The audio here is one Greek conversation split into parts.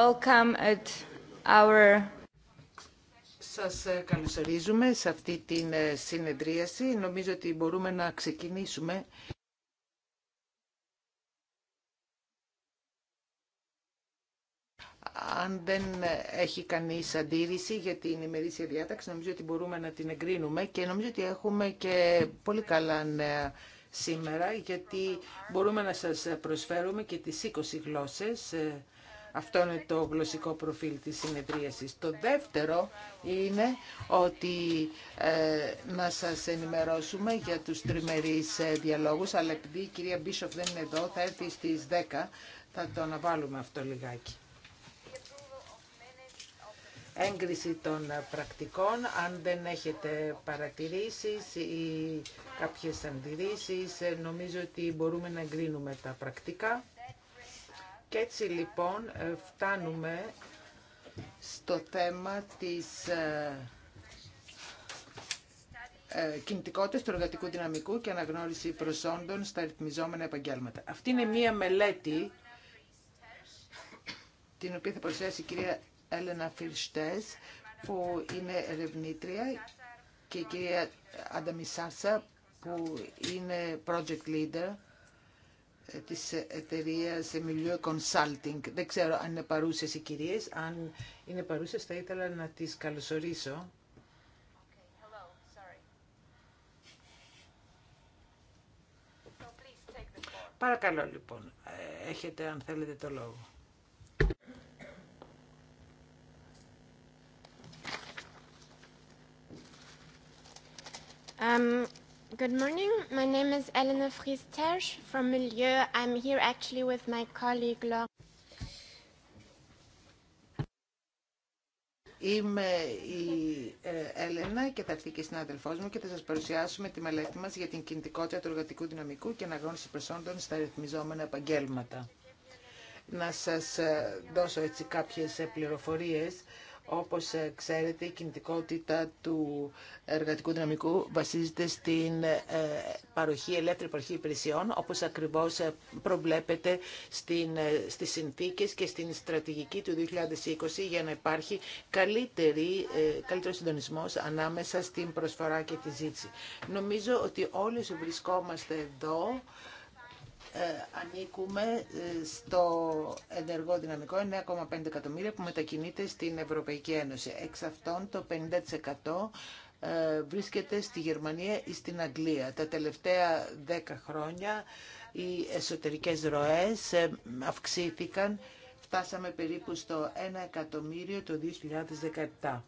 Welcome at Σας ε, καλωσορίζουμε σε αυτή την ε, συνεδρίαση. Νομίζω ότι μπορούμε να ξεκινήσουμε. Αν δεν ε, έχει κανείς αντίρρηση για την ημερήσια διάταξη, νομίζω ότι μπορούμε να την εγκρίνουμε και νομίζω ότι έχουμε και πολύ καλά νέα σήμερα, γιατί μπορούμε να σας προσφέρουμε και τις 20 γλώσσες αυτό είναι το γλωσσικό προφίλ της συνεδρίασης. Το δεύτερο είναι ότι ε, να σας ενημερώσουμε για τους τριμερείς ε, διαλόγους, αλλά επειδή η κυρία Μπίσοφ δεν είναι εδώ, θα έρθει στις 10, θα το αναβάλουμε αυτό λιγάκι. Έγκριση των πρακτικών, αν δεν έχετε παρατηρήσεις ή κάποιες αντιρρήσεις, ε, νομίζω ότι μπορούμε να εγκρίνουμε τα πρακτικά. Και έτσι λοιπόν ε, φτάνουμε στο θέμα της ε, ε, κινητικότητας του εργατικού δυναμικού και αναγνώριση προσόντων στα ρυθμιζόμενα επαγγέλματα. Αυτή είναι μία μελέτη την οποία θα παρουσιάσει η κυρία Έλενα Φιρστές που είναι ερευνήτρια και η κυρία Ανταμισάσα που είναι project leader της εταιρείας Emilio Consulting. Δεν ξέρω αν είναι παρούσες οι κυρίες. Αν είναι παρούσες θα ήθελα να τις καλωσορίσω. Παρακαλώ λοιπόν, έχετε αν θέλετε το λόγο. Um, Good morning. My name is Elena tersch from Milieu. I'm here actually with my colleague Laura. Είμαι η ε, Έλενα και θα έρθει και η συνάδελφός μου και θα σας παρουσιάσουμε τη μελέτη μας για την κινητικότητα του εργατικού δυναμικού και αναγνώριση προσόντων στα ρυθμιζόμενα επαγγέλματα. Να σας ε, δώσω έτσι κάποιες ε, πληροφορίες όπως ε, ξέρετε, η κινητικότητα του εργατικού δυναμικού βασίζεται στην ε, παροχή, ελεύθερη παροχή υπηρεσιών, όπως ακριβώς ε, προβλέπεται στην, στις συνθήκες και στην στρατηγική του 2020 για να υπάρχει καλύτερη, καλύτερο συντονισμό ανάμεσα στην προσφορά και τη ζήτηση. Νομίζω ότι όλοι όσοι βρισκόμαστε εδώ ε, ανήκουμε ε, στο ενεργό δυναμικό 9,5 εκατομμύρια που μετακινείται στην Ευρωπαϊκή Ένωση. Εξ αυτών το 50% ε, βρίσκεται στη Γερμανία ή στην Αγγλία. Τα τελευταία 10 χρόνια οι εσωτερικές ροές αυξήθηκαν. Φτάσαμε περίπου στο 1 εκατομμύριο το 2017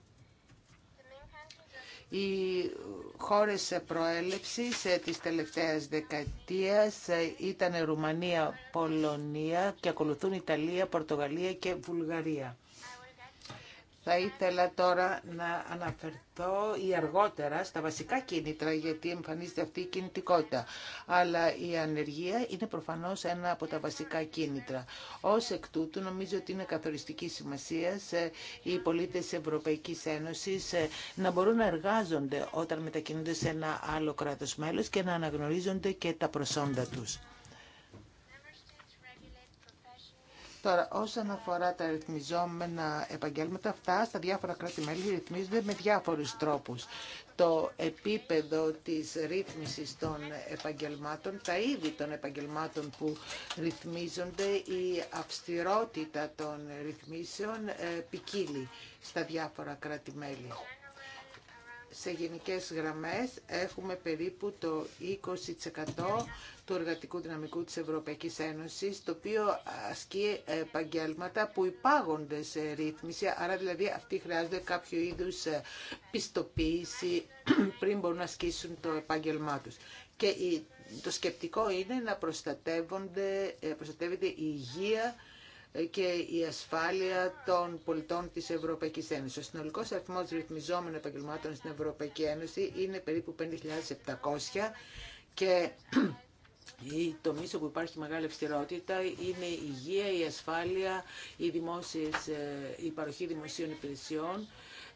οι χώρες προέλευσης της τελευταίας δεκαετίας ήταν Ρουμανία, Πολωνία και ακολουθούν Ιταλία, Πορτογαλία και Βουλγαρία. Θα ήθελα τώρα να αναφερθώ ή αργότερα στα βασικά κίνητρα γιατί εμφανίζεται αυτή η κινητικότητα. Αλλά η ανεργία είναι προφανώς ένα από τα βασικά κίνητρα. Ως εκ τούτου νομίζω ότι είναι καθοριστική σημασία οι πολίτες της Ευρωπαϊκής Ένωσης ε, να μπορούν να εργάζονται όταν μετακινούνται σε ένα άλλο κράτος μέλος και να αναγνωρίζονται και τα προσόντα τους. Τώρα, όσον αφορά τα ρυθμιζόμενα επαγγέλματα, αυτά στα διάφορα κράτη-μέλη ρυθμίζονται με διάφορους τρόπους. Το επίπεδο της ρύθμισης των επαγγελμάτων, τα είδη των επαγγελμάτων που ρυθμίζονται, η αυστηρότητα των ρυθμίσεων ε, ποικίλει στα διάφορα κράτη-μέλη σε γενικές γραμμές έχουμε περίπου το 20% του εργατικού δυναμικού της Ευρωπαϊκής Ένωσης, το οποίο ασκεί ε, επαγγέλματα που υπάγονται σε ρύθμιση, άρα δηλαδή αυτοί χρειάζονται κάποιο είδους ε, πιστοποίηση πριν μπορούν να ασκήσουν το επάγγελμά τους. Και το σκεπτικό είναι να προστατεύονται, ε, προστατεύεται η υγεία και η ασφάλεια των πολιτών της Ευρωπαϊκής Ένωσης. Ο συνολικός αριθμός ρυθμιζόμενων επαγγελμάτων στην Ευρωπαϊκή Ένωση είναι περίπου 5.700 και οι τομείς όπου υπάρχει μεγάλη ευστηρότητα είναι η υγεία, η ασφάλεια, η, δημόσιες, ε, η παροχή δημοσίων υπηρεσιών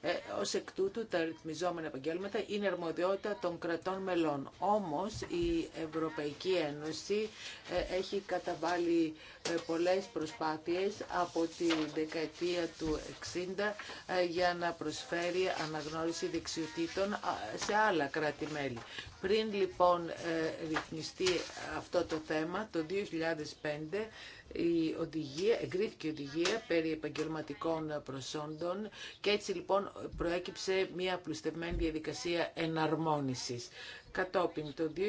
ε, Ω εκ τούτου τα ρυθμιζόμενα επαγγέλματα είναι αρμοδιότητα των κρατών μελών. Όμως η Ευρωπαϊκή Ένωση ε, έχει καταβάλει ε, πολλές προσπάθειες από τη δεκαετία του 60 για να προσφέρει αναγνώριση δεξιοτήτων σε άλλα κράτη-μέλη. Πριν λοιπόν ε, ρυθμιστεί αυτό το θέμα, το 2005 η οδηγία, εγκρίθηκε η οδηγία περί επαγγελματικών προσόντων και έτσι λοιπόν προέκυψε μια απλουστευμένη διαδικασία εναρμόνισης. Κατόπιν το 2011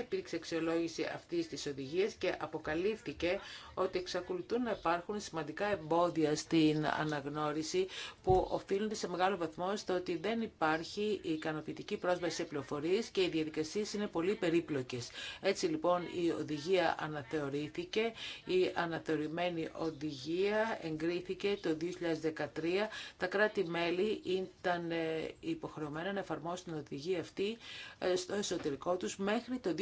υπήρξε αξιολόγηση αυτής της οδηγίας και αποκαλύφθηκε ότι εξακολουθούν να υπάρχουν σημαντικά εμπόδια στην αναγνώριση που οφείλονται σε μεγάλο βαθμό στο ότι δεν υπάρχει ικανοποιητική πρόσβαση σε πληροφορίες και οι διαδικασίες είναι πολύ περίπλοκες. Έτσι λοιπόν η οδηγία αναθεωρήθηκε, η αναθεωρημένη οδηγία εγκρίθηκε το 2013. Τα κράτη-μέλη ήταν ε, υποχρεωμένα να εφαρμόσουν την οδηγία αυτή ε, στο εσωτερικό τους μέχρι το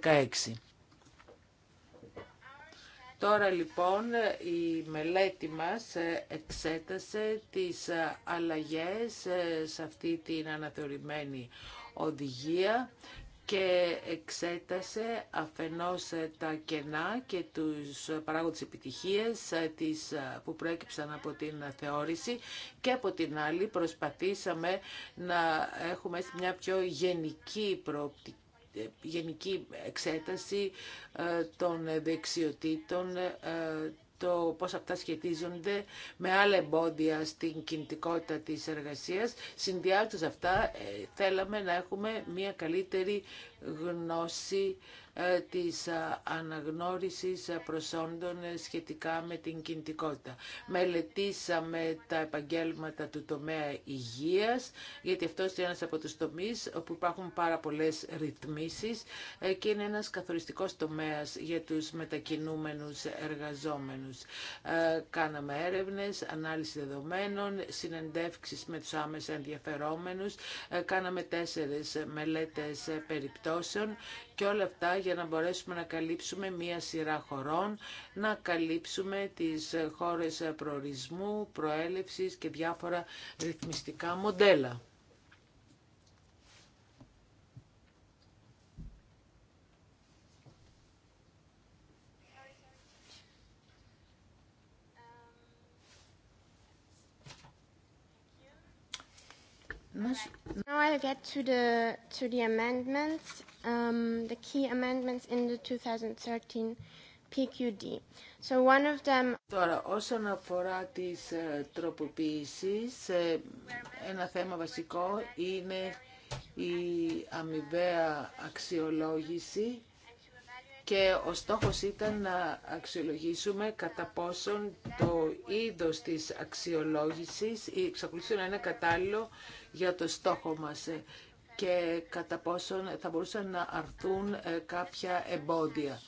2016. Τώρα λοιπόν η μελέτη μας ε, εξέτασε τις ε, αλλαγές σε αυτή την αναθεωρημένη οδηγία και εξέτασε αφενός ε, τα κενά και τους παράγοντες επιτυχίες ε, της ε, που προέκυψαν από την θεώρηση και από την άλλη προσπαθήσαμε να έχουμε μια πιο γενική γενική εξέταση των δεξιοτήτων το πώς αυτά σχετίζονται με άλλα εμπόδια στην κινητικότητα της εργασίας. Συνδυάζοντας αυτά, ε, θέλαμε να έχουμε μια καλύτερη γνώση ε, της ε, αναγνώρισης ε, προσόντων σχετικά με την κινητικότητα. Μελετήσαμε τα επαγγέλματα του τομέα υγείας, γιατί αυτό είναι ένας από τους τομείς όπου υπάρχουν πάρα πολλές ρυθμίσεις και είναι ένας καθοριστικός τομέας για τους μετακινούμενους εργαζόμενους. Κάναμε έρευνες, ανάλυση δεδομένων, συνεντεύξεις με τους άμεσα ενδιαφερόμενους, κάναμε τέσσερις μελέτες περιπτώσεων και όλα αυτά για να μπορέσουμε να καλύψουμε μία σειρά χωρών, να καλύψουμε τις χώρες προορισμού, προέλευσης και διάφορα ρυθμιστικά μοντέλα. Τώρα, όσον αφορά τις ε, τροποποίησεις, ε, ένα θέμα βασικό είναι η αμοιβαία αξιολόγηση και ο στόχος ήταν να αξιολογήσουμε κατά πόσον το είδος της αξιολόγησης εξακολουθεί να είναι κατάλληλο για το στόχο μας και κατά πόσον θα μπορούσαν να αρθούν ε, κάποια εμπόδια.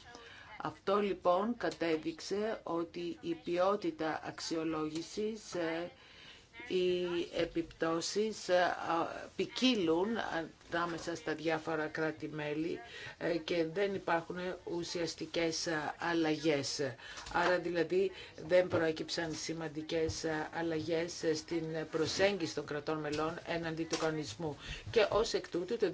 Αυτό λοιπόν κατέδειξε ότι η ποιότητα αξιολόγησης, ε, οι επιπτώσεις ε, ποικίλουν ανάμεσα στα διάφορα κράτη-μέλη ε, και δεν υπάρχουν ουσιαστικές αλλαγές. Άρα δηλαδή δεν προέκυψαν σημαντικές αλλαγές στην προσέγγιση των κρατών μελών έναντι του κανονισμού. Και ως εκ τούτου το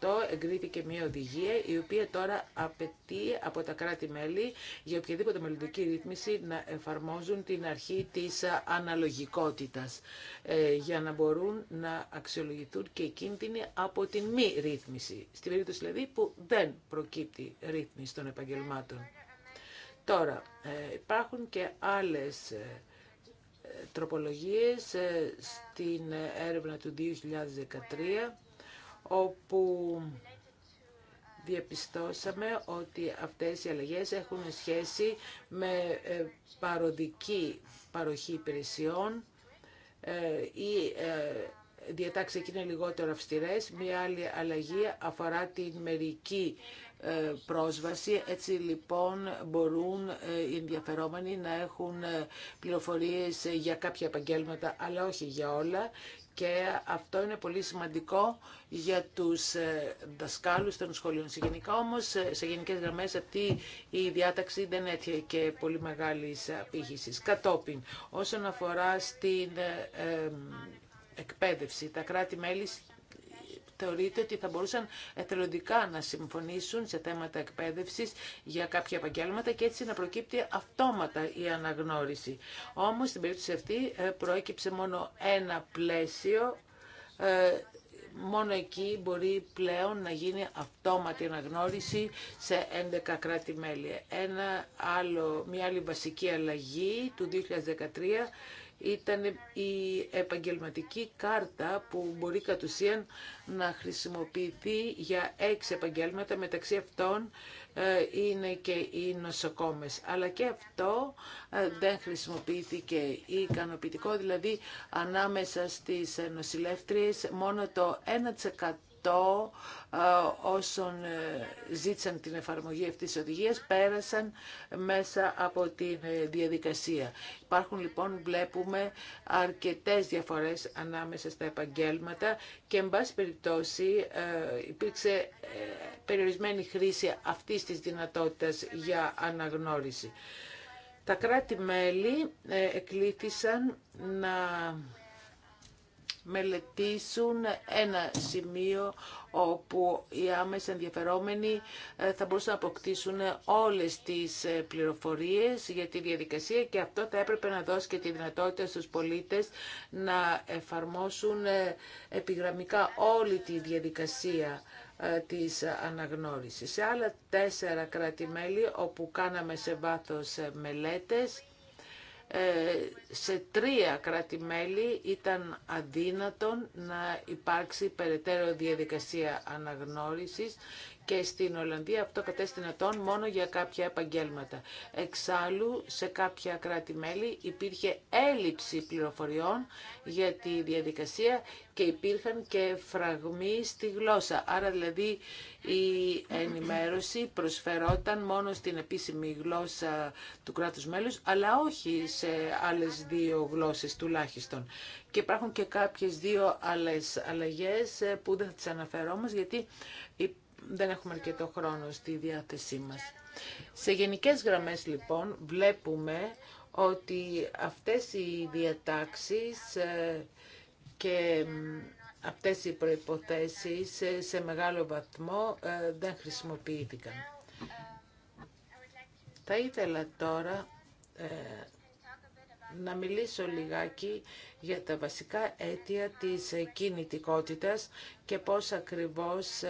2018 εγκρίθηκε μια οδηγία η οποία τώρα απαιτεί από τα κράτη-μέλη για οποιαδήποτε μελλοντική ρύθμιση να εφαρμόζουν την αρχή της αναλογικότητας ε, για να μπορούν να αξιολογηθούν και οι κίνδυνοι από από μη ρύθμιση, στην περίπτωση δηλαδή που δεν προκύπτει ρύθμιση των επαγγελμάτων. Τώρα, ε, υπάρχουν και άλλες ε, τροπολογίες ε, στην έρευνα του 2013, όπου διαπιστώσαμε ότι αυτές οι αλλαγές έχουν σχέση με παροδική παροχή υπηρεσιών ή Διατάξει εκεί είναι λιγότερο αυστηρές. Μία άλλη αλλαγή αφορά την μερική ε, πρόσβαση. Έτσι λοιπόν μπορούν ε, οι ενδιαφερόμενοι να έχουν ε, πληροφορίες για κάποια επαγγέλματα, αλλά όχι για όλα. Και αυτό είναι πολύ σημαντικό για τους δασκάλους των σχολείων. Σε γενικά όμως, σε γενικές γραμμές, αυτή η διάταξη δεν έτυχε και πολύ μεγάλης απήχησης. Κατόπιν, όσον αφορά στην εκπαίδευση. Τα κράτη-μέλη θεωρείται ότι θα μπορούσαν εθελοντικά να συμφωνήσουν σε θέματα εκπαίδευση για κάποια επαγγέλματα και έτσι να προκύπτει αυτόματα η αναγνώριση. Όμω στην περίπτωση αυτή ε, προέκυψε μόνο ένα πλαίσιο. Ε, μόνο εκεί μπορεί πλέον να γίνει αυτόματη αναγνώριση σε 11 κράτη-μέλη. άλλο, μια άλλη βασική αλλαγή του 2013 ήταν η επαγγελματική κάρτα που μπορεί κατ' ουσίαν να χρησιμοποιηθεί για έξι επαγγέλματα, μεταξύ αυτών ε, είναι και οι νοσοκόμες. Αλλά και αυτό ε, δεν χρησιμοποιήθηκε ικανοποιητικό, δηλαδή ανάμεσα στις νοσηλεύτριες μόνο το όσον ε, όσων ε, ζήτησαν την εφαρμογή αυτής της οδηγίας πέρασαν μέσα από τη ε, διαδικασία. Υπάρχουν λοιπόν, βλέπουμε, αρκετές διαφορές ανάμεσα στα επαγγέλματα και, εν πάση περιπτώσει, υπήρξε περιορισμένη χρήση αυτής της δυνατότητας για αναγνώριση. Τα κράτη-μέλη εκλήθησαν να μελετήσουν ένα σημείο όπου οι άμεσα ενδιαφερόμενοι ε, θα μπορούσαν να αποκτήσουν όλες τις ε, πληροφορίες για τη διαδικασία και αυτό θα έπρεπε να δώσει και τη δυνατότητα στους πολίτες να εφαρμόσουν ε, επιγραμμικά όλη τη διαδικασία της αναγνώρισης. Σε άλλα τέσσερα κράτη-μέλη όπου κάναμε σε βάθος μελέτες, ε, σε τρία κράτη-μέλη ήταν αδύνατον να υπάρξει περαιτέρω διαδικασία αναγνώρισης και στην Ολλανδία αυτό κατέστη τόν μόνο για κάποια επαγγέλματα. Εξάλλου, σε κάποια κράτη-μέλη υπήρχε έλλειψη πληροφοριών για τη διαδικασία και υπήρχαν και φραγμοί στη γλώσσα. Άρα δηλαδή η ενημέρωση προσφερόταν μόνο στην επίσημη γλώσσα του κράτους μέλους, αλλά όχι σε άλλες δύο γλώσσες τουλάχιστον. Και υπάρχουν και κάποιες δύο άλλες αλλαγές ε, που δεν θα τις αναφέρω όμως, γιατί δεν έχουμε αρκετό χρόνο στη διάθεσή μας. Σε γενικές γραμμές λοιπόν βλέπουμε ότι αυτές οι διατάξεις ε, και αυτές οι προϋποθέσεις ε, σε μεγάλο βαθμό ε, δεν χρησιμοποιήθηκαν. Θα ήθελα τώρα να μιλήσω λιγάκι για τα βασικά αίτια της κινητικότητας και πώς ακριβώς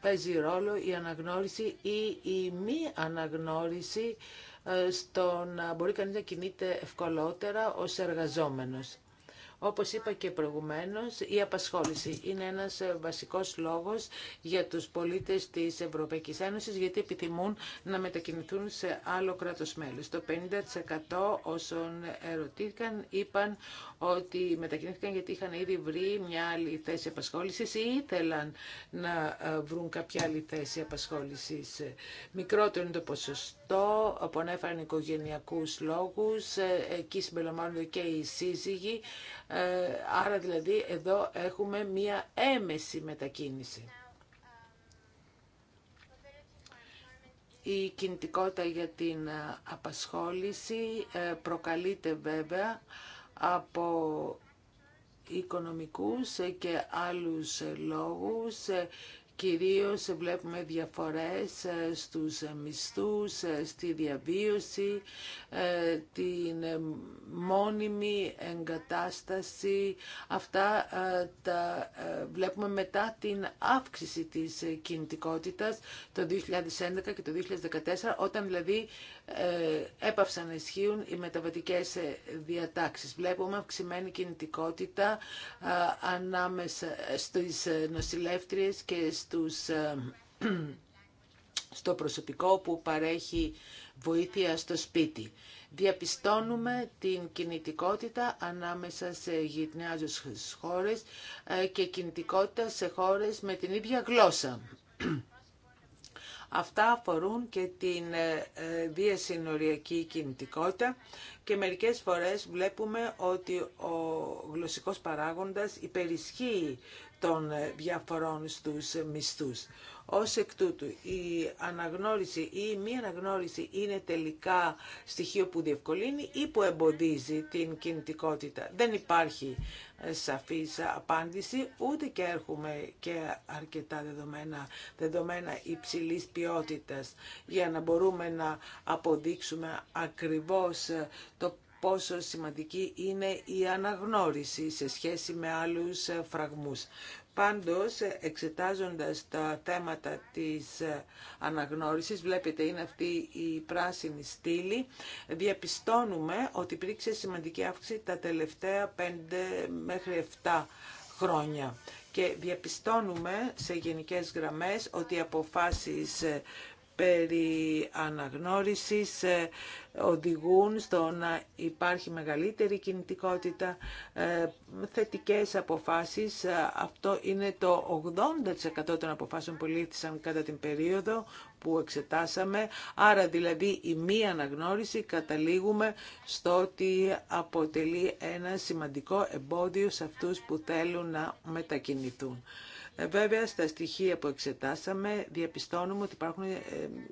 παίζει ρόλο η αναγνώριση ή η μη αναγνώριση ε, στο να μπορεί κανείς να κινείται ευκολότερα ως εργαζόμενος. Όπως είπα και προηγουμένως, η απασχόληση είναι ένας ε, βασικός λόγος για τους πολίτες της Ευρωπαϊκής Ένωσης γιατί επιθυμούν να μετακινηθούν σε άλλο κράτος μέλος. Το 50% όσων ερωτήθηκαν είπαν ότι μετακινήθηκαν γιατί είχαν ήδη βρει μια άλλη θέση απασχόλησης ή ήθελαν να ε, βρουν κάποια άλλη θέση απασχόλησης. Μικρότερο είναι το ποσοστό που ανέφεραν οικογενειακούς λόγους, ε, εκεί συμπεριλαμβάνονται και οι σύζυγοι, ε, άρα δηλαδή εδώ έχουμε μία έμεση μετακίνηση. Η κινητικότητα για την απασχόληση ε, προκαλείται βέβαια από οικονομικούς και άλλους λόγους Κυρίως βλέπουμε διαφορές ε, στους ε, μισθούς, ε, στη διαβίωση, την μόνιμη εγκατάσταση. Αυτά τα βλέπουμε μετά την αύξηση της κινητικότητας το 2011 και το 2014, όταν δηλαδή ε, έπαυσαν να ισχύουν οι μεταβατικές ε, διατάξεις. Βλέπουμε αυξημένη κινητικότητα ε, ανάμεσα στις νοσηλεύτριες και στους, στο προσωπικό που παρέχει βοήθεια στο σπίτι. Διαπιστώνουμε την κινητικότητα ανάμεσα σε γειτνιάζουσες χώρες και κινητικότητα σε χώρες με την ίδια γλώσσα. Αυτά αφορούν και την ε, ε, διασυνοριακή κινητικότητα και μερικές φορές βλέπουμε ότι ο γλωσσικός παράγοντας υπερισχύει των διαφορών στους μισθούς. Ως εκ τούτου, η αναγνώριση ή η μη αναγνώριση είναι τελικά στοιχείο που διευκολύνει ή που εμποδίζει την κινητικότητα. Δεν υπάρχει σαφής απάντηση, ούτε και έρχομαι και αρκετά δεδομένα, δεδομένα υψηλής ποιότητας για να μπορούμε να αποδείξουμε ακριβώς πόσο σημαντική είναι η αναγνώριση σε σχέση με άλλους φραγμούς. Πάντως, εξετάζοντας τα θέματα της αναγνώρισης, βλέπετε είναι αυτή η πράσινη στήλη, διαπιστώνουμε ότι υπήρξε σημαντική αύξηση τα τελευταία 5 μέχρι 7 χρόνια. Και διαπιστώνουμε σε γενικές γραμμές ότι οι αποφάσεις περί αναγνώρισης ε, οδηγούν στο να υπάρχει μεγαλύτερη κινητικότητα, ε, θετικές αποφάσεις. Ε, αυτό είναι το 80% των αποφάσεων που λήφθησαν κατά την περίοδο που εξετάσαμε. Άρα δηλαδή η μη αναγνώριση καταλήγουμε στο ότι αποτελεί ένα σημαντικό εμπόδιο σε αυτούς που θέλουν να μετακινηθούν. Ε, βέβαια, στα στοιχεία που εξετάσαμε, διαπιστώνουμε ότι υπάρχουν ε,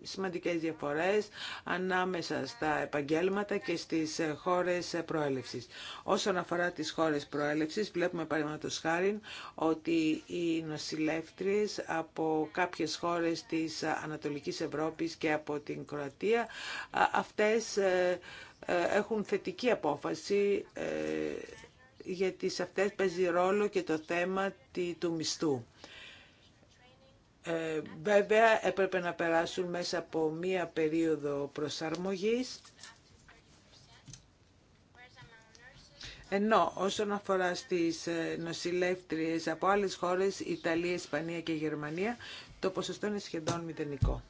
σημαντικές διαφορές ανάμεσα στα επαγγέλματα και στις ε, χώρες προέλευσης. Όσον αφορά τις χώρες προέλευσης, βλέπουμε παραδείγματος χάρη ότι οι νοσηλεύτριες από κάποιες χώρες της Ανατολικής Ευρώπης και από την Κροατία, αυτές έχουν θετική απόφαση γιατί σε αυτές παίζει ρόλο και το θέμα του μισθού. Ε, βέβαια έπρεπε να περάσουν μέσα από μία περίοδο προσαρμογής Ενώ όσον αφορά στις ε, νοσηλεύτριες από άλλες χώρες, Ιταλία, Ισπανία και Γερμανία, το ποσοστό είναι σχεδόν μηδενικό.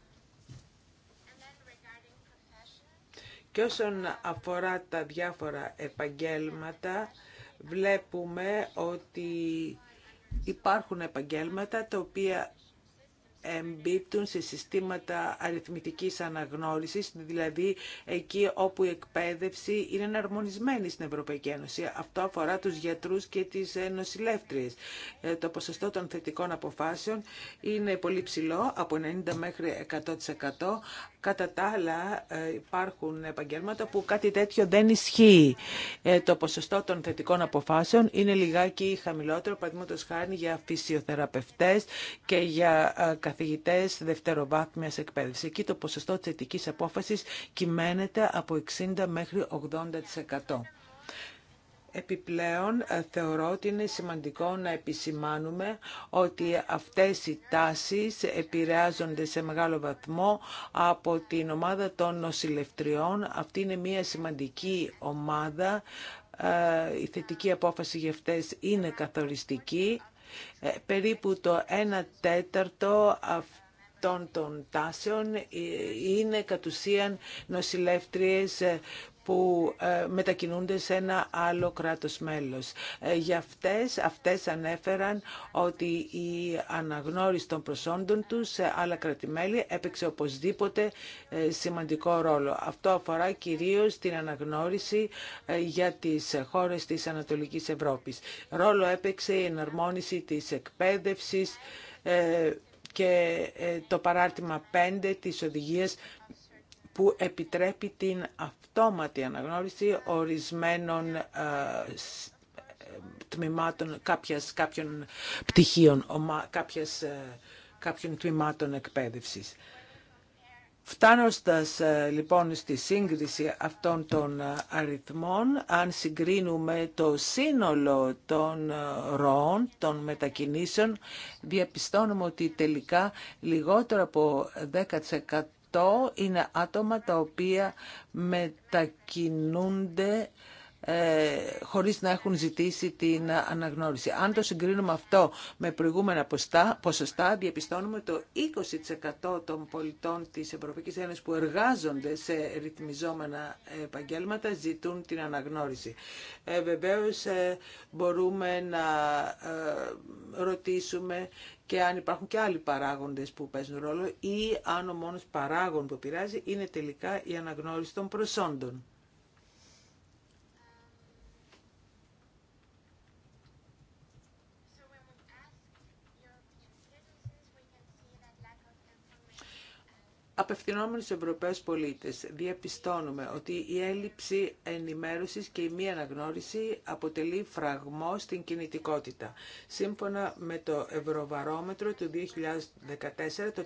Και όσον αφορά τα διάφορα επαγγέλματα, βλέπουμε ότι υπάρχουν επαγγέλματα τα οποία εμπίπτουν σε συστήματα αριθμητικής αναγνώρισης, δηλαδή εκεί όπου η εκπαίδευση είναι εναρμονισμένη στην Ευρωπαϊκή Ένωση. Αυτό αφορά τους γιατρούς και τις ε, νοσηλεύτριες. Ε, το ποσοστό των θετικών αποφάσεων είναι πολύ ψηλό, από 90 μέχρι 100%, Κατά τα άλλα ε, υπάρχουν επαγγέλματα που κάτι τέτοιο δεν ισχύει. Ε, το ποσοστό των θετικών αποφάσεων είναι λιγάκι χαμηλότερο, παραδείγματος χάρη για φυσιοθεραπευτές και για ε, καθηγητές δευτεροβάθμιας εκπαίδευση. Εκεί το ποσοστό θετικής απόφασης κυμαίνεται από 60 μέχρι 80%. Επιπλέον, ε, θεωρώ ότι είναι σημαντικό να επισημάνουμε ότι αυτές οι τάσεις επηρεάζονται σε μεγάλο βαθμό από την ομάδα των νοσηλευτριών. Αυτή είναι μια σημαντική ομάδα. Ε, η θετική απόφαση για αυτές είναι καθοριστική. Ε, περίπου το 1 τέταρτο των τάσεων είναι κατ' ουσίαν νοσηλεύτριες που ε, μετακινούνται σε ένα άλλο κράτος μέλος. Ε, για αυτές, αυτές ανέφεραν ότι η αναγνώριση των προσόντων τους σε άλλα κρατημέλη έπαιξε οπωσδήποτε ε, σημαντικό ρόλο. Αυτό αφορά κυρίως την αναγνώριση για τις χώρες της Ανατολικής Ευρώπης. Ρόλο έπαιξε η εναρμόνιση της εκπαίδευσης και το παράρτημα 5 της οδηγίας που επιτρέπει την αυτόματη αναγνώριση ορισμένων ε, τμήματων, κάποιας, κάποιων πτυχίων, κάποιας, ε, κάποιων τμήματων εκπαίδευσης. Φτάνοντας ε, λοιπόν στη σύγκριση αυτών των αριθμών, αν συγκρίνουμε το σύνολο των ροών, των μετακινήσεων, διαπιστώνουμε ότι τελικά λιγότερο από 10% είναι άτομα τα οποία μετακινούνται ε, χωρίς να έχουν ζητήσει την αναγνώριση. Αν το συγκρίνουμε αυτό με προηγούμενα ποσοστά, διαπιστώνουμε το 20% των πολιτών της Ευρωπαϊκής Ένωσης που εργάζονται σε ρυθμιζόμενα επαγγέλματα ζητούν την αναγνώριση. Ε, βεβαίως ε, μπορούμε να ε, ρωτήσουμε και αν υπάρχουν και άλλοι παράγοντες που παίζουν ρόλο ή αν ο μόνος παράγον που πειράζει είναι τελικά η αναγνώριση των προσόντων. απευθυνόμενοι στους Ευρωπαίους πολίτες διαπιστώνουμε ότι η έλλειψη ενημέρωσης και η μη αναγνώριση αποτελεί φραγμό στην κινητικότητα. Σύμφωνα με το Ευρωβαρόμετρο του 2014, το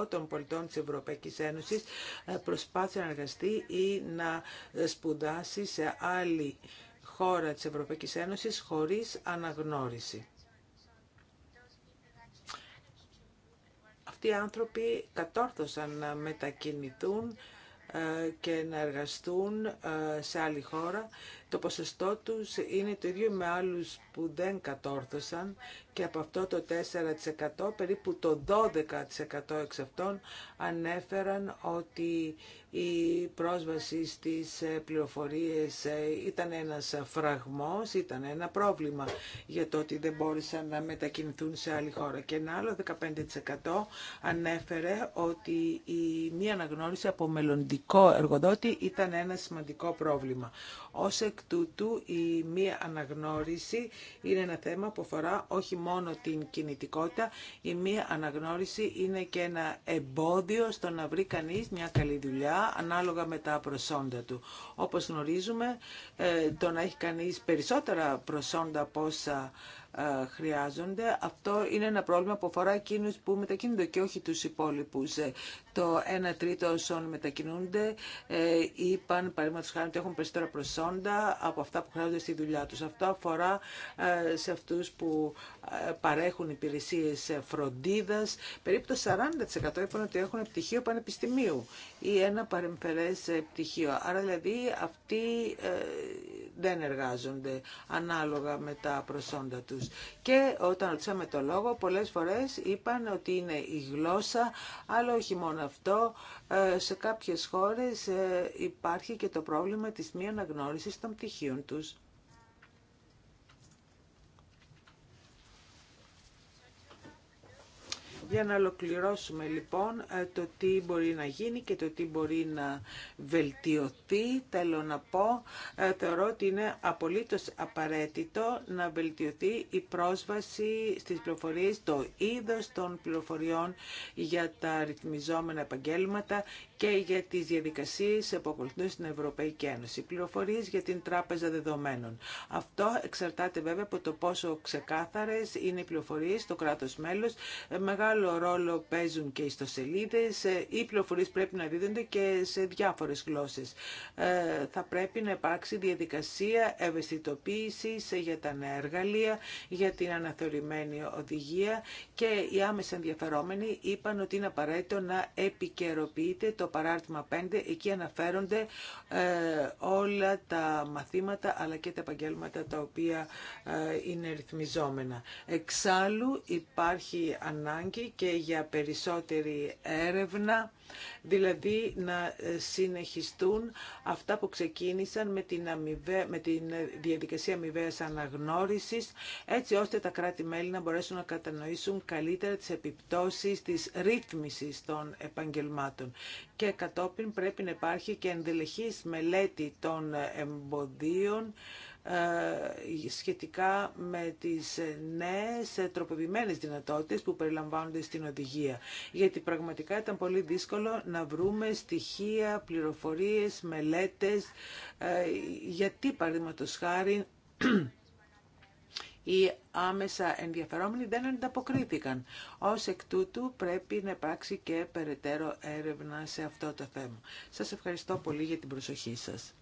4% των πολιτών της Ευρωπαϊκής Ένωσης ε, προσπάθησε να εργαστεί ή να σπουδάσει σε άλλη χώρα της Ευρωπαϊκής Ένωσης χωρίς αναγνώριση. τι οι άνθρωποι κατόρθωσαν να μετακινηθούν ε, και να εργαστούν ε, σε άλλη χώρα. Το ποσοστό τους είναι το ίδιο με άλλους που δεν κατόρθωσαν και από αυτό το 4% περίπου το 12% εξ αυτών ανέφεραν ότι η πρόσβαση στις ε, πληροφορίες ε, ήταν ένας φραγμός, ήταν ένα πρόβλημα για το ότι δεν μπόρεσαν να μετακινηθούν σε άλλη χώρα. Και ένα άλλο 15% ανέφερε ότι η μη αναγνώριση από μελλοντικό εργοδότη ήταν ένα σημαντικό πρόβλημα. Ως εκ τούτου η μη αναγνώριση είναι ένα θέμα που αφορά όχι μόνο την κινητικότητα, η μία αναγνώριση είναι και ένα εμπόδιο στο να βρει κανείς μια καλή δουλειά ανάλογα με τα προσόντα του. Όπως γνωρίζουμε, ε, το να έχει κανείς περισσότερα προσόντα από όσα ε, χρειάζονται. Αυτό είναι ένα πρόβλημα που αφορά εκείνους που μετακινούνται και όχι τους υπόλοιπους. Ε, το 1 τρίτο όσων μετακινούνται ε, είπαν παραδείγματο χάρη ότι έχουν περισσότερα προσόντα από αυτά που χρειάζονται στη δουλειά τους. Αυτό αφορά ε, σε αυτούς που ε, παρέχουν υπηρεσίες φροντίδας. Περίπου το 40% είπαν ότι έχουν πτυχίο πανεπιστημίου ή ένα παρεμφερές πτυχίο. Άρα δηλαδή αυτοί δεν εργάζονται ανάλογα με τα προσόντα τους. Και όταν ρωτήσαμε το λόγο, πολλές φορές είπαν ότι είναι η γλώσσα, αλλά όχι μόνο αυτό, ε, σε κάποιες χώρες ε, υπάρχει και το πρόβλημα της μη αναγνώρισης των πτυχίων τους. Για να ολοκληρώσουμε λοιπόν ε, το τι μπορεί να γίνει και το τι μπορεί να βελτιωθεί, θέλω να πω, ε, θεωρώ ότι είναι απολύτως απαραίτητο να βελτιωθεί η πρόσβαση στις πληροφορίες, το είδος των πληροφοριών για τα ρυθμιζόμενα επαγγέλματα και για τις διαδικασίες που ακολουθούν στην Ευρωπαϊκή Ένωση. Πληροφορίες για την Τράπεζα Δεδομένων. Αυτό εξαρτάται βέβαια από το πόσο ξεκάθαρες είναι οι πληροφορίες στο κράτος μέλος. Ε, μεγάλο ρόλο παίζουν και οι ιστοσελίδες. Ε, οι πρέπει να δίδονται και σε διάφορες γλώσσες. Ε, θα πρέπει να υπάρξει διαδικασία ευαισθητοποίησης για τα νέα εργαλεία, για την αναθεωρημένη οδηγία και οι άμεσα ενδιαφερόμενοι είπαν ότι είναι απαραίτητο να επικαιροποιείται το παράρτημα 5. Εκεί αναφέρονται ε, όλα τα μαθήματα αλλά και τα επαγγέλματα τα οποία είναι ρυθμιζόμενα. Εξάλλου υπάρχει ανάγκη και για περισσότερη έρευνα, δηλαδή να ε, συνεχιστούν αυτά που ξεκίνησαν με την, αμοιβέ, με την ε, διαδικασία αμοιβαίας αναγνώρισης, έτσι ώστε τα κράτη-μέλη να μπορέσουν να κατανοήσουν καλύτερα τις επιπτώσεις της ρύθμισης των επαγγελμάτων. Και κατόπιν πρέπει να υπάρχει και ενδελεχής μελέτη των εμποδίων, ε, σχετικά με τις νέες ε, τροποποιημένες δυνατότητες που περιλαμβάνονται στην οδηγία. Γιατί πραγματικά ήταν πολύ δύσκολο να βρούμε στοιχεία, πληροφορίες, μελέτες, ε, γιατί παραδείγματο χάρη οι άμεσα ενδιαφερόμενοι δεν ανταποκρίθηκαν. Ως εκ τούτου πρέπει να υπάρξει και περαιτέρω έρευνα σε αυτό το θέμα. Σας ευχαριστώ πολύ για την προσοχή σας.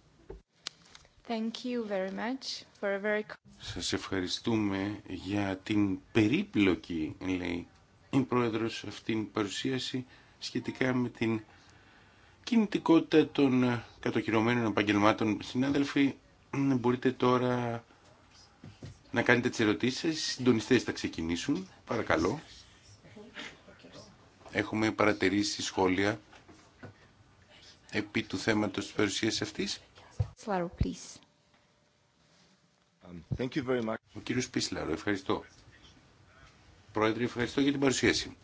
Σα ευχαριστούμε για την περίπλοκη, λέει η Πρόεδρος, αυτήν την παρουσίαση σχετικά με την κινητικότητα των κατοχυρωμένων επαγγελμάτων. Συνάδελφοι, μπορείτε τώρα να κάνετε τις ερωτήσεις. Οι συντονιστές θα ξεκινήσουν. Παρακαλώ. Έχουμε παρατηρήσει σχόλια επί του θέματος της παρουσίας αυτής. please. Um, Ο κύριος Πίσλαρο, ευχαριστώ. Πρόεδρε, ευχαριστώ για την παρουσίαση.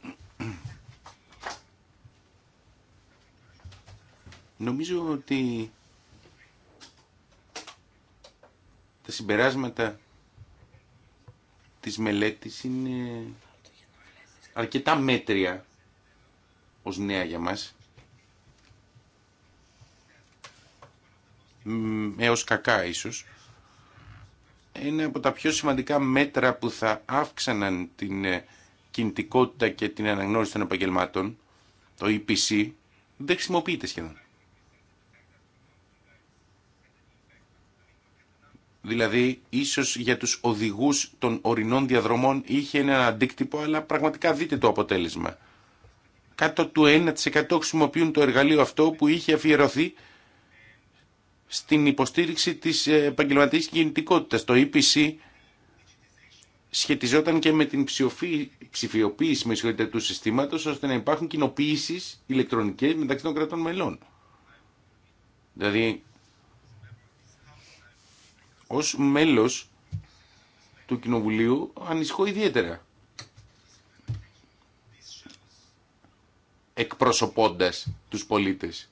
Νομίζω ότι τα συμπεράσματα της μελέτης είναι αρκετά μέτρια ως νέα για μας. έως κακά ίσως είναι από τα πιο σημαντικά μέτρα που θα αύξαναν την ε, κινητικότητα και την αναγνώριση των επαγγελμάτων, το EPC, δεν χρησιμοποιείται σχεδόν. Δηλαδή, ίσως για τους οδηγούς των ορεινών διαδρομών είχε ένα αντίκτυπο, αλλά πραγματικά δείτε το αποτέλεσμα. Κάτω του 1% χρησιμοποιούν το εργαλείο αυτό που είχε αφιερωθεί στην υποστήριξη της επαγγελματική κινητικότητας. Το EPC σχετιζόταν και με την ψηφιοποίηση με του συστήματος ώστε να υπάρχουν κοινοποίησει ηλεκτρονικές μεταξύ των κρατών μελών. Δηλαδή, ως μέλος του Κοινοβουλίου ανησυχώ ιδιαίτερα. Εκπροσωπώντας τους πολίτες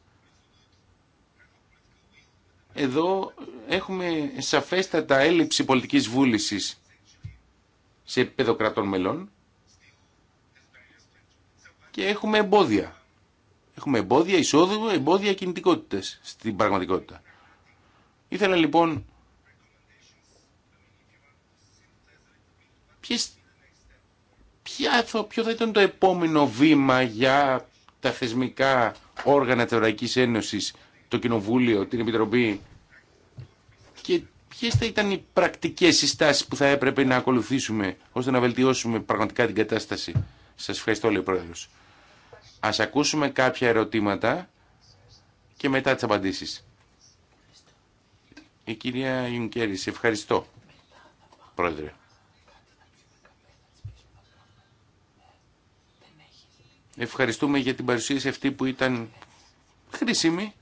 εδώ έχουμε σαφέστατα έλλειψη πολιτικής βούλησης σε επίπεδο κρατών μελών και έχουμε εμπόδια. Έχουμε εμπόδια εισόδου, εμπόδια κινητικότητες στην πραγματικότητα. Ήθελα λοιπόν ποιες, ποια, ποιο θα ήταν το επόμενο βήμα για τα θεσμικά όργανα της Ευρωπαϊκής Ένωσης το Κοινοβούλιο, την Επιτροπή και ποιε θα ήταν οι πρακτικέ συστάσει που θα έπρεπε να ακολουθήσουμε ώστε να βελτιώσουμε πραγματικά την κατάσταση. Σα ευχαριστώ, λέει ο Πρόεδρο. Α ακούσουμε κάποια ερωτήματα και μετά τι απαντήσει. Η κυρία Ιουνκέρη, σε ευχαριστώ, Πρόεδρε. Ευχαριστούμε για την παρουσίαση αυτή που ήταν χρήσιμη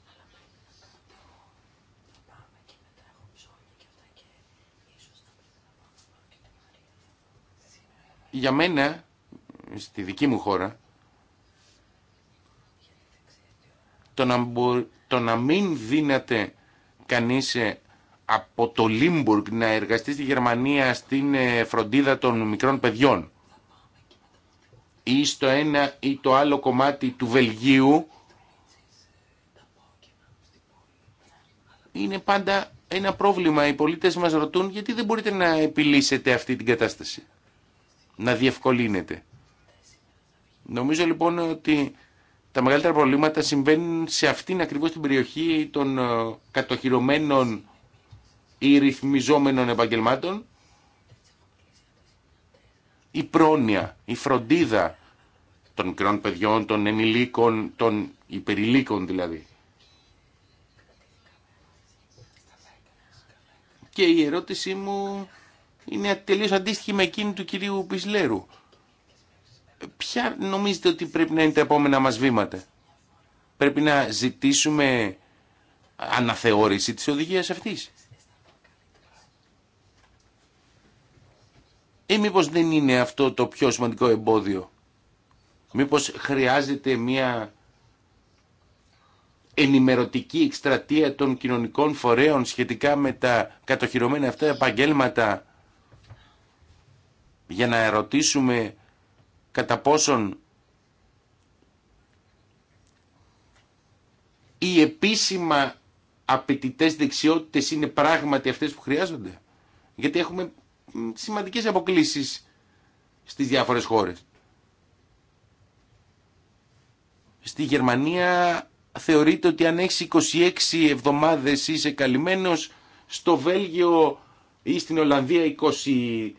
Για μένα, στη δική μου χώρα, το να, μην δίνεται κανείς ε, από το Λίμπουργκ να εργαστεί στη Γερμανία στην ε, φροντίδα των μικρών παιδιών ή στο ένα ή το άλλο κομμάτι του Βελγίου είναι πάντα ένα πρόβλημα. Οι πολίτες μας ρωτούν γιατί δεν μπορείτε να επιλύσετε αυτή την κατάσταση να διευκολύνεται. Νομίζω λοιπόν ότι τα μεγαλύτερα προβλήματα συμβαίνουν σε αυτήν ακριβώς την περιοχή των ε, κατοχυρωμένων ή ρυθμιζόμενων επαγγελμάτων. Η πρόνοια, η φροντίδα των μικρών παιδιών, των ενηλίκων, των υπερηλίκων δηλαδή. Και η ερώτησή μου είναι τελείως αντίστοιχη με εκείνη του κυρίου Πισλέρου. Ποια νομίζετε ότι πρέπει να είναι τα επόμενα μας βήματα. Πρέπει να ζητήσουμε αναθεώρηση της οδηγίας αυτής. Ή ε, μήπω δεν είναι αυτό το πιο σημαντικό εμπόδιο. Μήπως χρειάζεται μια ενημερωτική εκστρατεία των κοινωνικών φορέων σχετικά με τα κατοχυρωμένα αυτά επαγγέλματα για να ερωτήσουμε κατά πόσον οι επίσημα απαιτητέ δεξιότητες είναι πράγματι αυτές που χρειάζονται. Γιατί έχουμε σημαντικές αποκλήσεις στις διάφορες χώρες. Στη Γερμανία θεωρείται ότι αν έχει 26 εβδομάδες είσαι καλυμμένος, στο Βέλγιο ή στην Ολλανδία 20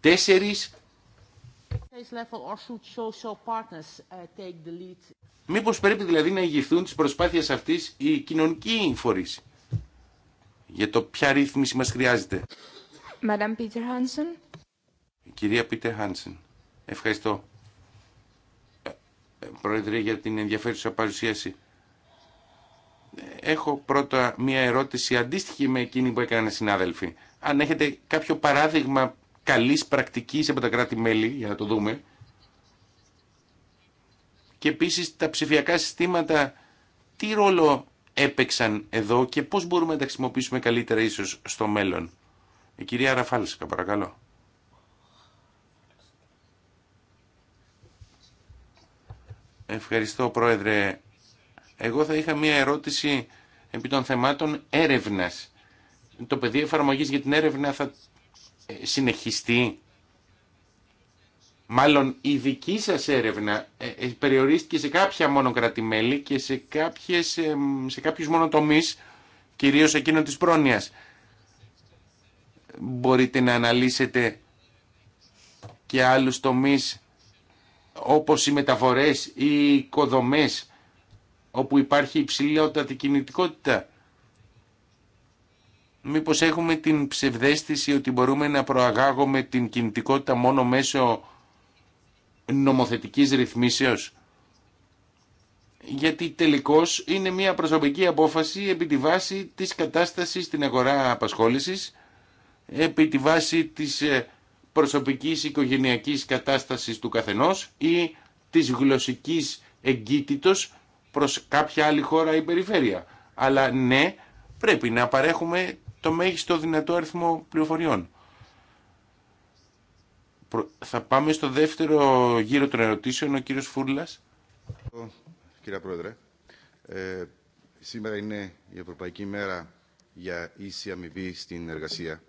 τέσσερις uh, Μήπως πρέπει δηλαδή να ηγηθούν τις προσπάθειες αυτής οι κοινωνικοί φορείς για το ποια ρύθμιση μας χρειάζεται. Madame Peter Hansen. Κυρία Πίτερ Χάνσεν, ευχαριστώ. Ε, ε, πρόεδρε για την ενδιαφέρουσα παρουσίαση. Έχω πρώτα μία ερώτηση αντίστοιχη με εκείνη που έκαναν συνάδελφοι. Αν έχετε κάποιο παράδειγμα καλής πρακτικής από τα κράτη-μέλη, για να το δούμε. Και επίση τα ψηφιακά συστήματα, τι ρόλο έπαιξαν εδώ και πώς μπορούμε να τα χρησιμοποιήσουμε καλύτερα ίσως στο μέλλον. Η κυρία Ραφάλσκα, παρακαλώ. Ευχαριστώ, Πρόεδρε. Εγώ θα είχα μία ερώτηση επί των θεμάτων έρευνας. Το πεδίο εφαρμογής για την έρευνα θα συνεχιστεί. Μάλλον η δική σας έρευνα ε, ε, περιορίστηκε σε κάποια μόνο κρατημέλη και σε, κάποιες, σε κάποιους μόνο τομείς, κυρίως εκείνο της πρόνοιας. Μπορείτε να αναλύσετε και άλλους τομείς όπως οι μεταφορές ή οι οικοδομές όπου υπάρχει υψηλότατη κινητικότητα μήπως έχουμε την ψευδέστηση ότι μπορούμε να προαγάγουμε την κινητικότητα μόνο μέσω νομοθετικής ρυθμίσεως. Γιατί τελικώς είναι μια προσωπική απόφαση επί τη βάση της κατάστασης στην αγορά απασχόλησης, επί τη βάση της ε, προσωπικής οικογενειακής κατάστασης του καθενός ή της γλωσσικής εγκύτητος προς κάποια άλλη χώρα ή περιφέρεια. Αλλά ναι, πρέπει να παρέχουμε το μέγιστο δυνατό αριθμό πληροφοριών. Θα πάμε στο δεύτερο γύρο των ερωτήσεων, ο κύριος Φούρλας. Κύριε Πρόεδρε, ε, σήμερα είναι η Ευρωπαϊκή Μέρα για ίση αμοιβή στην εργασία.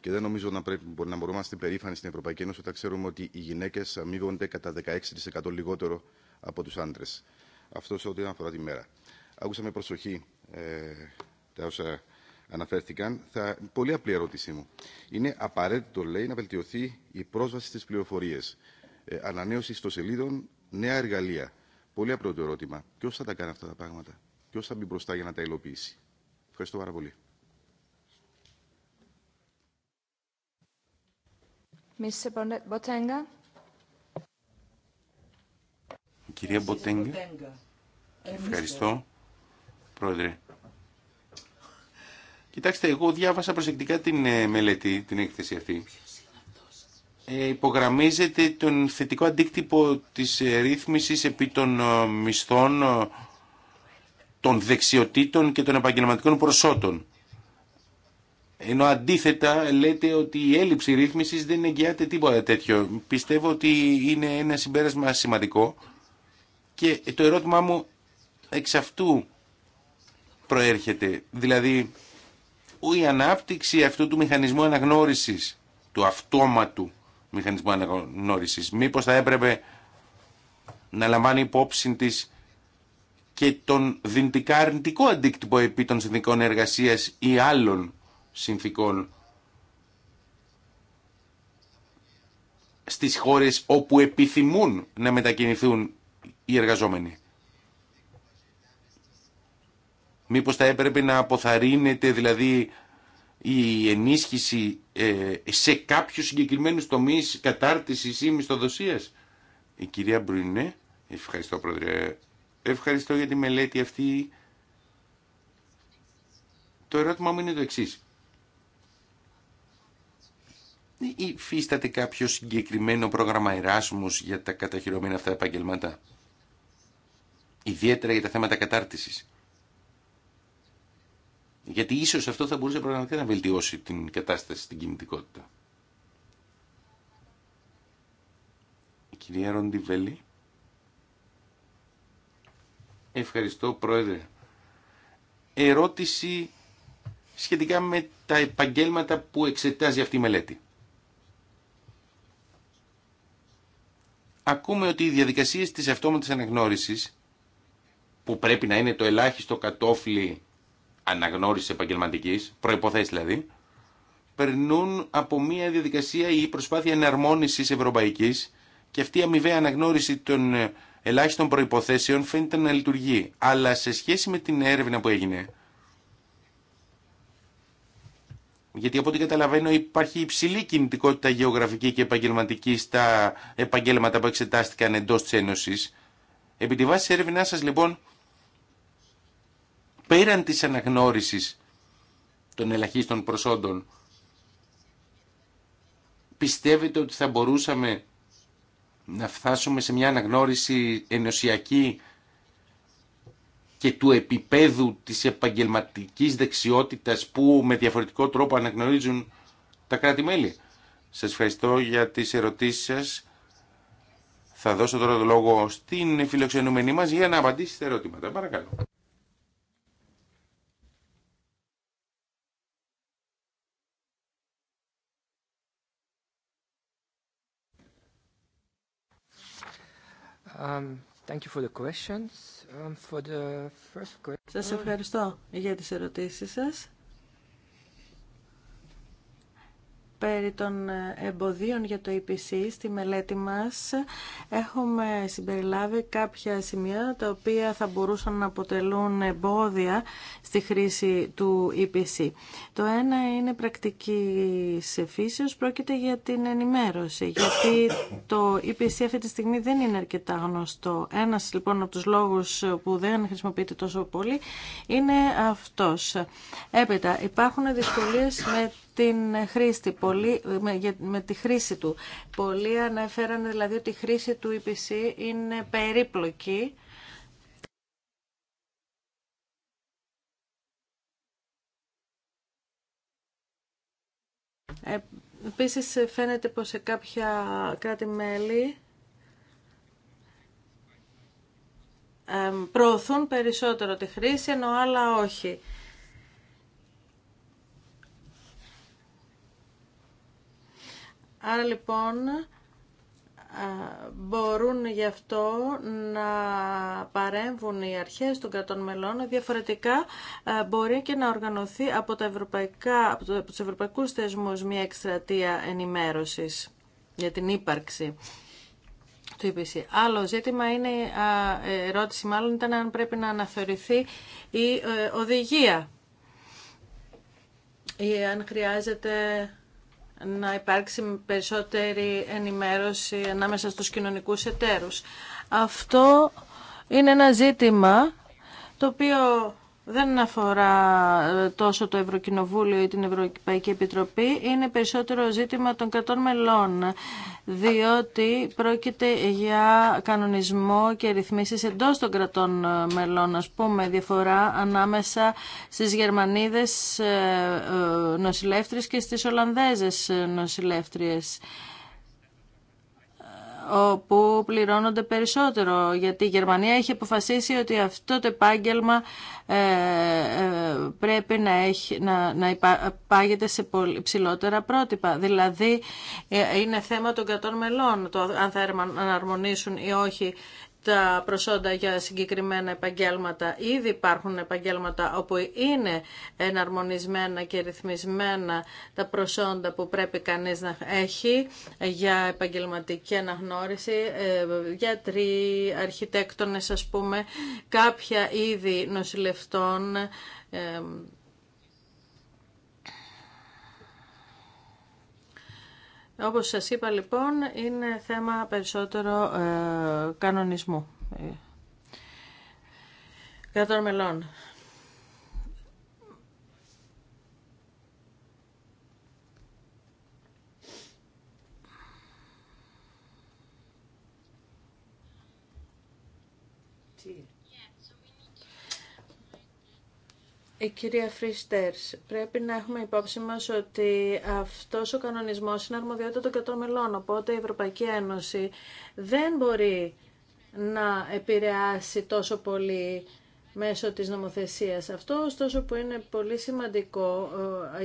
Και δεν νομίζω να, πρέπει, να μπορούμε να είμαστε περήφανοι στην Ευρωπαϊκή Ένωση όταν ξέρουμε ότι οι γυναίκε αμείβονται κατά 16% λιγότερο από του άντρε. Αυτό σε ό,τι αφορά τη μέρα. Άκουσα με προσοχή ε, τα όσα αναφέρθηκαν, θα... πολύ απλή ερώτησή μου. Είναι απαραίτητο, λέει, να βελτιωθεί η πρόσβαση στις πληροφορίες. Ε, ανανέωση ιστοσελίδων, νέα εργαλεία. Πολύ απλό το ερώτημα. Ποιο θα τα κάνει αυτά τα πράγματα. Ποιο θα μπει μπροστά για να τα υλοποιήσει. Ευχαριστώ πάρα πολύ. Κυρία Μποτέγκα, ευχαριστώ, Πρόεδρε. Κοιτάξτε, εγώ διάβασα προσεκτικά την ε, μελέτη, την έκθεση αυτή. Ε, υπογραμμίζεται τον θετικό αντίκτυπο της ε, ρύθμισης επί των ε, μισθών των δεξιοτήτων και των επαγγελματικών προσώτων. Ενώ αντίθετα λέτε ότι η έλλειψη ρύθμισης δεν εγγυάται τίποτα τέτοιο. Πιστεύω ότι είναι ένα συμπέρασμα σημαντικό και το ερώτημά μου εξ αυτού προέρχεται. Δηλαδή, η ανάπτυξη αυτού του μηχανισμού αναγνώρισης, του αυτόματου μηχανισμού αναγνώρισης. Μήπως θα έπρεπε να λαμβάνει υπόψη της και τον δυντικά αρνητικό αντίκτυπο επί των συνθήκων εργασίας ή άλλων συνθήκων στις χώρες όπου επιθυμούν να μετακινηθούν οι εργαζόμενοι. Μήπως θα έπρεπε να αποθαρρύνεται δηλαδή η ενίσχυση ε, σε κάποιους συγκεκριμένους τομείς κατάρτισης ή μισθοδοσίας. Η κυρία Μπρουνέ, ευχαριστώ πρόεδρε, ευχαριστώ για τη μελέτη αυτή. Το ερώτημα μου είναι το εξής. Υφίσταται κάποιο συγκεκριμένο πρόγραμμα Εράσμους για τα καταχειρωμένα αυτά επαγγελμάτα. Ιδιαίτερα για τα θέματα κατάρτισης. Γιατί ίσω αυτό θα μπορούσε πραγματικά να βελτιώσει την κατάσταση την κινητικότητα. Η κυρία Ροντιβέλη. Ευχαριστώ πρόεδρε. Ερώτηση σχετικά με τα επαγγέλματα που εξετάζει αυτή η μελέτη. Ακούμε ότι οι διαδικασίες της αυτόματης αναγνώρισης που πρέπει να είναι το ελάχιστο κατόφλι αναγνώριση επαγγελματική, προποθέσει δηλαδή, περνούν από μια διαδικασία ή προσπάθεια εναρμόνιση ευρωπαϊκή και αυτή η αμοιβαία αναγνώριση των ελάχιστων προποθέσεων φαίνεται να λειτουργεί. Αλλά σε σχέση με την έρευνα που έγινε, γιατί από ό,τι καταλαβαίνω υπάρχει υψηλή κινητικότητα γεωγραφική και επαγγελματική στα επαγγέλματα που εξετάστηκαν εντό τη Ένωση. Επί τη βάση έρευνά σα, λοιπόν, πέραν της αναγνώρισης των ελαχίστων προσόντων. Πιστεύετε ότι θα μπορούσαμε να φτάσουμε σε μια αναγνώριση ενωσιακή και του επίπεδου της επαγγελματικής δεξιότητας που με διαφορετικό τρόπο αναγνωρίζουν τα κράτη-μέλη. Σας ευχαριστώ για τις ερωτήσεις σας. Θα δώσω τώρα το λόγο στην φιλοξενούμενή μας για να απαντήσει ερωτήματα. Παρακαλώ. Thank you for the questions. For the first question... Σας ευχαριστώ για τις ερωτήσεις σας. περί των ε, εμποδίων για το EPC στη μελέτη μας έχουμε συμπεριλάβει κάποια σημεία τα οποία θα μπορούσαν να αποτελούν εμπόδια στη χρήση του EPC. Το ένα είναι πρακτική φύσεως, πρόκειται για την ενημέρωση, γιατί το EPC αυτή τη στιγμή δεν είναι αρκετά γνωστό. Ένας λοιπόν από τους λόγους που δεν χρησιμοποιείται τόσο πολύ είναι αυτός. Έπειτα υπάρχουν δυσκολίες με την χρήση, πολύ με, τη χρήση του. Πολλοί αναφέραν δηλαδή ότι η χρήση του EPC είναι περίπλοκη. Ε, επίσης φαίνεται πως σε κάποια κράτη-μέλη προωθούν περισσότερο τη χρήση, ενώ άλλα όχι. Άρα λοιπόν μπορούν γι' αυτό να παρέμβουν οι αρχές των κρατών μελών. Διαφορετικά μπορεί και να οργανωθεί από, τα ευρωπαϊκά, από τους ευρωπαϊκούς θεσμούς μια εκστρατεία ενημέρωσης για την ύπαρξη του EPC. Άλλο ζήτημα είναι, ε, ερώτηση μάλλον ήταν αν πρέπει να αναθεωρηθεί η ε, οδηγία ή αν χρειάζεται να υπάρξει περισσότερη ενημέρωση ανάμεσα στους κοινωνικούς εταίρους. Αυτό είναι ένα ζήτημα το οποίο δεν αφορά τόσο το Ευρωκοινοβούλιο ή την Ευρωπαϊκή Επιτροπή, είναι περισσότερο ζήτημα των κρατών μελών διότι πρόκειται για κανονισμό και ρυθμίσεις εντός των κρατών ε, μελών, α πούμε, διαφορά ανάμεσα στις Γερμανίδες ε, ε, νοσηλεύτριες και στις Ολλανδέζες νοσηλεύτριες όπου πληρώνονται περισσότερο γιατί η Γερμανία έχει αποφασίσει ότι αυτό το επάγγελμα ε, ε πρέπει να, έχει, να, να υπάγεται σε ψηλότερα πρότυπα. Δηλαδή ε, είναι θέμα των κατών μελών το αν θα αναρμονήσουν ή όχι τα προσόντα για συγκεκριμένα επαγγέλματα. Ήδη υπάρχουν επαγγέλματα όπου είναι εναρμονισμένα και ρυθμισμένα τα προσόντα που πρέπει κανείς να έχει για επαγγελματική αναγνώριση, ε, γιατροί, αρχιτέκτονες ας πούμε, κάποια είδη νοσηλευτών, ε, Όπως σας είπα λοιπόν, είναι θέμα περισσότερο ε, κανονισμού. Ε, κρατών μελών. Η κυρία Φρίστερς, πρέπει να έχουμε υπόψη μας ότι αυτός ο κανονισμός είναι αρμοδιότητα των κρατών μελών, οπότε η Ευρωπαϊκή Ένωση δεν μπορεί να επηρεάσει τόσο πολύ μέσω της νομοθεσίας. Αυτό ωστόσο που είναι πολύ σημαντικό ε,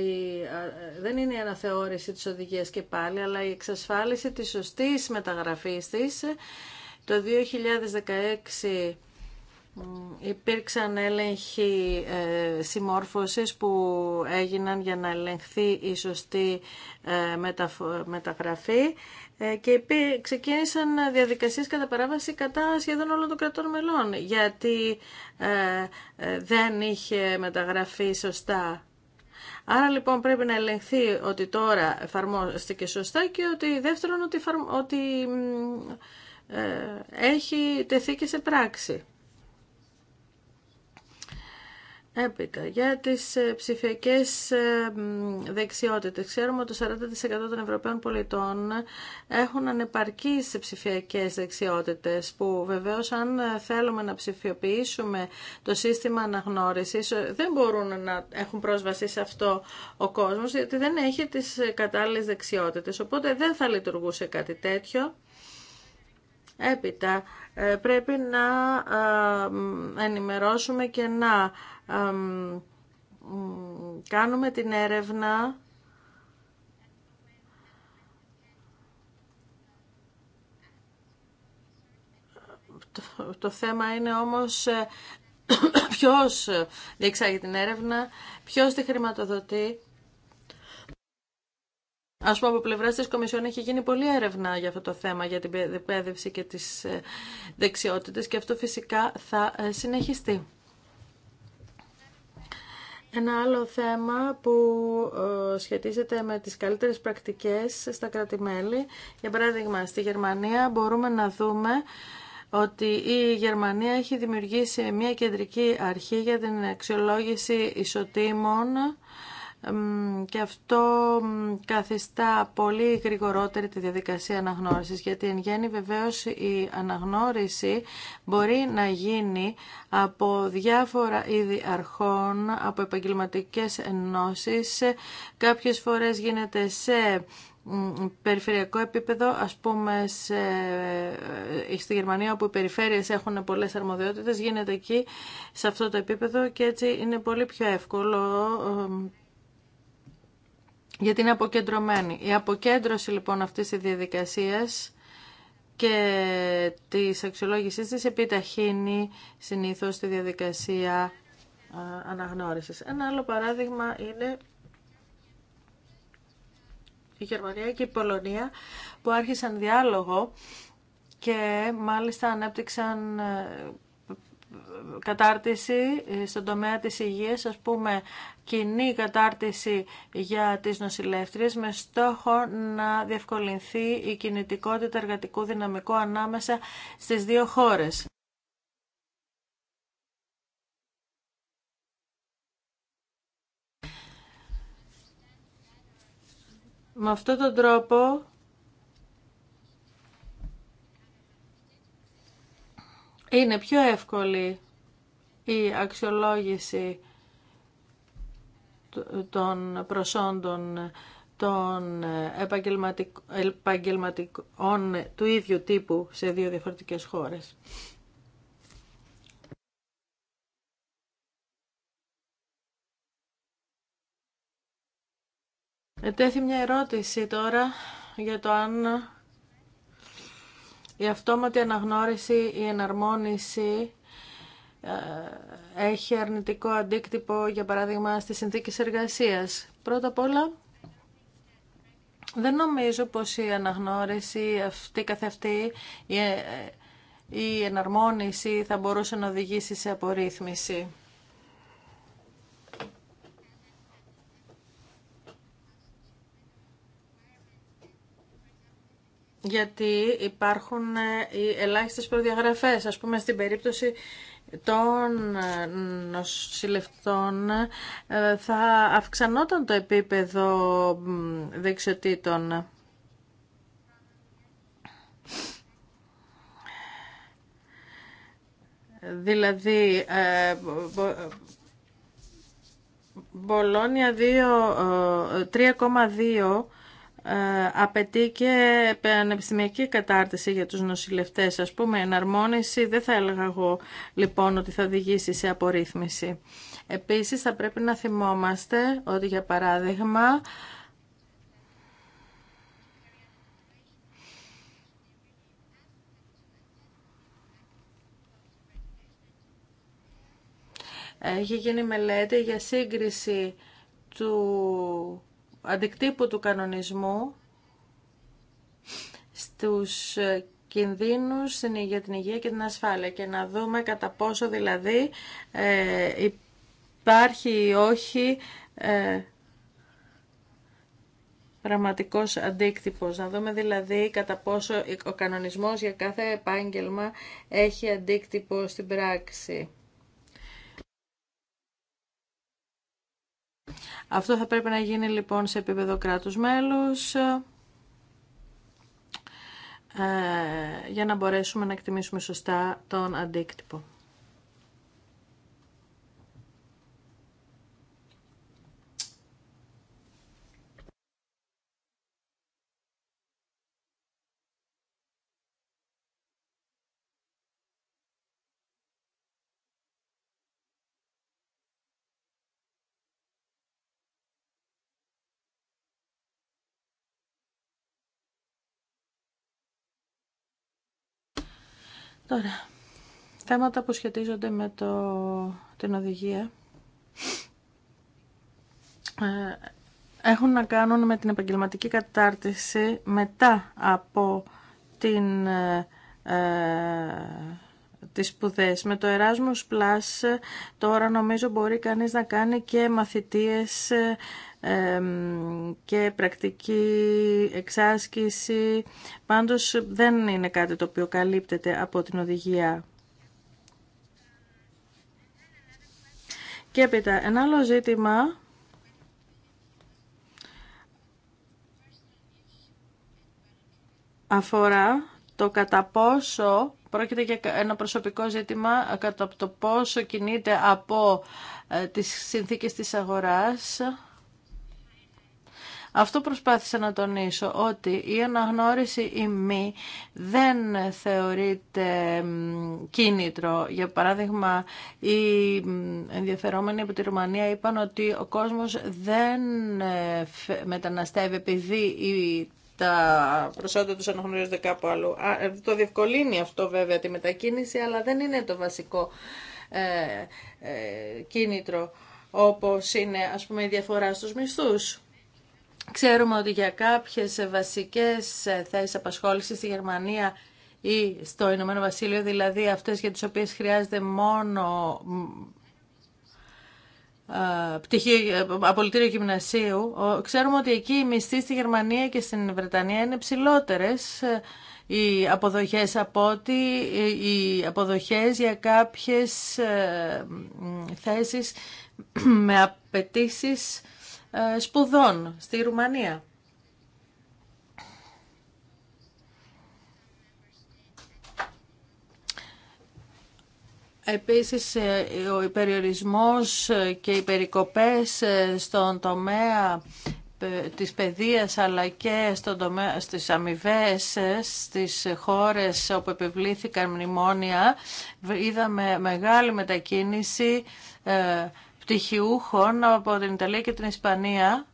δεν είναι η αναθεώρηση της οδηγίας και πάλι, αλλά η εξασφάλιση της σωστής μεταγραφής της. Το 2016 Υπήρξαν έλεγχοι ε, συμμόρφωσης που έγιναν για να ελεγχθεί η σωστή ε, μεταγραφή ε, και ξεκίνησαν διαδικασίες κατά παράβαση κατά σχεδόν όλων των κρατών μελών γιατί δεν είχε μεταγραφεί σωστά. Άρα λοιπόν πρέπει να ελεγχθεί ότι τώρα εφαρμόστηκε σωστά και ότι δεύτερον ότι, ότι έχει τεθεί και σε πράξη. Έπειτα, για τις ε, ψηφιακές ε, δεξιότητες. Ξέρουμε ότι το 40% των Ευρωπαίων πολιτών έχουν ανεπαρκείς ψηφιακές δεξιότητες, που βεβαίως αν ε, θέλουμε να ψηφιοποιήσουμε το σύστημα αναγνώρισης, δεν μπορούν να έχουν πρόσβαση σε αυτό ο κόσμος, γιατί δεν έχει τις κατάλληλες δεξιότητες. Οπότε δεν θα λειτουργούσε κάτι τέτοιο. Έπειτα, πρέπει να ενημερώσουμε και να κάνουμε την έρευνα Το θέμα είναι όμως ε, ποιος διεξάγει την έρευνα, ποιος τη χρηματοδοτεί. Α πούμε, από πλευρά τη Κομισιόν έχει γίνει πολλή έρευνα για αυτό το θέμα, για την παιδεύση και τι ε, δεξιότητε, και αυτό φυσικά θα ε, συνεχιστεί. Ένα άλλο θέμα που ε, σχετίζεται με τις καλύτερες πρακτικές στα κρατη Για παράδειγμα, στη Γερμανία μπορούμε να δούμε ότι η Γερμανία έχει δημιουργήσει μια κεντρική αρχή για την αξιολόγηση ισοτήμων και αυτό καθιστά πολύ γρηγορότερη τη διαδικασία αναγνώρισης γιατί εν γέννη βεβαίως η αναγνώριση μπορεί να γίνει από διάφορα είδη αρχών, από επαγγελματικές ενώσεις, κάποιες φορές γίνεται σε περιφερειακό επίπεδο, ας πούμε σε, ε, στη Γερμανία όπου οι περιφέρειες έχουν πολλές αρμοδιότητες, γίνεται εκεί σε αυτό το επίπεδο και έτσι είναι πολύ πιο εύκολο ε, γιατί είναι αποκεντρωμένη. Η αποκέντρωση λοιπόν αυτής της διαδικασίας και της αξιολόγησής της επιταχύνει συνήθως τη διαδικασία αναγνώρισης. Ένα άλλο παράδειγμα είναι η Γερμανία και η Πολωνία που άρχισαν διάλογο και μάλιστα ανέπτυξαν κατάρτιση ε, στον τομέα της υγείας, ας πούμε κοινή κατάρτιση για τις νοσηλεύτριες με στόχο να διευκολυνθεί η κινητικότητα εργατικού δυναμικού ανάμεσα στις δύο χώρες. Με αυτόν τον τρόπο είναι πιο εύκολη η αξιολόγηση των προσόντων των επαγγελματικών του ίδιου τύπου σε δύο διαφορετικές χώρες. Ετέθη μια ερώτηση τώρα για το αν η αυτόματη αναγνώριση, η εναρμόνιση ε, έχει αρνητικό αντίκτυπο, για παράδειγμα, στις συνθήκες εργασίας. Πρώτα απ' όλα, δεν νομίζω πως η αναγνώριση αυτή η, ε, η εναρμόνιση θα μπορούσε να οδηγήσει σε απορρίθμιση. γιατί υπάρχουν ε, οι ελάχιστες προδιαγραφές. Ας πούμε στην περίπτωση των ε, νοσηλευτών ε, θα αυξανόταν το επίπεδο δεξιοτήτων. Δηλαδή, Μπολόνια 3,2 ε, απαιτεί και πανεπιστημιακή κατάρτιση για τους νοσηλευτές. Ας πούμε, εναρμόνιση δεν θα έλεγα εγώ λοιπόν ότι θα οδηγήσει σε απορρίθμιση. Επίσης θα πρέπει να θυμόμαστε ότι για παράδειγμα έχει γίνει μελέτη για σύγκριση του αντικτύπου του κανονισμού στους κινδύνους για την υγεία και την ασφάλεια και να δούμε κατά πόσο δηλαδή ε, υπάρχει ή όχι ε, πραγματικός αντίκτυπος. Να δούμε δηλαδή κατά πόσο ο κανονισμός για κάθε επάγγελμα έχει αντίκτυπο στην πράξη. Αυτό θα πρέπει να γίνει λοιπόν σε επίπεδο κράτους μέλους ε, για να μπορέσουμε να εκτιμήσουμε σωστά τον αντίκτυπο. Τώρα, θέματα που σχετίζονται με το, την οδηγία ε, έχουν να κάνουν με την επαγγελματική κατάρτιση μετά από την, ε, ε τις σπουδέ. Με το Erasmus Plus τώρα νομίζω μπορεί κανείς να κάνει και μαθητείες ε, και πρακτική εξάσκηση. Πάντως δεν είναι κάτι το οποίο καλύπτεται από την οδηγία. Και έπειτα ένα άλλο ζήτημα αφορά το κατά πόσο πρόκειται για ένα προσωπικό ζήτημα κατά το πόσο κινείται από ε, τις συνθήκες της αγοράς αυτό προσπάθησα να τονίσω, ότι η αναγνώριση ή μη δεν θεωρείται κίνητρο. Για παράδειγμα, οι ενδιαφερόμενοι από τη Ρουμανία είπαν ότι ο κόσμος δεν ε, μεταναστεύει επειδή τα προσόντα τους αναγνωρίζονται κάπου αλλού. Ε, το διευκολύνει αυτό βέβαια τη μετακίνηση, αλλά δεν είναι το βασικό ε, κίνητρο, όπως είναι ας πούμε η διαφορά στους μισθούς. Ξέρουμε ότι για κάποιες βασικές ε, θέσεις απασχόλησης στη Γερμανία ή στο Ηνωμένο Βασίλειο, δηλαδή αυτές για τις οποίες χρειάζεται μόνο ε, πτυχίο, ε, απολυτήριο γυμνασίου, ξέρουμε ότι εκεί οι μισθοί στη Γερμανία και στην Βρετανία είναι ψηλότερες οι αποδοχές από ότι οι αποδοχές για κάποιες θέσεις με απαιτήσει ε, σπουδών στη Ρουμανία. Επίσης, ε, ο υπεριορισμός ε, και οι περικοπές στον τομέα της παιδείας αλλά και στον τομέα, στις αμοιβέ στις χώρες όπου επιβλήθηκαν μνημόνια είδαμε μεγάλη μετακίνηση πτυχιούχων από την Ιταλία και την Ισπανία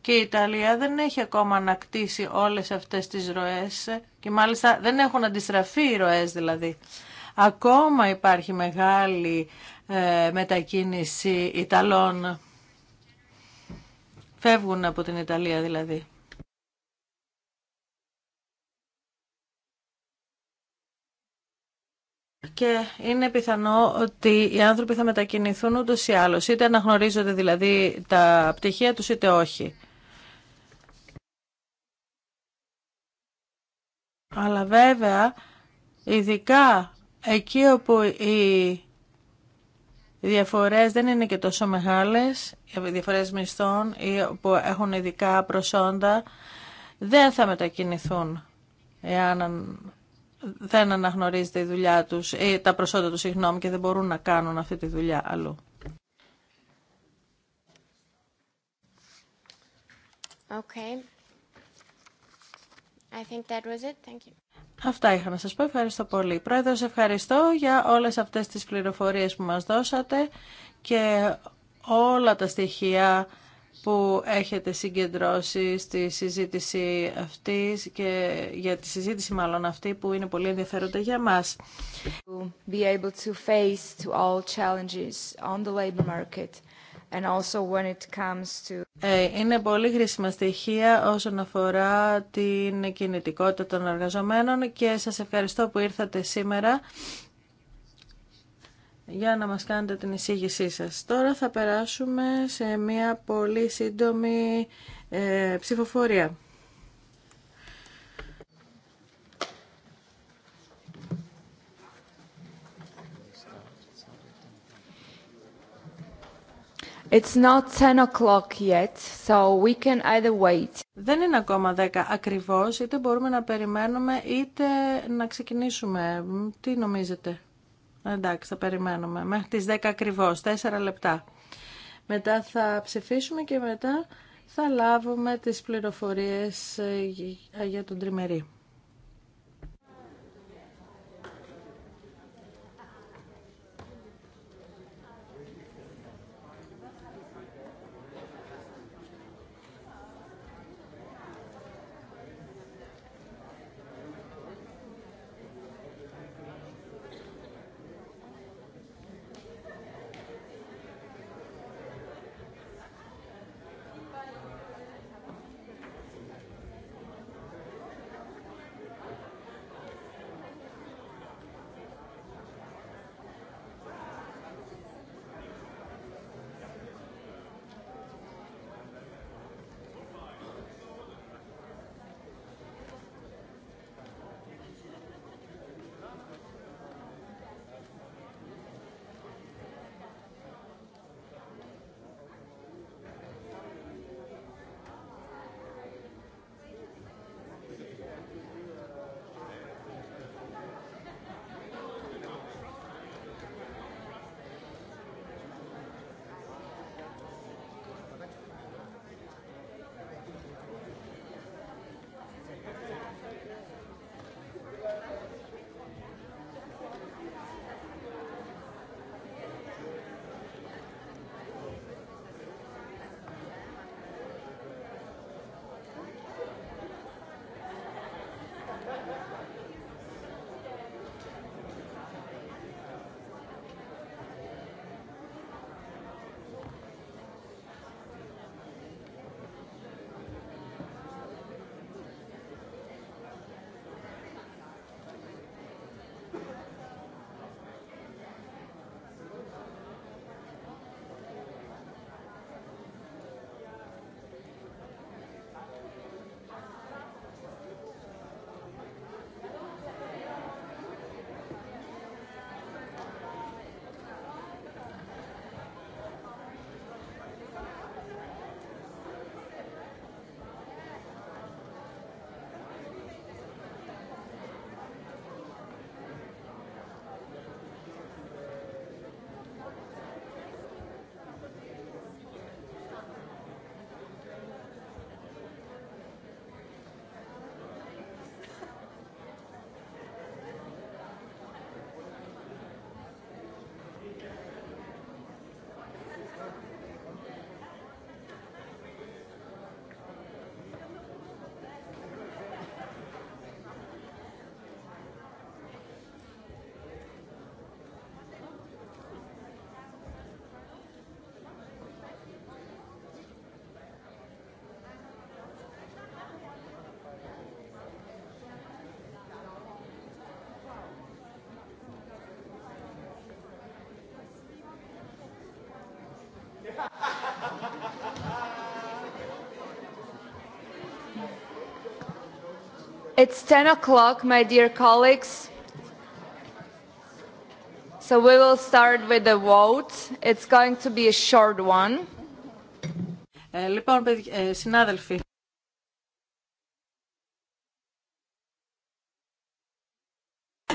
και η Ιταλία δεν έχει ακόμα ανακτήσει όλες αυτές τις ροές και μάλιστα δεν έχουν αντιστραφεί οι ροές δηλαδή. Ακόμα υπάρχει μεγάλη ε, μετακίνηση Ιταλών. Φεύγουν από την Ιταλία δηλαδή. και είναι πιθανό ότι οι άνθρωποι θα μετακινηθούν ούτως ή άλλως, είτε αναγνωρίζονται δηλαδή τα πτυχία τους είτε όχι. Αλλά βέβαια, ειδικά εκεί όπου οι διαφορές δεν είναι και τόσο μεγάλες, οι διαφορές μισθών ή που έχουν ειδικά προσόντα, δεν θα μετακινηθούν εάν δεν αναγνωρίζεται η δουλειά τους, ή τα προσόντα τους, συγγνώμη, και δεν μπορούν να κάνουν αυτή τη δουλειά αλλού. Okay. I think that was it. Thank you. Αυτά είχα να σας πω. Ευχαριστώ πολύ. Πρόεδρε, ευχαριστώ για όλες αυτές τις πληροφορίες που μας δώσατε και όλα τα στοιχεία που έχετε συγκεντρώσει στη συζήτηση αυτή και για τη συζήτηση μάλλον αυτή που είναι πολύ ενδιαφέροντα για μας. the Είναι πολύ χρήσιμα στοιχεία όσον αφορά την κινητικότητα των εργαζομένων και σας ευχαριστώ που ήρθατε σήμερα για να μας κάνετε την εισήγησή σας. Τώρα θα περάσουμε σε μια πολύ σύντομη ε, ψηφοφορία. It's not 10 o'clock yet, so we can either wait. Δεν είναι ακόμα 10 ακριβώς, είτε μπορούμε να περιμένουμε είτε να ξεκινήσουμε. Τι νομίζετε? Εντάξει, θα περιμένουμε. Μέχρι τις 10 ακριβώς, 4 λεπτά. Μετά θα ψηφίσουμε και μετά θα λάβουμε τις πληροφορίες ε, για τον τριμερή. It's 10 o'clock, my dear colleagues. So we will start with the vote. It's going to be a short one. Ε, λοιπόν, συνάδελφοι,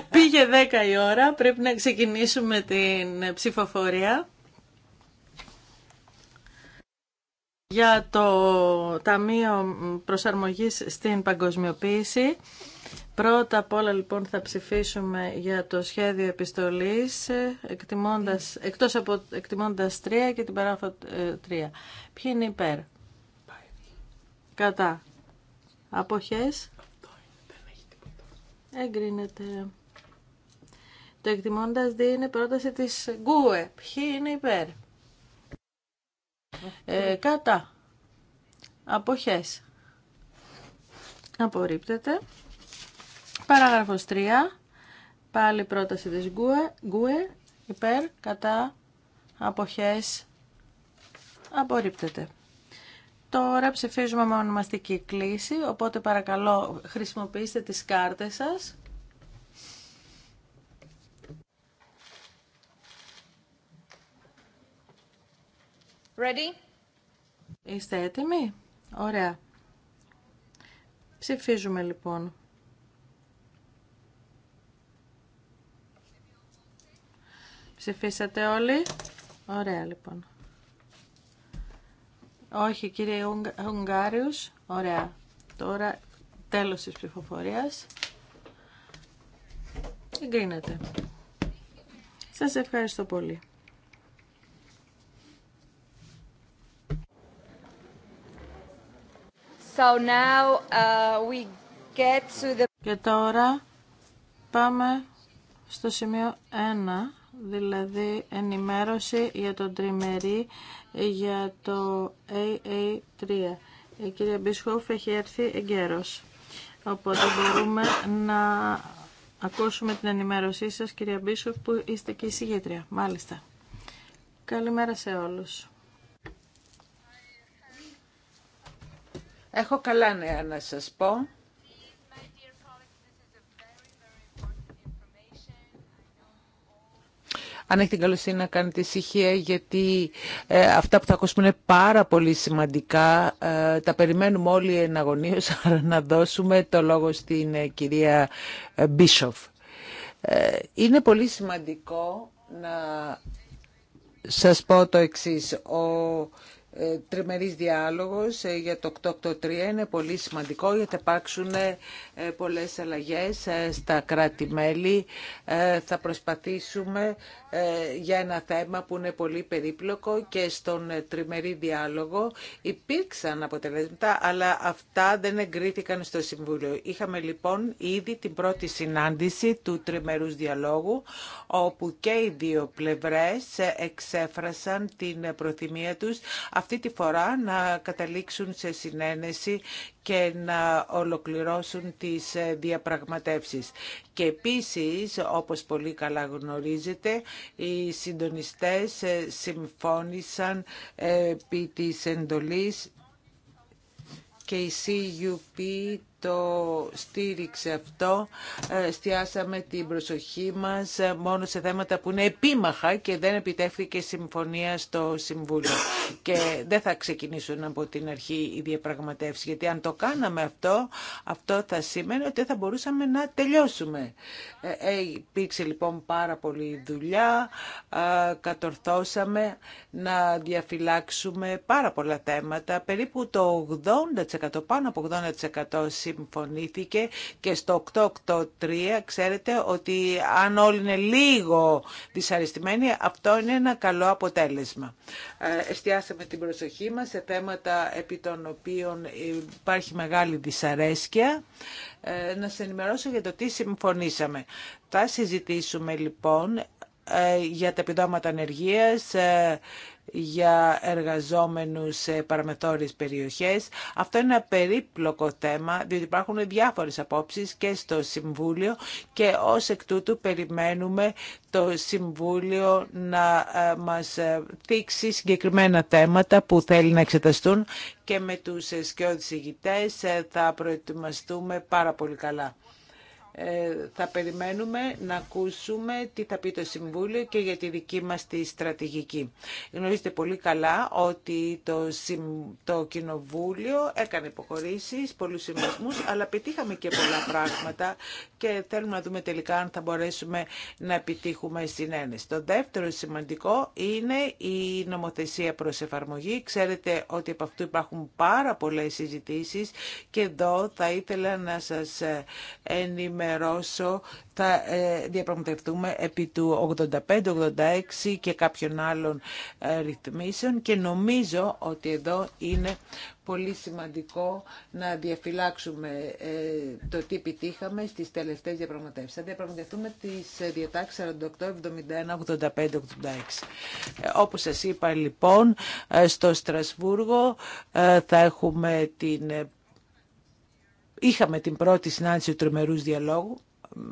πήγε 10 η ώρα, πρέπει να ξεκινήσουμε την ψηφοφορία. για το Ταμείο Προσαρμογής στην Παγκοσμιοποίηση. Πρώτα απ' όλα λοιπόν θα ψηφίσουμε για το σχέδιο επιστολής ε, εκτιμώντας, εκτός από εκτιμώντας 3 και την παράγραφο 3. Ε, Ποιοι είναι υπέρ. Κατά. Αποχές. Εγκρίνεται. Το εκτιμώντας 2 είναι πρόταση της Γκούε. Ποιοι είναι υπέρ. Ε, κατά αποχές απορρίπτεται παράγραφος 3 πάλι πρόταση της γκουε, γκουε υπέρ κατά αποχές απορρίπτεται Τώρα ψηφίζουμε με ονομαστική κλίση, οπότε παρακαλώ χρησιμοποιήστε τις κάρτες σας. Ready? Είστε έτοιμοι? Ωραία. Ψηφίζουμε λοιπόν. Ψηφίσατε όλοι. Ωραία λοιπόν. Όχι κύριε Ουγγάριους. Ωραία. Τώρα τέλος της ψηφοφορίας. Εγκρίνεται. Σας ευχαριστώ πολύ. Uh, και τώρα πάμε στο σημείο 1, δηλαδή ενημέρωση για τον τριμερή για το AA3. Η κυρία Μπισχόφ έχει έρθει εγκαίρως. Οπότε μπορούμε να ακούσουμε την ενημέρωσή σας, κυρία Μπίσχοφ, που είστε και η συγγήτρια. Μάλιστα. Καλημέρα σε όλους. Έχω καλά νέα να σας πω. Αν έχει την καλοσύνη να κάνετε ησυχία, γιατί ε, αυτά που θα ακούσουμε είναι πάρα πολύ σημαντικά. Ε, τα περιμένουμε όλοι εναγωνίως, άρα να δώσουμε το λόγο στην ε, κυρία Μπίσοφ. Είναι πολύ σημαντικό να σας πω το εξής. Ο ε, τριμερής διάλογος ε, για το 883 είναι πολύ σημαντικό γιατί υπάρξουν ε, πολλές αλλαγές στα κράτη-μέλη. Θα προσπαθήσουμε ε, για ένα θέμα που είναι πολύ περίπλοκο και στον ε, τριμερή διάλογο υπήρξαν αποτελέσματα, αλλά αυτά δεν εγκρίθηκαν στο Συμβούλιο. Είχαμε λοιπόν ήδη την πρώτη συνάντηση του τριμερούς διαλόγου, όπου και οι δύο πλευρές ε, εξέφρασαν την προθυμία τους αυτή τη φορά να καταλήξουν σε συνένεση και να ολοκληρώσουν τις ε, διαπραγματεύσεις. Και επίσης, όπως πολύ καλά γνωρίζετε, οι συντονιστές ε, συμφώνησαν ε, επί της εντολής και η CUP το στήριξε αυτό. Ε, Στιάσαμε την προσοχή μας ε, μόνο σε θέματα που είναι επίμαχα και δεν επιτεύχθηκε συμφωνία στο Συμβούλιο. Και δεν θα ξεκινήσουν από την αρχή οι διαπραγματεύσει. γιατί αν το κάναμε αυτό, αυτό θα σημαίνει ότι θα μπορούσαμε να τελειώσουμε. Ε, ε υπήρξε λοιπόν πάρα πολύ δουλειά, κατορθώσαμε να διαφυλάξουμε πάρα πολλά θέματα, περίπου το 80%, πάνω από 80% συμφωνήθηκε και στο 883 ξέρετε ότι αν όλοι είναι λίγο δυσαρεστημένοι αυτό είναι ένα καλό αποτέλεσμα. Ε, Εστιάσαμε την προσοχή μας σε θέματα επί των οποίων υπάρχει μεγάλη δυσαρέσκεια ε, να σε ενημερώσω για το τι συμφωνήσαμε. Θα συζητήσουμε λοιπόν ε, για τα επιδόματα ανεργίας, για εργαζόμενους σε παραμεθόρειες περιοχές. Αυτό είναι ένα περίπλοκο θέμα, διότι υπάρχουν διάφορες απόψεις και στο Συμβούλιο και ως εκ τούτου περιμένουμε το Συμβούλιο να ε, μας δείξει συγκεκριμένα θέματα που θέλει να εξεταστούν και με τους σκιώδης ηγητές ε, θα προετοιμαστούμε πάρα πολύ καλά. Ε, θα περιμένουμε να ακούσουμε τι θα πει το Συμβούλιο και για τη δική μας τη στρατηγική. Γνωρίζετε πολύ καλά ότι το, το Κοινοβούλιο έκανε υποχωρήσεις, πολλούς συμβασμούς, αλλά πετύχαμε και πολλά πράγματα και θέλουμε να δούμε τελικά αν θα μπορέσουμε να επιτύχουμε συνένεση. Το δεύτερο σημαντικό είναι η νομοθεσία προς εφαρμογή. Ξέρετε ότι από αυτού υπάρχουν πάρα πολλές συζητήσεις και εδώ θα ήθελα να σας ενημερώσω ενημερώσω, θα ε, διαπραγματευτούμε επί του 85-86 και κάποιων άλλων ε, ρυθμίσεων και νομίζω ότι εδώ είναι πολύ σημαντικό να διαφυλάξουμε ε, το τι επιτύχαμε στις τελευταίες διαπραγματεύσεις. Θα διαπραγματευτούμε τις διατάξεις 48, 71, 85, 86. Όπως σας είπα λοιπόν, στο Στρασβούργο θα έχουμε την Είχαμε την πρώτη συνάντηση του τρομερούς διαλόγου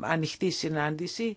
ανοιχτή συνάντηση,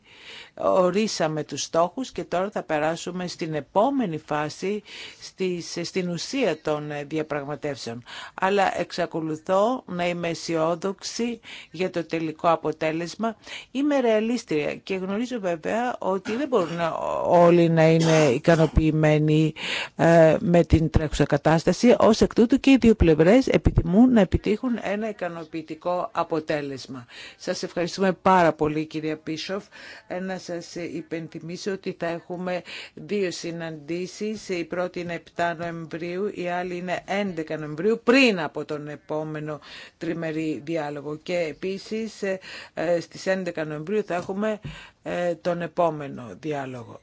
ορίσαμε τους στόχους και τώρα θα περάσουμε στην επόμενη φάση, στις, στην ουσία των διαπραγματεύσεων. Αλλά εξακολουθώ να είμαι αισιόδοξη για το τελικό αποτέλεσμα. Είμαι ρεαλίστρια και γνωρίζω βέβαια ότι δεν μπορούν όλοι να είναι ικανοποιημένοι ε, με την τρέχουσα κατάσταση. Ως εκ τούτου και οι δύο πλευρές επιτιμούν να επιτύχουν ένα ικανοποιητικό αποτέλεσμα. Σας ευχαριστούμε πάρα πάρα πολύ κυρία Πίσοφ. Ε, να σας υπενθυμίσω ότι θα έχουμε δύο συναντήσεις. Η πρώτη είναι 7 Νοεμβρίου, η άλλη είναι 11 Νοεμβρίου πριν από τον επόμενο τριμερή διάλογο. Και επίσης ε, ε, στις 11 Νοεμβρίου θα έχουμε τον επόμενο διάλογο.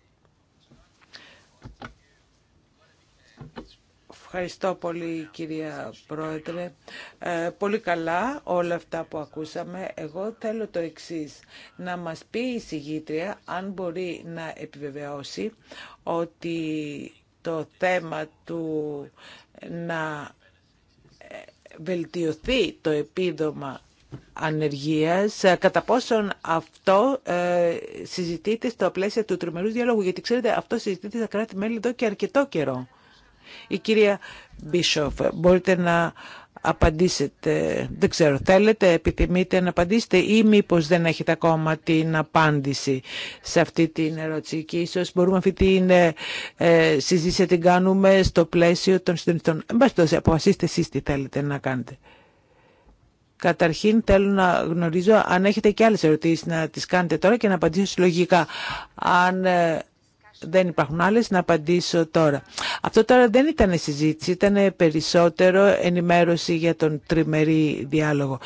Ευχαριστώ πολύ κυρία Πρόεδρε. Ε, πολύ καλά όλα αυτά που ακούσαμε. Εγώ θέλω το εξής, να μας πει η συγγήτρια αν μπορεί να επιβεβαιώσει ότι το θέμα του να ε, βελτιωθεί το επίδομα ανεργίας, ε, κατά πόσον αυτό ε, συζητείται στο πλαίσιο του τριμερούς διαλόγου, γιατί ξέρετε αυτό συζητείται στα κράτη-μέλη εδώ και αρκετό καιρό. Η κυρία Μπίσοφ, μπορείτε να απαντήσετε, δεν ξέρω, θέλετε, επιθυμείτε να απαντήσετε ή μήπω δεν έχετε ακόμα την απάντηση σε αυτή την ερώτηση και ίσως μπορούμε αυτή την ε, ε, συζήτηση να την κάνουμε στο πλαίσιο των συντονιστών. Εν πάση αποφασίστε εσείς τι θέλετε να κάνετε. Καταρχήν θέλω να γνωρίζω αν έχετε και άλλες ερωτήσεις να τις κάνετε τώρα και να απαντήσω συλλογικά. Αν ε, δεν υπάρχουν άλλες, να απαντήσω τώρα. Αυτό τώρα δεν ήταν συζήτηση, ήταν περισσότερο ενημέρωση για τον τριμερή διάλογο.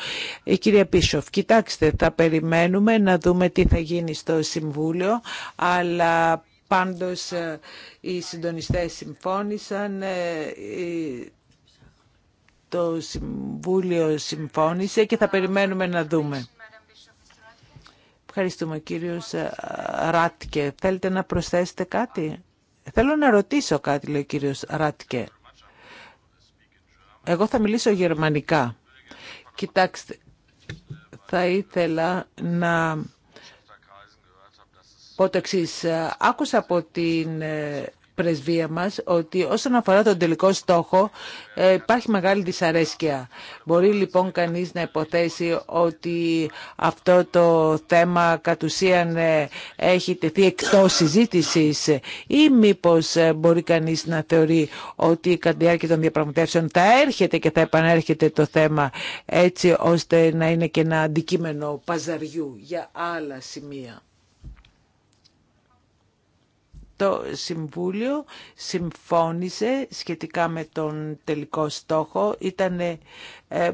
Η ε, κυρία Πίσοφ, κοιτάξτε, θα περιμένουμε να δούμε τι θα γίνει στο Συμβούλιο, αλλά πάντως ε, οι συντονιστές συμφώνησαν, ε, το Συμβούλιο συμφώνησε και θα περιμένουμε να δούμε. Ευχαριστούμε κύριος ε, Ράτκε. Θέλετε να προσθέσετε κάτι. Θέλω να ρωτήσω κάτι, λέει ο κύριος Ράτκε. Εγώ θα μιλήσω γερμανικά. Κοιτάξτε, θα ήθελα να πω ε, Άκουσα από την ε, πρεσβεία μας ότι όσον αφορά τον τελικό στόχο ε, υπάρχει μεγάλη δυσαρέσκεια. Μπορεί λοιπόν κανείς να υποθέσει ότι αυτό το θέμα κατ' ουσίαν ε, έχει τεθεί εκτός συζήτηση ή μήπως ε, μπορεί κανείς να θεωρεί ότι κατά τη διάρκεια των διαπραγματεύσεων θα έρχεται και θα επανέρχεται το θέμα έτσι ώστε να είναι και ένα αντικείμενο παζαριού για άλλα σημεία. Το Συμβούλιο συμφώνησε σχετικά με τον τελικό στόχο. Ήταν ε,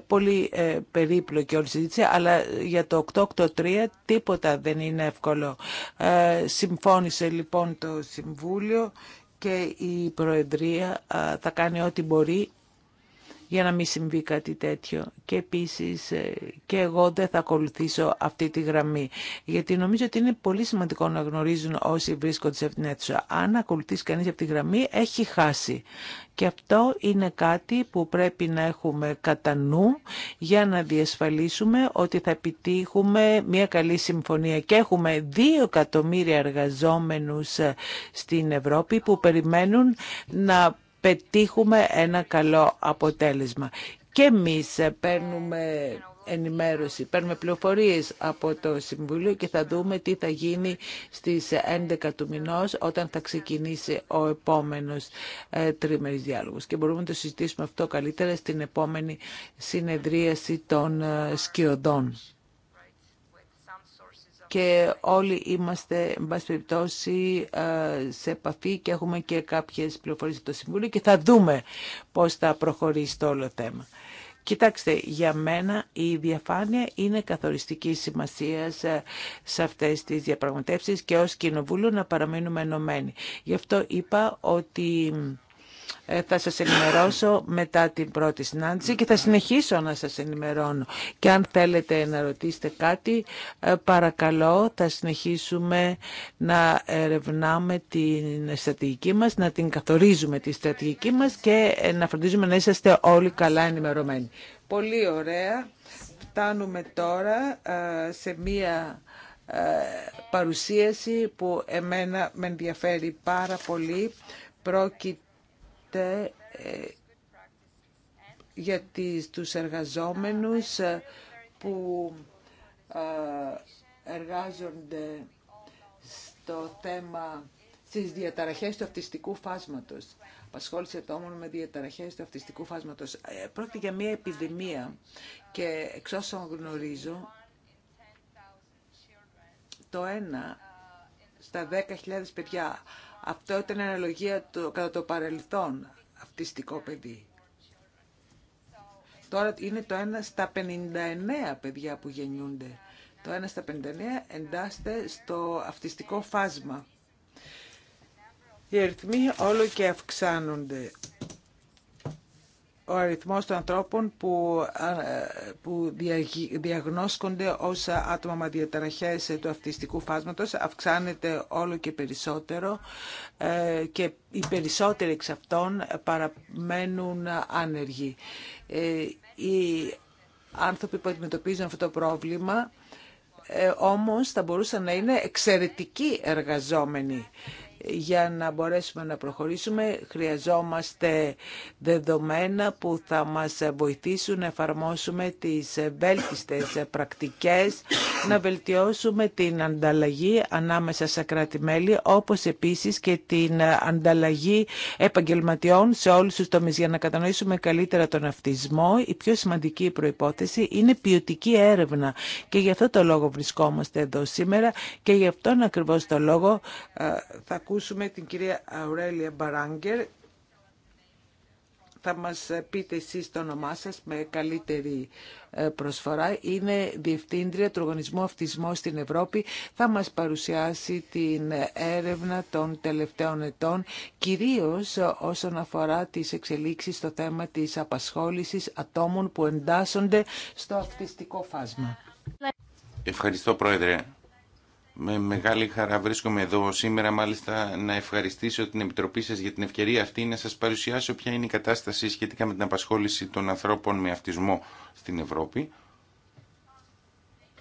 πολύ ε, περίπλοκη όλη η συζήτηση, αλλά για το 883 τίποτα δεν είναι εύκολο. Ε, συμφώνησε λοιπόν το Συμβούλιο και η Προεδρία θα κάνει ό,τι μπορεί για να μην συμβεί κάτι τέτοιο. Και επίσης ε, και εγώ δεν θα ακολουθήσω αυτή τη γραμμή, γιατί νομίζω ότι είναι πολύ σημαντικό να γνωρίζουν όσοι βρίσκονται σε αυτήν την αίθουσα. Αν ακολουθήσει κανείς αυτή τη γραμμή, έχει χάσει. Και αυτό είναι κάτι που πρέπει να έχουμε κατά νου για να διασφαλίσουμε ότι θα επιτύχουμε μια καλή συμφωνία. Και έχουμε δύο εκατομμύρια εργαζόμενους ε, στην Ευρώπη που περιμένουν να πετύχουμε ένα καλό αποτέλεσμα. Και εμείς ε, παίρνουμε ενημέρωση, παίρνουμε πληροφορίες από το Συμβούλιο και θα δούμε τι θα γίνει στις 11 του μηνός όταν θα ξεκινήσει ο επόμενος ε, τριμερής διάλογος. Και μπορούμε να το συζητήσουμε αυτό καλύτερα στην επόμενη συνεδρίαση των ε, σκιωδών και όλοι είμαστε, εν ε, σε επαφή και έχουμε και κάποιες πληροφορίες από το Συμβούλιο και θα δούμε πώς θα προχωρήσει το όλο θέμα. Κοιτάξτε, για μένα η διαφάνεια είναι καθοριστική σημασία ε, σε αυτές τις διαπραγματεύσεις και ως Κοινοβούλιο να παραμείνουμε ενωμένοι. Γι' αυτό είπα ότι ε, θα σας ενημερώσω μετά την πρώτη συνάντηση και θα συνεχίσω να σας ενημερώνω. Και αν θέλετε να ρωτήσετε κάτι, ε, παρακαλώ, θα συνεχίσουμε να ερευνάμε την στρατηγική μας, να την καθορίζουμε τη στρατηγική μας και ε, να φροντίζουμε να είσαστε όλοι καλά ενημερωμένοι. Πολύ ωραία. Φτάνουμε τώρα σε μία παρουσίαση που εμένα με ενδιαφέρει πάρα πολύ. Πρόκειται ε, για τους εργαζόμενους ε, που ε, εργάζονται στο θέμα στις διαταραχές του αυτιστικού φάσματος. Απασχόλησε το όμορφο με διαταραχές του αυτιστικού φάσματος. Πρόκειται για μια επιδημία και εξ όσων γνωρίζω, το ένα στα 10.000 παιδιά αυτό ήταν αναλογία το, κατά το παρελθόν αυτιστικό παιδί. Τώρα είναι το 1 στα 59 παιδιά που γεννιούνται. Το ένα στα 59 εντάσσεται στο αυτιστικό φάσμα. Οι αριθμοί όλο και αυξάνονται ο αριθμός των ανθρώπων που, που διαγνώσκονται ως άτομα με διαταραχές του αυτιστικού φάσματος αυξάνεται όλο και περισσότερο ε, και οι περισσότεροι εξ αυτών παραμένουν άνεργοι. Ε, οι άνθρωποι που αντιμετωπίζουν αυτό το πρόβλημα ε, όμως θα μπορούσαν να είναι εξαιρετικοί εργαζόμενοι για να μπορέσουμε να προχωρήσουμε χρειαζόμαστε δεδομένα που θα μας βοηθήσουν να εφαρμόσουμε τις βέλτιστες πρακτικές, να βελτιώσουμε την ανταλλαγή ανάμεσα σε κράτη-μέλη, όπως επίσης και την ανταλλαγή επαγγελματιών σε όλους τους τομείς για να κατανοήσουμε καλύτερα τον αυτισμό. Η πιο σημαντική προϋπόθεση είναι ποιοτική έρευνα και γι' αυτό το λόγο βρισκόμαστε εδώ σήμερα και γι' αυτόν ακριβώς το λόγο ε, θα ακούσουμε ακούσουμε την κυρία Αουρέλια Μπαράγκερ. Θα μας πείτε εσείς το όνομά σας με καλύτερη ε, προσφορά. Είναι Διευθύντρια του Οργανισμού Αυτισμού στην Ευρώπη. Θα μας παρουσιάσει την έρευνα των τελευταίων ετών, κυρίως όσον αφορά τις εξελίξεις στο θέμα της απασχόλησης ατόμων που εντάσσονται στο αυτιστικό φάσμα. Ευχαριστώ, Πρόεδρε. Με μεγάλη χαρά βρίσκομαι εδώ σήμερα μάλιστα να ευχαριστήσω την Επιτροπή σας για την ευκαιρία αυτή να σας παρουσιάσω ποια είναι η κατάσταση σχετικά με την απασχόληση των ανθρώπων με αυτισμό στην Ευρώπη.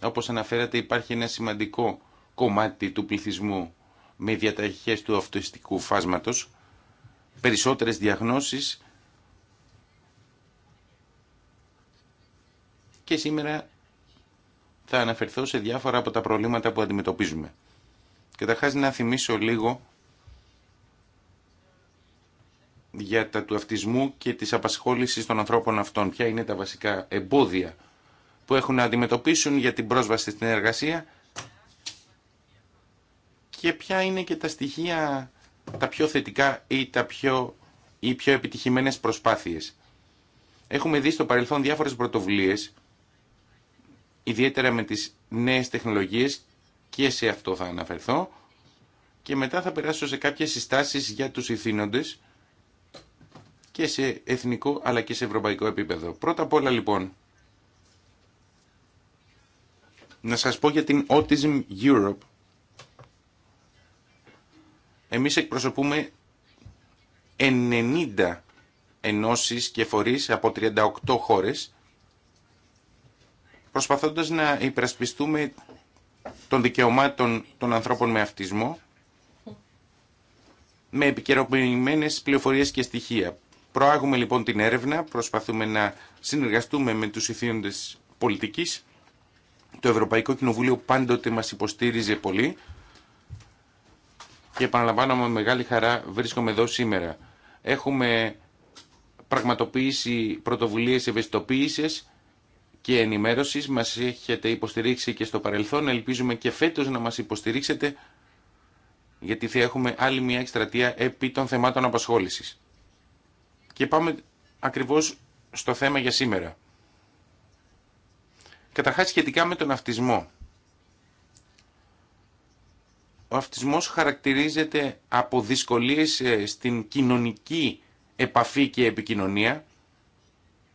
Όπως αναφέρατε υπάρχει ένα σημαντικό κομμάτι του πληθυσμού με διαταχές του αυτοιστικού φάσματος, περισσότερες διαγνώσεις και σήμερα θα αναφερθώ σε διάφορα από τα προβλήματα που αντιμετωπίζουμε. Καταρχά να θυμίσω λίγο για τα του αυτισμού και της απασχόλησης των ανθρώπων αυτών. Ποια είναι τα βασικά εμπόδια που έχουν να αντιμετωπίσουν για την πρόσβαση στην εργασία και ποια είναι και τα στοιχεία τα πιο θετικά ή τα πιο, ή πιο επιτυχημένες προσπάθειες. Έχουμε δει στο παρελθόν διάφορες πρωτοβουλίες ιδιαίτερα με τις νέες τεχνολογίες και σε αυτό θα αναφερθώ και μετά θα περάσω σε κάποιες συστάσεις για τους ηθήνοντες και σε εθνικό αλλά και σε ευρωπαϊκό επίπεδο. Πρώτα απ' όλα λοιπόν, να σας πω για την Autism Europe. Εμείς εκπροσωπούμε 90 ενώσεις και φορείς από 38 χώρες προσπαθώντας να υπερασπιστούμε των δικαιωμάτων των ανθρώπων με αυτισμό με επικαιροποιημένε πληροφορίες και στοιχεία. Προάγουμε λοιπόν την έρευνα, προσπαθούμε να συνεργαστούμε με τους ηθήνοντες πολιτικής. Το Ευρωπαϊκό Κοινοβούλιο πάντοτε μας υποστήριζε πολύ και επαναλαμβάνω με μεγάλη χαρά βρίσκομαι εδώ σήμερα. Έχουμε πραγματοποιήσει πρωτοβουλίες ευαισθητοποίησης και ενημέρωση μα έχετε υποστηρίξει και στο παρελθόν. Ελπίζουμε και φέτο να μα υποστηρίξετε γιατί θα έχουμε άλλη μια εκστρατεία επί των θεμάτων απασχόληση. Και πάμε ακριβώ στο θέμα για σήμερα. Καταρχά, σχετικά με τον αυτισμό. Ο αυτισμός χαρακτηρίζεται από δυσκολίες ε, στην κοινωνική επαφή και επικοινωνία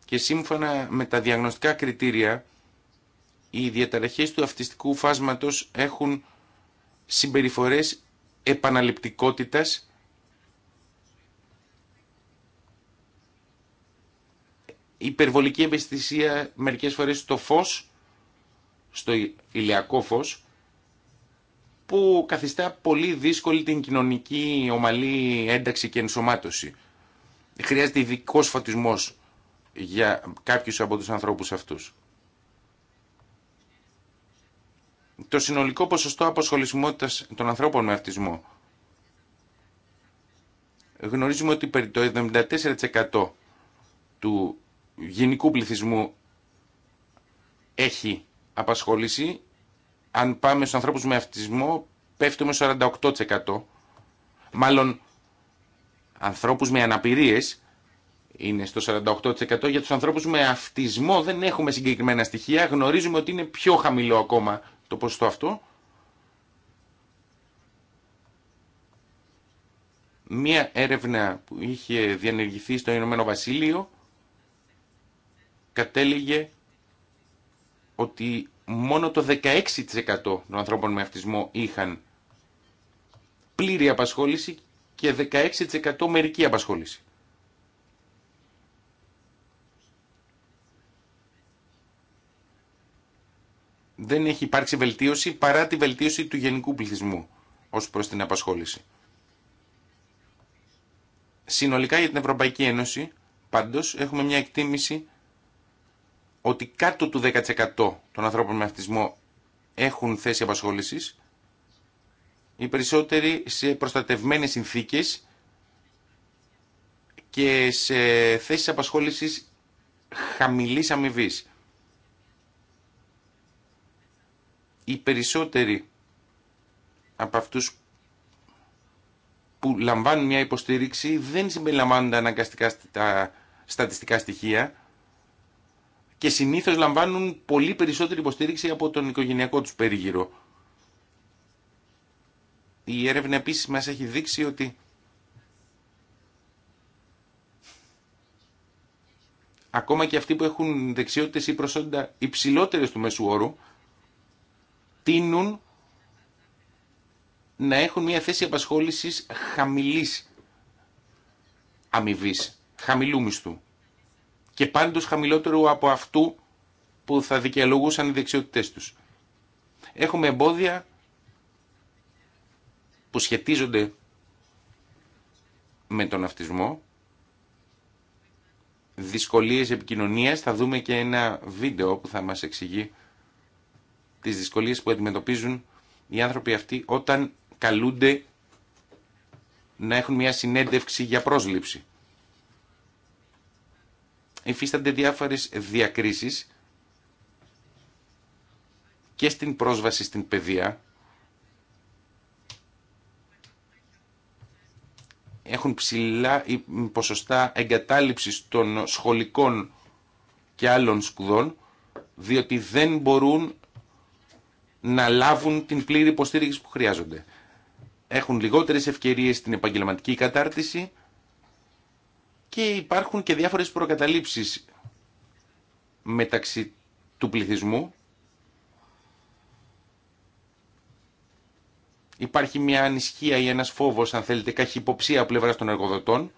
και σύμφωνα με τα διαγνωστικά κριτήρια οι διαταραχές του αυτιστικού φάσματος έχουν συμπεριφορές επαναληπτικότητας υπερβολική ευαισθησία μερικές φορές στο φως στο ηλιακό φως που καθιστά πολύ δύσκολη την κοινωνική ομαλή ένταξη και ενσωμάτωση. Χρειάζεται ειδικό φωτισμός για κάποιους από τους ανθρώπους αυτούς. Το συνολικό ποσοστό αποσχολησιμότητας των ανθρώπων με αυτισμό. Γνωρίζουμε ότι περί το 74% του γενικού πληθυσμού έχει απασχόληση. Αν πάμε στους ανθρώπους με αυτισμό πέφτουμε 48%. Μάλλον ανθρώπους με αναπηρίες είναι στο 48% για τους ανθρώπους με αυτισμό δεν έχουμε συγκεκριμένα στοιχεία γνωρίζουμε ότι είναι πιο χαμηλό ακόμα το ποσοστό αυτό μία έρευνα που είχε διανεργηθεί στο Ηνωμένο Βασίλειο κατέληγε ότι μόνο το 16% των ανθρώπων με αυτισμό είχαν πλήρη απασχόληση και 16% μερική απασχόληση. δεν έχει υπάρξει βελτίωση παρά τη βελτίωση του γενικού πληθυσμού ως προς την απασχόληση. Συνολικά για την Ευρωπαϊκή Ένωση, πάντως, έχουμε μια εκτίμηση ότι κάτω του 10% των ανθρώπων με αυτισμό έχουν θέση απασχόλησης, οι περισσότεροι σε προστατευμένες συνθήκες και σε θέσεις απασχόλησης χαμηλής αμοιβή. οι περισσότεροι από αυτούς που λαμβάνουν μια υποστήριξη δεν συμπεριλαμβάνονται αναγκαστικά στα στατιστικά στοιχεία και συνήθως λαμβάνουν πολύ περισσότερη υποστήριξη από τον οικογενειακό τους περίγυρο. Η έρευνα επίσης μας έχει δείξει ότι ακόμα και αυτοί που έχουν δεξιότητες ή προσόντα υψηλότερες του μέσου όρου τείνουν να έχουν μια θέση απασχόλησης χαμηλής αμοιβή, χαμηλού μισθού και πάντως χαμηλότερου από αυτού που θα δικαιολογούσαν οι δεξιότητές τους. Έχουμε εμπόδια που σχετίζονται με τον αυτισμό, δυσκολίες επικοινωνίας, θα δούμε και ένα βίντεο που θα μας εξηγεί τις δυσκολίες που αντιμετωπίζουν οι άνθρωποι αυτοί όταν καλούνται να έχουν μια συνέντευξη για πρόσληψη. Υφίστανται διάφορες διακρίσεις και στην πρόσβαση στην παιδεία. Έχουν ψηλά ποσοστά εγκατάλειψης των σχολικών και άλλων σπουδών, διότι δεν μπορούν να λάβουν την πλήρη υποστήριξη που χρειάζονται. Έχουν λιγότερες ευκαιρίες στην επαγγελματική κατάρτιση και υπάρχουν και διάφορες προκαταλήψεις μεταξύ του πληθυσμού. Υπάρχει μια ανισχία ή ένας φόβος, αν θέλετε, καχυποψία πλευράς των εργοδοτών.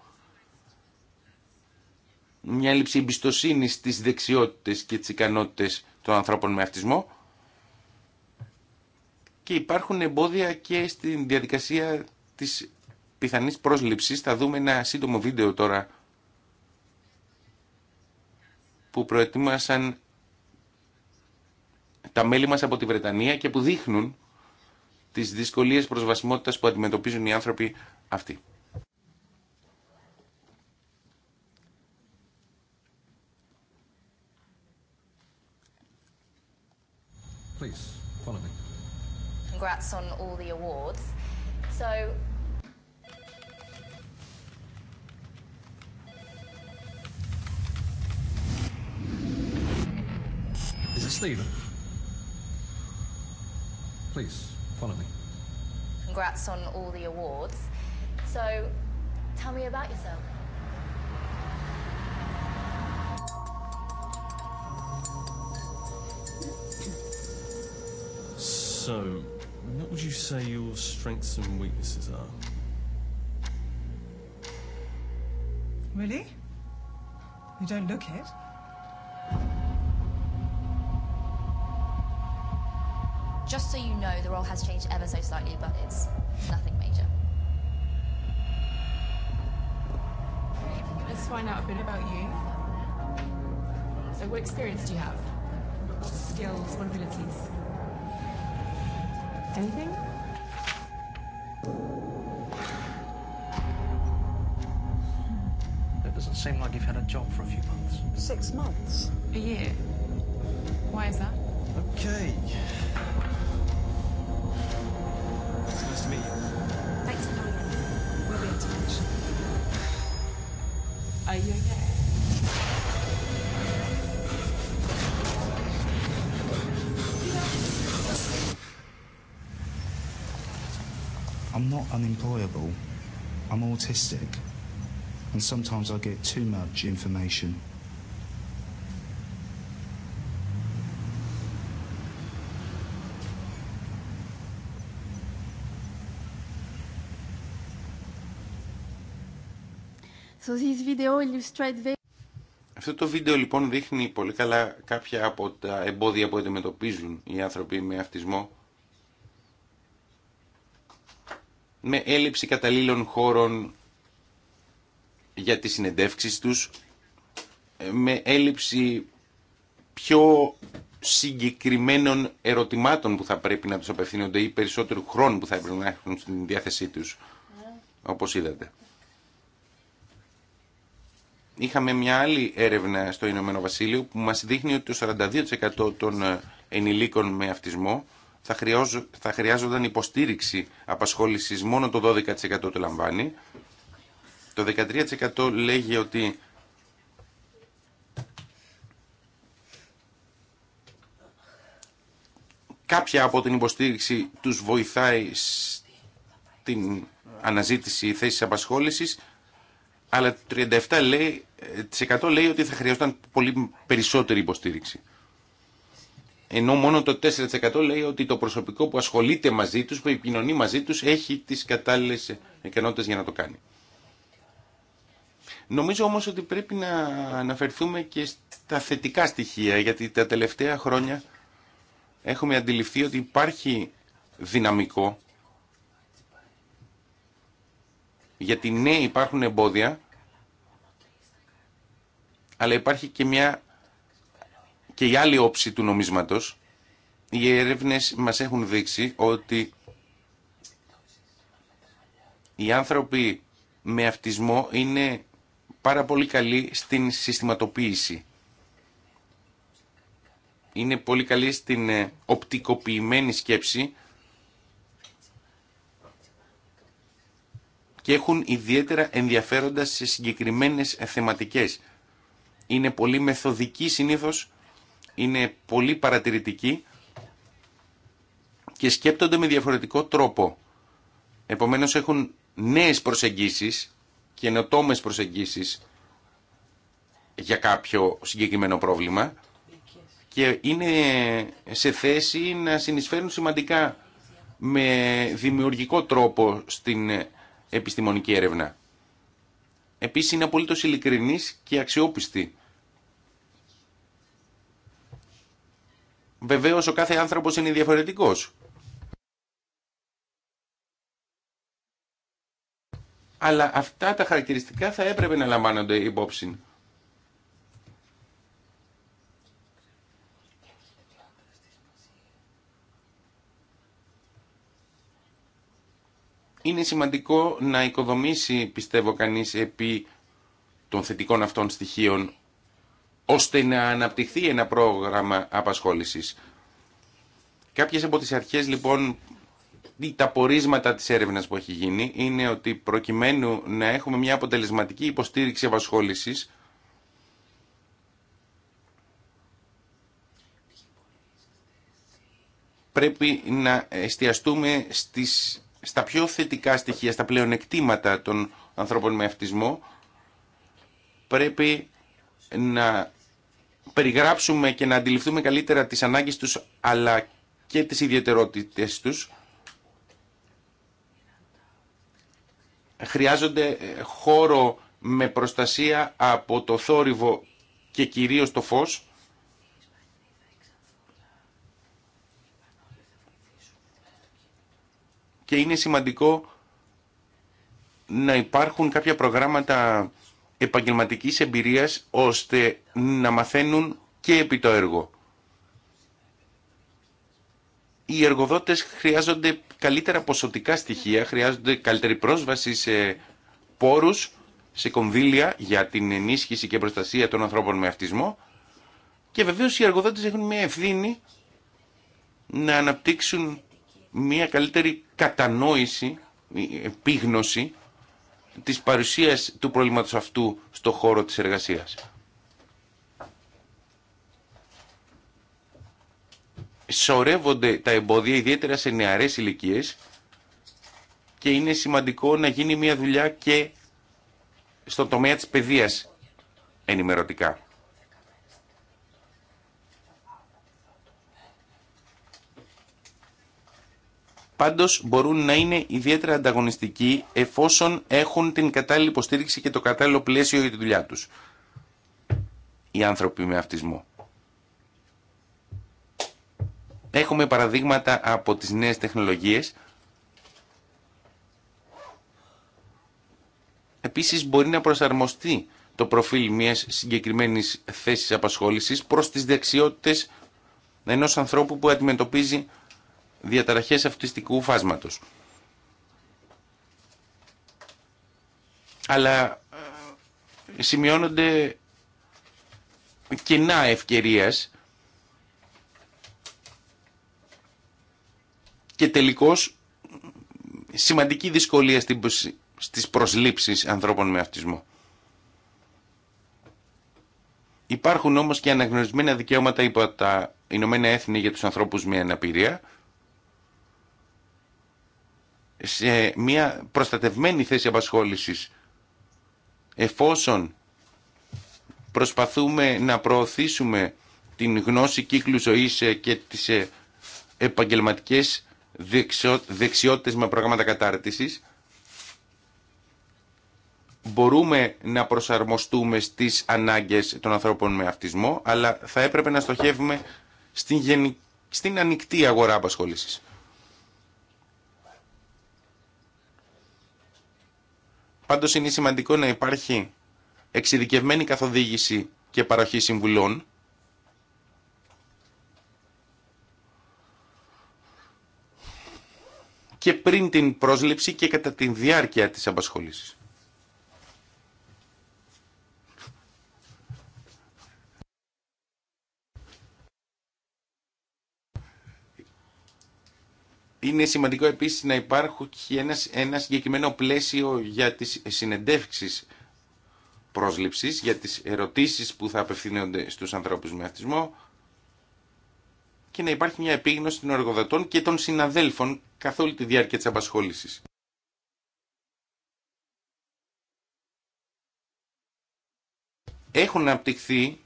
Μια έλλειψη εμπιστοσύνη στις δεξιότητες και τις ικανότητες των ανθρώπων με αυτισμό και υπάρχουν εμπόδια και στην διαδικασία της πιθανής πρόσληψης. Θα δούμε ένα σύντομο βίντεο τώρα που προετοίμασαν τα μέλη μας από τη Βρετανία και που δείχνουν τις δυσκολίες προσβασιμότητας που αντιμετωπίζουν οι άνθρωποι αυτοί congrats on all the awards. So Is it Stephen? Please, follow me. Congrats on all the awards. So, tell me about yourself. So, would you say your strengths and weaknesses are? Really? You don't look it. Just so you know, the role has changed ever so slightly, but it's nothing major. Let's find out a bit about you. So what experience do you have? What skills, what abilities? Anything? It doesn't seem like you've had a job for a few months. Six months? A year. Why is that? Okay. It's nice to meet you. unemployable. I'm autistic, and sometimes I get too much information. So this video illustrates... Αυτό το βίντεο λοιπόν δείχνει πολύ καλά κάποια από τα εμπόδια που αντιμετωπίζουν οι άνθρωποι με αυτισμό με έλλειψη καταλήλων χώρων για τις συνεντεύξεις τους, ε, με έλλειψη πιο συγκεκριμένων ερωτημάτων που θα πρέπει να τους απευθύνονται ή περισσότερου χρόνου που θα έπρεπε να έχουν στην διάθεσή τους, όπως είδατε. Είχαμε μια άλλη έρευνα στο Ηνωμένο Βασίλειο που μας δείχνει ότι το 42% των ε, ενηλίκων με αυτισμό θα, χρειάζονταν υποστήριξη απασχόλησης μόνο το 12% το λαμβάνει. Το 13% λέγει ότι κάποια από την υποστήριξη τους βοηθάει στην αναζήτηση θέσης απασχόλησης, αλλά το 37% λέει, ε, λέει ότι θα χρειαζόταν πολύ περισσότερη υποστήριξη ενώ μόνο το 4% λέει ότι το προσωπικό που ασχολείται μαζί τους, που επικοινωνεί μαζί τους, έχει τις κατάλληλες ικανότητες για να το κάνει. Νομίζω όμως ότι πρέπει να αναφερθούμε και στα θετικά στοιχεία, γιατί τα τελευταία χρόνια έχουμε αντιληφθεί ότι υπάρχει δυναμικό, γιατί ναι υπάρχουν εμπόδια, αλλά υπάρχει και μια και η άλλη όψη του νομίσματος, οι έρευνε μας έχουν δείξει ότι οι άνθρωποι με αυτισμό είναι πάρα πολύ καλοί στην συστηματοποίηση. Είναι πολύ καλοί στην ε, οπτικοποιημένη σκέψη και έχουν ιδιαίτερα ενδιαφέροντα σε συγκεκριμένες θεματικές. Είναι πολύ μεθοδικοί συνήθως είναι πολύ παρατηρητικοί και σκέπτονται με διαφορετικό τρόπο. Επομένως έχουν νέες προσεγγίσεις, καινοτόμες προσεγγίσεις για κάποιο συγκεκριμένο πρόβλημα και είναι σε θέση να συνεισφέρουν σημαντικά με δημιουργικό τρόπο στην επιστημονική έρευνα. Επίσης είναι απολύτως ειλικρινής και αξιόπιστη Βεβαίω ο κάθε άνθρωπος είναι διαφορετικός. Αλλά αυτά τα χαρακτηριστικά θα έπρεπε να λαμβάνονται υπόψη. Είναι σημαντικό να οικοδομήσει, πιστεύω κανείς, επί των θετικών αυτών στοιχείων ώστε να αναπτυχθεί ένα πρόγραμμα απασχόλησης. Κάποιες από τις αρχές λοιπόν τα πορίσματα της έρευνας που έχει γίνει είναι ότι προκειμένου να έχουμε μια αποτελεσματική υποστήριξη απασχόλησης πρέπει να εστιαστούμε στις, στα πιο θετικά στοιχεία, στα πλεονεκτήματα των ανθρώπων με αυτισμό πρέπει να περιγράψουμε και να αντιληφθούμε καλύτερα τις ανάγκες τους αλλά και τις ιδιαιτερότητες τους χρειάζονται ε, χώρο με προστασία από το θόρυβο και κυρίως το φως και είναι σημαντικό να υπάρχουν κάποια προγράμματα επαγγελματικής εμπειρίας ώστε να μαθαίνουν και επί το έργο. Οι εργοδότες χρειάζονται καλύτερα ποσοτικά στοιχεία, χρειάζονται καλύτερη πρόσβαση σε πόρους, σε κονδύλια για την ενίσχυση και προστασία των ανθρώπων με αυτισμό και βεβαίως οι εργοδότες έχουν μια ευθύνη να αναπτύξουν μια καλύτερη κατανόηση, επίγνωση της παρουσίας του προβλήματος αυτού στο χώρο της εργασίας. Σορεύονται τα εμπόδια ιδιαίτερα σε νεαρές ηλικίε και είναι σημαντικό να γίνει μια δουλειά και στον τομέα της παιδείας ενημερωτικά. Πάντως μπορούν να είναι ιδιαίτερα ανταγωνιστικοί εφόσον έχουν την κατάλληλη υποστήριξη και το κατάλληλο πλαίσιο για τη δουλειά τους. Οι άνθρωποι με αυτισμό. Έχουμε παραδείγματα από τις νέες τεχνολογίες. Επίσης μπορεί να προσαρμοστεί το προφίλ μιας συγκεκριμένης θέσης απασχόλησης προς τις δεξιότητες ενός ανθρώπου που αντιμετωπίζει διαταραχές αυτιστικού φάσματος. Αλλά ε, σημειώνονται κενά ευκαιρίας και τελικώς σημαντική δυσκολία στις προσλήψεις ανθρώπων με αυτισμό. Υπάρχουν όμως και αναγνωρισμένα δικαιώματα υπό τα Ηνωμένα Έθνη για τους ανθρώπους με αναπηρία σε μια προστατευμένη θέση απασχόλησης εφόσον προσπαθούμε να προωθήσουμε την γνώση κύκλου ζωής ε, και τις ε, επαγγελματικές δεξιότητες με προγράμματα κατάρτισης μπορούμε να προσαρμοστούμε στις ανάγκες των ανθρώπων με αυτισμό αλλά θα έπρεπε να στοχεύουμε στην, στην ανοιχτή αγορά απασχόλησης. Πάντω είναι σημαντικό να υπάρχει εξειδικευμένη καθοδήγηση και παροχή συμβουλών. και πριν την πρόσληψη και κατά τη διάρκεια της απασχόλησης. Είναι σημαντικό επίσης να υπάρχει ένα, ένα συγκεκριμένο πλαίσιο για τις συνεντεύξεις πρόσληψης, για τις ερωτήσεις που θα απευθύνονται στους ανθρώπους με αυτισμό και να υπάρχει μια επίγνωση των εργοδοτών και των συναδέλφων καθ' όλη τη διάρκεια της απασχόλησης. Έχουν αναπτυχθεί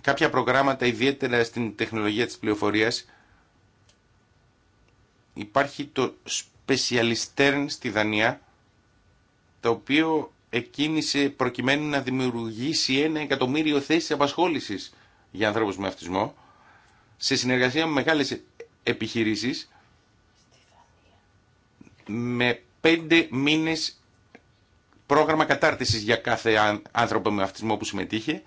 κάποια προγράμματα ιδιαίτερα στην τεχνολογία της πληροφορίας υπάρχει το Specialistern στη Δανία, το οποίο εκκίνησε προκειμένου να δημιουργήσει ένα εκατομμύριο θέσεις απασχόλησης για ανθρώπους με αυτισμό, σε συνεργασία με μεγάλες επιχειρήσεις, με πέντε μήνες πρόγραμμα κατάρτισης για κάθε άνθρωπο με αυτισμό που συμμετείχε,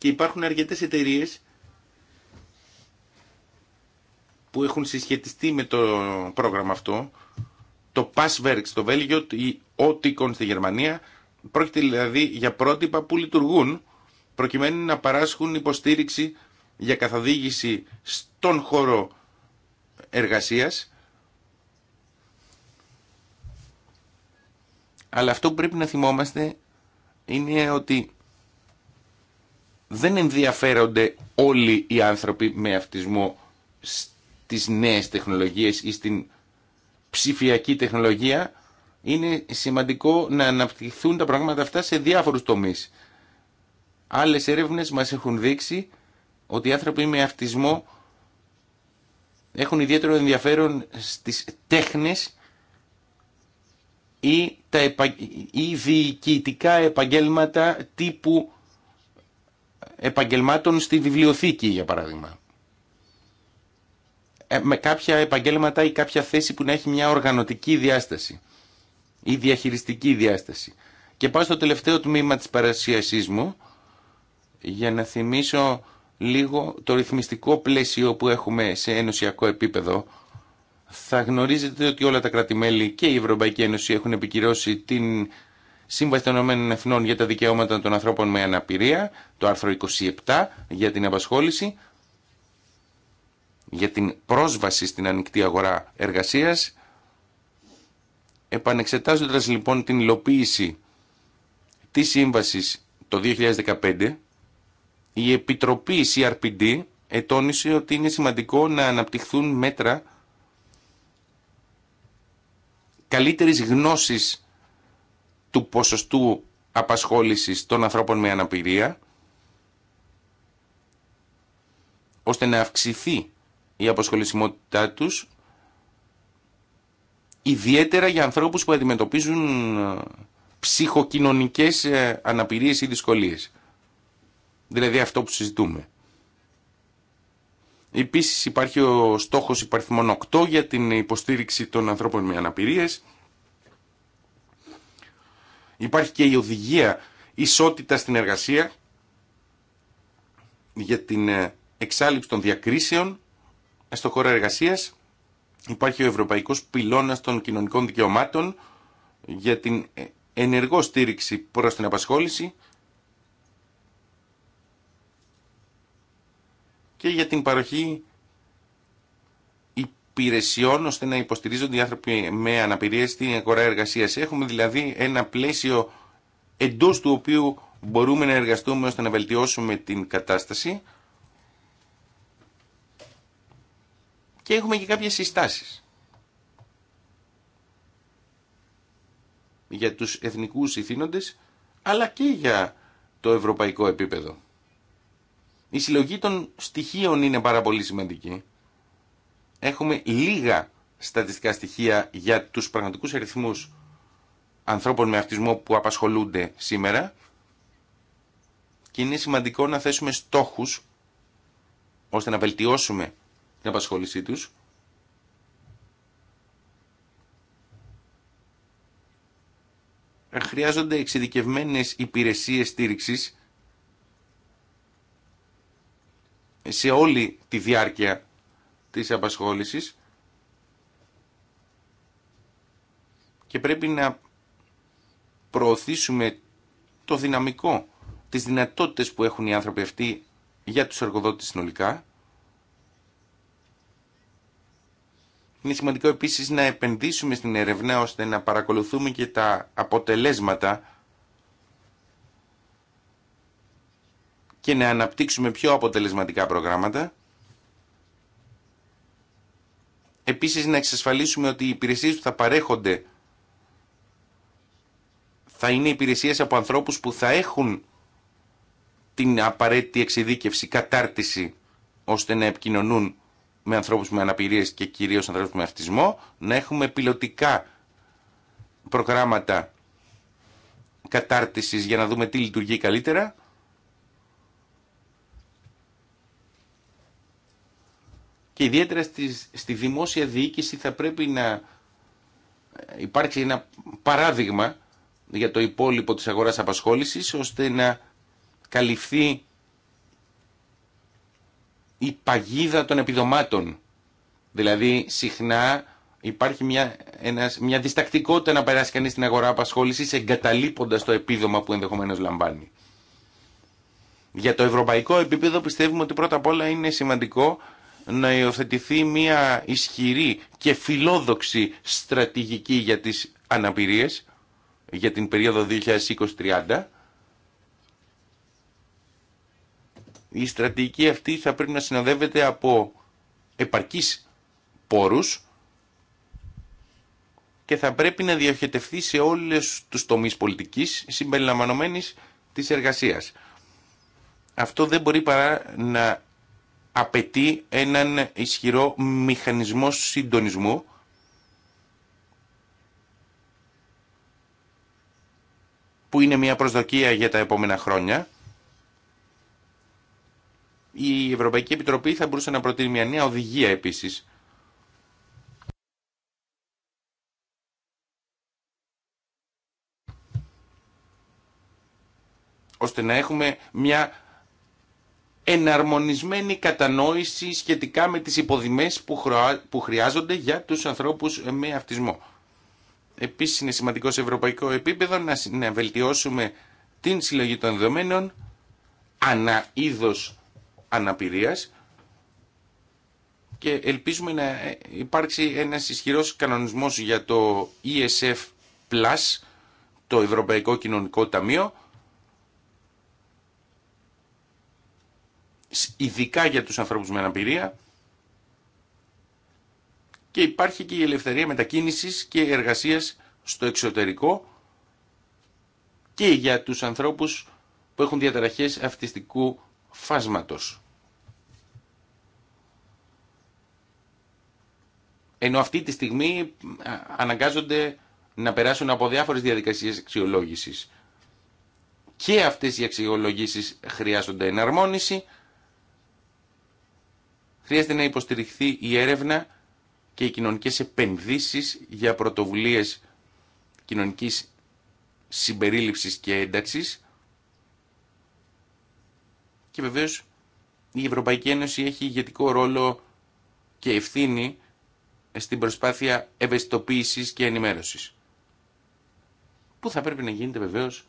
και υπάρχουν αρκετέ εταιρείε που έχουν συσχετιστεί με το πρόγραμμα αυτό. Το Passwerk στο Βέλγιο, η Oticon στη Γερμανία, πρόκειται δηλαδή για πρότυπα που λειτουργούν προκειμένου να παράσχουν υποστήριξη για καθοδήγηση στον χώρο εργασίας αλλά αυτό που πρέπει να θυμόμαστε είναι ότι δεν ενδιαφέρονται όλοι οι άνθρωποι με αυτισμό στις νέες τεχνολογίες ή στην ψηφιακή τεχνολογία. Είναι σημαντικό να αναπτυχθούν τα πράγματα αυτά σε διάφορους τομείς. Άλλες έρευνες μας έχουν δείξει ότι οι άνθρωποι με αυτισμό έχουν ιδιαίτερο ενδιαφέρον στις τέχνες ή τα διοικητικά επαγγέλματα τύπου επαγγελμάτων στη βιβλιοθήκη για παράδειγμα. Ε, με κάποια επαγγέλματα ή κάποια θέση που να έχει μια οργανωτική διάσταση ή διαχειριστική διάσταση. Και πάω στο τελευταίο τμήμα της παρασίασής μου για να θυμίσω λίγο το ρυθμιστικό πλαίσιο που έχουμε σε ενωσιακό επίπεδο. Θα γνωρίζετε ότι όλα τα κρατημέλη και η Ευρωπαϊκή Ένωση έχουν επικυρώσει την Σύμβαση των Ηνωμένων Εθνών για τα Δικαιώματα των Ανθρώπων με Αναπηρία, το άρθρο 27 για την απασχόληση, για την πρόσβαση στην ανοιχτή αγορά εργασίας. Επανεξετάζοντας λοιπόν την υλοποίηση της σύμβασης το 2015, η Επιτροπή CRPD ετώνησε ότι είναι σημαντικό να αναπτυχθούν μέτρα καλύτερης γνώσης του ποσοστού απασχόλησης των ανθρώπων με αναπηρία, ώστε να αυξηθεί η απασχολησιμότητά τους, ιδιαίτερα για ανθρώπους που αντιμετωπίζουν ε, ψυχοκοινωνικές ε, αναπηρίες ή δυσκολίες. Δηλαδή αυτό που συζητούμε. Επίσης υπάρχει ο στόχος υπαριθμών 8 για την υποστήριξη των ανθρώπων με αναπηρίες, Υπάρχει και η οδηγία ισότητα στην εργασία για την ε, εξάλληψη των διακρίσεων στο χώρο εργασίας. Υπάρχει ο Ευρωπαϊκός Πυλώνας των Κοινωνικών Δικαιωμάτων για την ε, ενεργό στήριξη προ την απασχόληση και για την παροχή υπηρεσιών ώστε να υποστηρίζονται οι άνθρωποι με αναπηρία στην αγορά εργασία. Έχουμε δηλαδή ένα πλαίσιο εντό του οποίου μπορούμε να εργαστούμε ώστε να βελτιώσουμε την κατάσταση. Και έχουμε και κάποιες συστάσεις για τους εθνικούς ηθήνοντες, αλλά και για το ευρωπαϊκό επίπεδο. Η συλλογή των στοιχείων είναι πάρα πολύ σημαντική έχουμε λίγα στατιστικά στοιχεία για τους πραγματικούς αριθμούς ανθρώπων με αυτισμό που απασχολούνται σήμερα και είναι σημαντικό να θέσουμε στόχους ώστε να βελτιώσουμε την απασχόλησή τους χρειάζονται εξειδικευμένες υπηρεσίες στήριξης σε όλη τη διάρκεια της απασχόλησης και πρέπει να προωθήσουμε το δυναμικό, τις δυνατότητες που έχουν οι άνθρωποι αυτοί για τους εργοδότες συνολικά. Είναι σημαντικό επίσης να επενδύσουμε στην ερευνά ώστε να παρακολουθούμε και τα αποτελέσματα και να αναπτύξουμε πιο αποτελεσματικά προγράμματα επίσης να εξασφαλίσουμε ότι οι υπηρεσίες που θα παρέχονται θα είναι υπηρεσίες από ανθρώπους που θα έχουν την απαραίτητη εξειδίκευση, κατάρτιση, ώστε να επικοινωνούν με ανθρώπους με αναπηρίες και κυρίως ανθρώπους με αυτισμό, να έχουμε πιλωτικά προγράμματα κατάρτισης για να δούμε τι λειτουργεί καλύτερα και ιδιαίτερα στη, στη δημόσια διοίκηση θα πρέπει να υπάρξει ένα παράδειγμα για το υπόλοιπο της αγοράς απασχόλησης ώστε να καλυφθεί η παγίδα των επιδομάτων. Δηλαδή συχνά υπάρχει μια, ένας, μια διστακτικότητα να περάσει κανείς στην αγορά απασχόλησης εγκαταλείποντας το επίδομα που ενδεχομένως λαμβάνει. Για το ευρωπαϊκό επίπεδο πιστεύουμε ότι πρώτα απ' όλα είναι σημαντικό να υιοθετηθεί μια ισχυρή και φιλόδοξη στρατηγική για τις αναπηρίες για την περίοδο 2020-30. Η στρατηγική αυτή θα πρέπει να συνοδεύεται από επαρκείς πόρους και θα πρέπει να διοχετευτεί σε όλες τους τομείς πολιτικής συμπεριλαμβανομένης της εργασίας. Αυτό δεν μπορεί παρά να απαιτεί έναν ισχυρό μηχανισμό συντονισμού που είναι μια προσδοκία για τα επόμενα χρόνια. Η Ευρωπαϊκή Επιτροπή θα μπορούσε να προτείνει μια νέα οδηγία επίσης ώστε να έχουμε μια εναρμονισμένη κατανόηση σχετικά με τις υποδημές που χρειάζονται για τους ανθρώπους με αυτισμό. Επίσης είναι σημαντικό σε ευρωπαϊκό επίπεδο να βελτιώσουμε την συλλογή των δεδομένων ανά είδος αναπηρίας και ελπίζουμε να υπάρξει ένας ισχυρός κανονισμός για το ESF Plus, το Ευρωπαϊκό Κοινωνικό Ταμείο, ειδικά για τους ανθρώπους με αναπηρία και υπάρχει και η ελευθερία μετακίνησης και εργασίας στο εξωτερικό και για τους ανθρώπους που έχουν διαταραχές αυτιστικού φάσματος. Ενώ αυτή τη στιγμή αναγκάζονται να περάσουν από διάφορες διαδικασίες αξιολόγησης. Και αυτές οι αξιολογήσεις χρειάζονται εναρμόνιση, Χρειάζεται να υποστηριχθεί η έρευνα και οι κοινωνικές επενδύσεις για πρωτοβουλίες κοινωνικής συμπερίληψης και ένταξης και βεβαίως η Ευρωπαϊκή Ένωση έχει ηγετικό ρόλο και ευθύνη στην προσπάθεια ευαισθητοποίησης και ενημέρωσης που θα πρέπει να γίνεται βεβαίως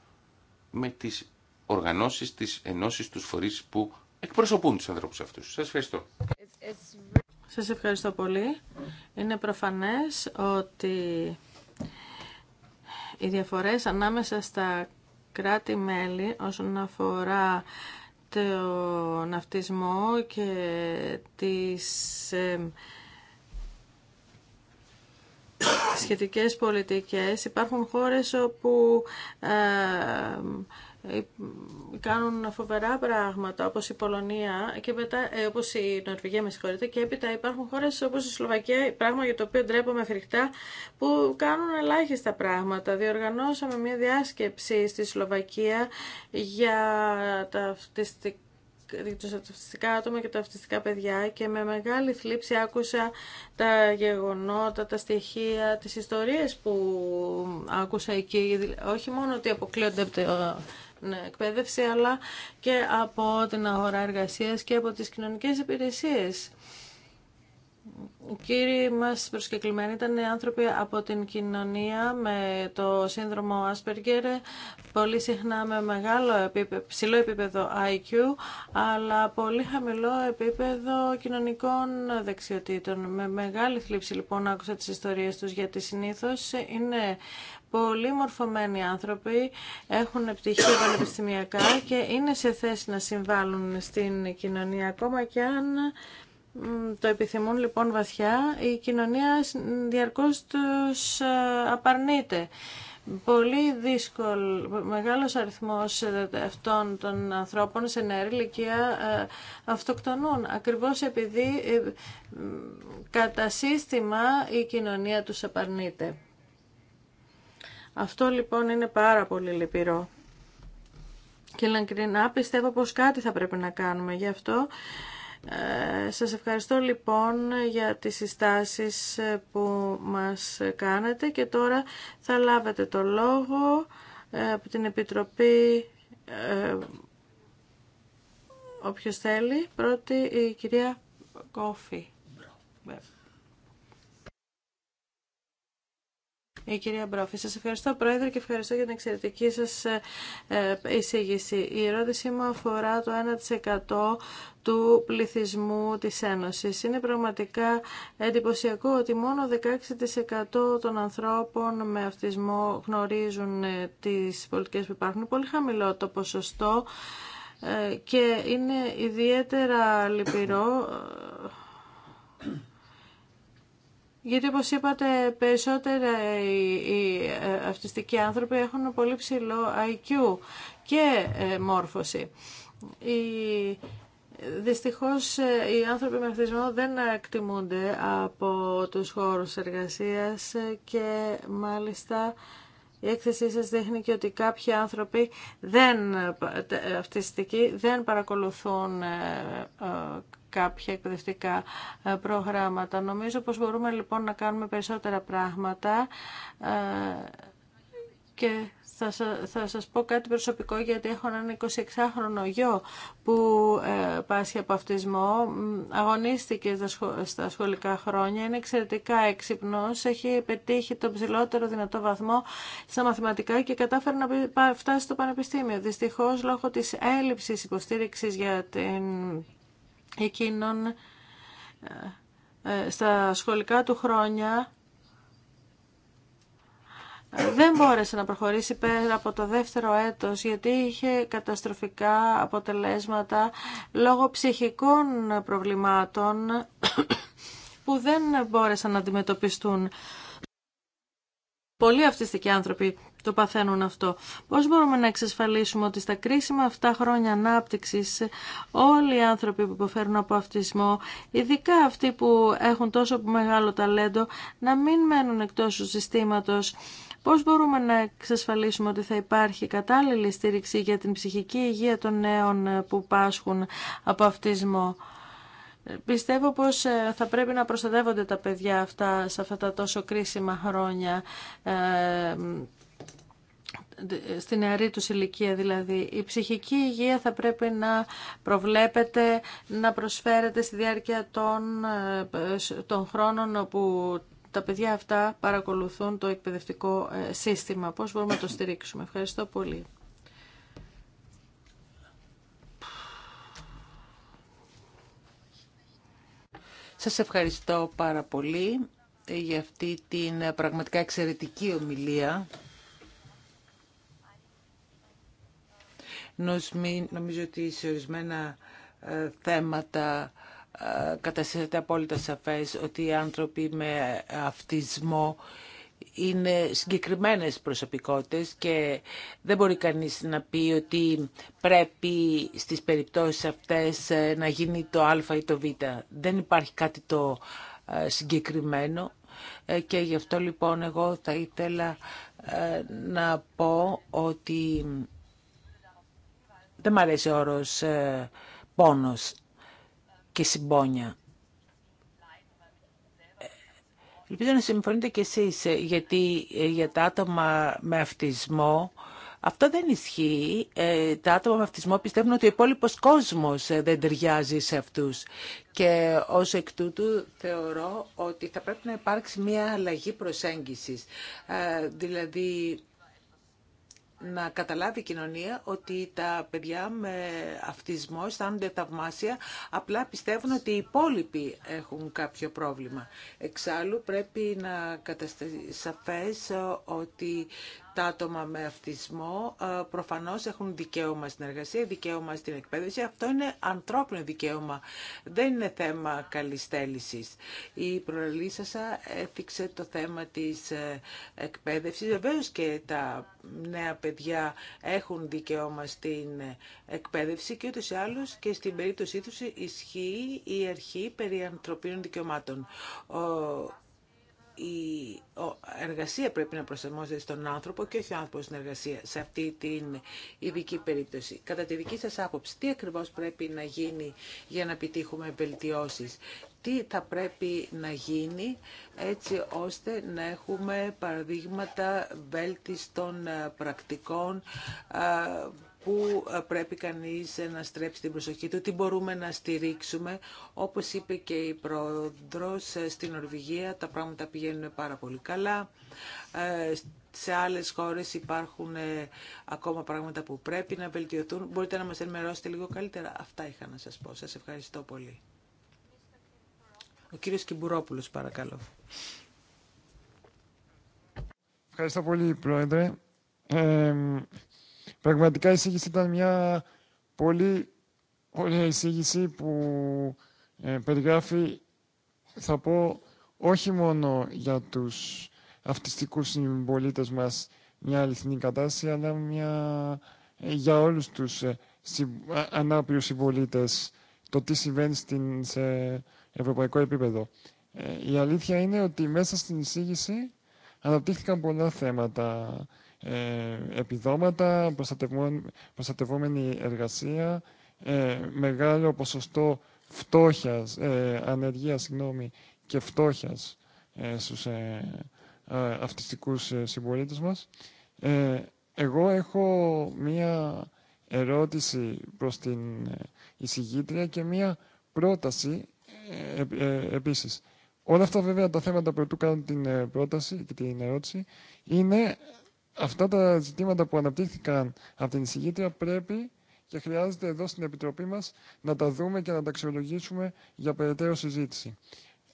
με τις οργανώσεις, τις ενώσεις, τους φορείς που εκπροσωπούν τους ανθρώπους αυτούς. Σας ευχαριστώ. Σας ευχαριστώ πολύ. Είναι προφανές ότι οι διαφορές ανάμεσα στα κράτη-μέλη όσον αφορά το ναυτισμό και τις σχετικές πολιτικές. Υπάρχουν χώρες όπου κάνουν φοβερά πράγματα όπως η Πολωνία και μετά, ε, όπως η Νορβηγία με συγχωρείτε και έπειτα υπάρχουν χώρες όπως η Σλοβακία πράγμα για το οποίο ντρέπομαι φρικτά που κάνουν ελάχιστα πράγματα διοργανώσαμε μια διάσκεψη στη Σλοβακία για τα αυτιστικά του αυτιστικά άτομα και τα αυτιστικά παιδιά και με μεγάλη θλίψη άκουσα τα γεγονότα, τα στοιχεία, τις ιστορίες που άκουσα εκεί. Δηλαδή, όχι μόνο ότι αποκλείονται από το ναι, εκπαίδευση αλλά και από την αγορά εργασίας και από τις κοινωνικές υπηρεσίες. Οι κύριοι μας προσκεκλημένοι ήταν άνθρωποι από την κοινωνία με το σύνδρομο Άσπεργκερ, πολύ συχνά με μεγάλο επίπεδο, ψηλό επίπεδο IQ, αλλά πολύ χαμηλό επίπεδο κοινωνικών δεξιοτήτων. Με μεγάλη θλίψη λοιπόν άκουσα τις ιστορίες τους, γιατί συνήθως είναι πολύ μορφωμένοι άνθρωποι, έχουν πτυχία πανεπιστημιακά και είναι σε θέση να συμβάλλουν στην κοινωνία ακόμα και αν το επιθυμούν λοιπόν βαθιά, η κοινωνία διαρκώς τους ε, απαρνείται. Πολύ δύσκολο, μεγάλος αριθμός ε, αυτών των ανθρώπων σε νέα ηλικία ε, αυτοκτονούν, ακριβώς επειδή κατά σύστημα η κοινωνία τους απαρνείται. Αυτό λοιπόν είναι πάρα πολύ λυπηρό. Και ειλικρινά πιστεύω πως κάτι θα πρέπει να κάνουμε γι' αυτό. Ε, σας ευχαριστώ λοιπόν για τις συστάσεις που μας κάνετε και τώρα θα λάβετε το λόγο ε, από την Επιτροπή ε, όποιος θέλει. Πρώτη η κυρία Κόφη. Η κυρία Μπρόφη, σας ευχαριστώ Πρόεδρε και ευχαριστώ για την εξαιρετική σας ε, ε, εισήγηση. Η ερώτησή μου αφορά το 1% του πληθυσμού της Ένωσης. Είναι πραγματικά εντυπωσιακό ότι μόνο 16% των ανθρώπων με αυτισμό γνωρίζουν ε, τις πολιτικές που υπάρχουν. Πολύ χαμηλό το ποσοστό και είναι ιδιαίτερα λυπηρό γιατί όπως είπατε περισσότερα οι, οι ε, αυτιστικοί άνθρωποι έχουν πολύ ψηλό IQ και ε, μόρφωση. Η, Δυστυχώς ε, οι άνθρωποι με αυτισμό δεν εκτιμούνται από τους χώρους εργασίας και μάλιστα η έκθεσή σας δείχνει και ότι κάποιοι άνθρωποι δεν, αυτιστικοί δεν παρακολουθούν ε, ε, κάποια εκπαιδευτικά ε, προγράμματα. Νομίζω πως μπορούμε λοιπόν να κάνουμε περισσότερα πράγματα και θα, θα σας πω κάτι προσωπικό γιατί έχω έναν 26χρονο γιο που ε, πάσχει από αυτισμό. Αγωνίστηκε στα, σχολικά χρόνια, είναι εξαιρετικά έξυπνος, έχει πετύχει τον ψηλότερο δυνατό βαθμό στα μαθηματικά και κατάφερε να φτάσει στο πανεπιστήμιο. Δυστυχώς λόγω της έλλειψης υποστήριξης για την εκείνον ε, ε, στα σχολικά του χρόνια δεν μπόρεσε να προχωρήσει πέρα από το δεύτερο έτος γιατί είχε καταστροφικά αποτελέσματα λόγω ψυχικών προβλημάτων που δεν μπόρεσαν να αντιμετωπιστούν. Πολλοί αυτιστικοί άνθρωποι το παθαίνουν αυτό. Πώς μπορούμε να εξασφαλίσουμε ότι στα κρίσιμα αυτά χρόνια ανάπτυξης όλοι οι άνθρωποι που υποφέρουν από αυτισμό, ειδικά αυτοί που έχουν τόσο μεγάλο ταλέντο, να μην μένουν εκτός του συστήματος Πώς μπορούμε να εξασφαλίσουμε ότι θα υπάρχει κατάλληλη στήριξη για την ψυχική υγεία των νέων ε, που πάσχουν από αυτισμό. Πιστεύω πως ε, θα πρέπει να προστατεύονται τα παιδιά αυτά σε αυτά τα τόσο κρίσιμα χρόνια ε, στην νεαρή του ηλικία δηλαδή. Η ψυχική υγεία θα πρέπει να προβλέπεται, να προσφέρεται στη διάρκεια των, των χρόνων όπου τα παιδιά αυτά παρακολουθούν το εκπαιδευτικό ε, σύστημα. Πώς μπορούμε να το στηρίξουμε. Ευχαριστώ πολύ. Σας ευχαριστώ πάρα πολύ για αυτή την ε, πραγματικά εξαιρετική ομιλία. Νομίζω ότι σε ορισμένα ε, θέματα καταστήσατε απόλυτα σαφές ότι οι άνθρωποι με αυτισμό είναι συγκεκριμένες προσωπικότητες και δεν μπορεί κανείς να πει ότι πρέπει στις περιπτώσεις αυτές ε, να γίνει το α ή το β. Δεν υπάρχει κάτι το ε, συγκεκριμένο ε, και γι' αυτό λοιπόν εγώ θα ήθελα να πω ότι δεν μ' αρέσει ο όρος πόνος και συμπόνια. Ελπίζω να συμφωνείτε κι εσείς, ε, γιατί ε, για τα άτομα με αυτισμό αυτό δεν ισχύει. Ε, τα άτομα με αυτισμό πιστεύουν ότι ο υπόλοιπο κόσμος δεν ταιριάζει σε αυτούς. Και ως εκ τούτου θεωρώ ότι θα πρέπει να υπάρξει μια αλλαγή προσέγγισης. Δηλαδή να καταλάβει η κοινωνία ότι τα παιδιά με αυτισμό αισθάνονται θαυμάσια, απλά πιστεύουν ότι οι υπόλοιποι έχουν κάποιο πρόβλημα. Εξάλλου πρέπει να καταστεί σαφές ότι τα άτομα με αυτισμό ε, προφανώς έχουν δικαίωμα στην εργασία, δικαίωμα στην εκπαίδευση. Αυτό είναι ανθρώπινο δικαίωμα. Δεν είναι θέμα καλής θέλησης. Η σα έθιξε το θέμα της ε, εκπαίδευσης. Βεβαίως και τα νέα παιδιά έχουν δικαίωμα στην εκπαίδευση και ούτως ή άλλως και στην περίπτωσή τους ισχύει η αρχή περί ανθρωπίνων δικαιωμάτων η εργασία πρέπει να προσαρμόζεται στον άνθρωπο και όχι ο άνθρωπος στην εργασία σε αυτή την ειδική περίπτωση. Κατά τη δική σας άποψη, τι ακριβώς πρέπει να γίνει για να επιτύχουμε βελτιώσεις. Τι θα πρέπει να γίνει έτσι ώστε να έχουμε παραδείγματα βέλτιστων ε, πρακτικών ε, πού ε, πρέπει κανείς να στρέψει την προσοχή του, τι μπορούμε να στηρίξουμε. Όπως είπε και η Πρόεδρος, ε, στην Νορβηγία τα πράγματα πηγαίνουν πάρα πολύ καλά. Ε, σε άλλες χώρες υπάρχουν ακόμα πράγματα που πρέπει να βελτιωθούν. Μπορείτε να μας ενημερώσετε λίγο καλύτερα. Αυτά είχα να σας πω. Σας ευχαριστώ πολύ. Ο κύριος Κιμπουρόπουλος, παρακαλώ. Ευχαριστώ πολύ, Πρόεδρε. Πραγματικά η εισήγηση ήταν μια πολύ ωραία εισήγηση που ε, περιγράφει, θα πω, όχι μόνο για τους αυτιστικούς συμπολίτε μας μια αληθινή κατάσταση, αλλά μια, ε, για όλους τους ε, ανάπηρους συμπολίτε το τι συμβαίνει στην, σε ευρωπαϊκό επίπεδο. Ε, η αλήθεια είναι ότι μέσα στην εισήγηση αναπτύχθηκαν πολλά θέματα ε, επιδόματα, προστατευόμενη εργασία, ε, μεγάλο ποσοστό φτώχειας, ε, ανεργίας συγγνώμη, και φτώχειας στους αυτιστικούς συμπολίτες μας. Εγώ έχω μία ερώτηση προς την εισηγήτρια και μία πρόταση ε, επίσης. Όλα αυτά βέβαια τα θέματα που του την πρόταση και την ερώτηση είναι Αυτά τα ζητήματα που αναπτύχθηκαν από την εισηγήτρια πρέπει και χρειάζεται εδώ στην Επιτροπή μας να τα δούμε και να τα αξιολογήσουμε για περαιτέρω συζήτηση.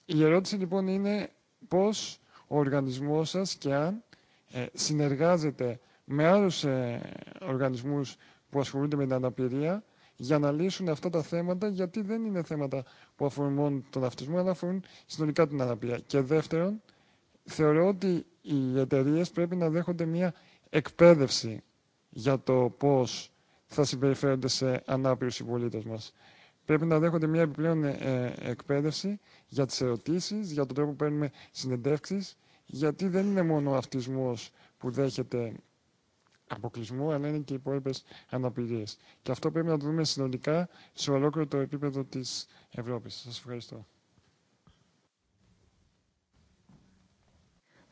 Η ερώτηση λοιπόν είναι πώς ο οργανισμός σας και αν ε, συνεργάζεται με άλλους ε, οργανισμούς που ασχολούνται με την αναπηρία για να λύσουν αυτά τα θέματα, γιατί δεν είναι θέματα που αφορούν μόνο τον αυτισμό, αλλά αφορούν συνολικά την αναπηρία. Και δεύτερον, θεωρώ ότι οι εταιρείε πρέπει να δέχονται μια εκπαίδευση για το πώς θα συμπεριφέρονται σε ανάπηρους συμπολίτε μας. Πρέπει να δέχονται μια επιπλέον ε, εκπαίδευση για τις ερωτήσεις, για τον τρόπο που παίρνουμε συνεντεύξεις, γιατί δεν είναι μόνο ο αυτισμό που δέχεται αποκλεισμό, αλλά είναι και οι υπόλοιπε αναπηρίε. Και αυτό πρέπει να το δούμε συνολικά σε ολόκληρο το επίπεδο τη Ευρώπη. Σα ευχαριστώ.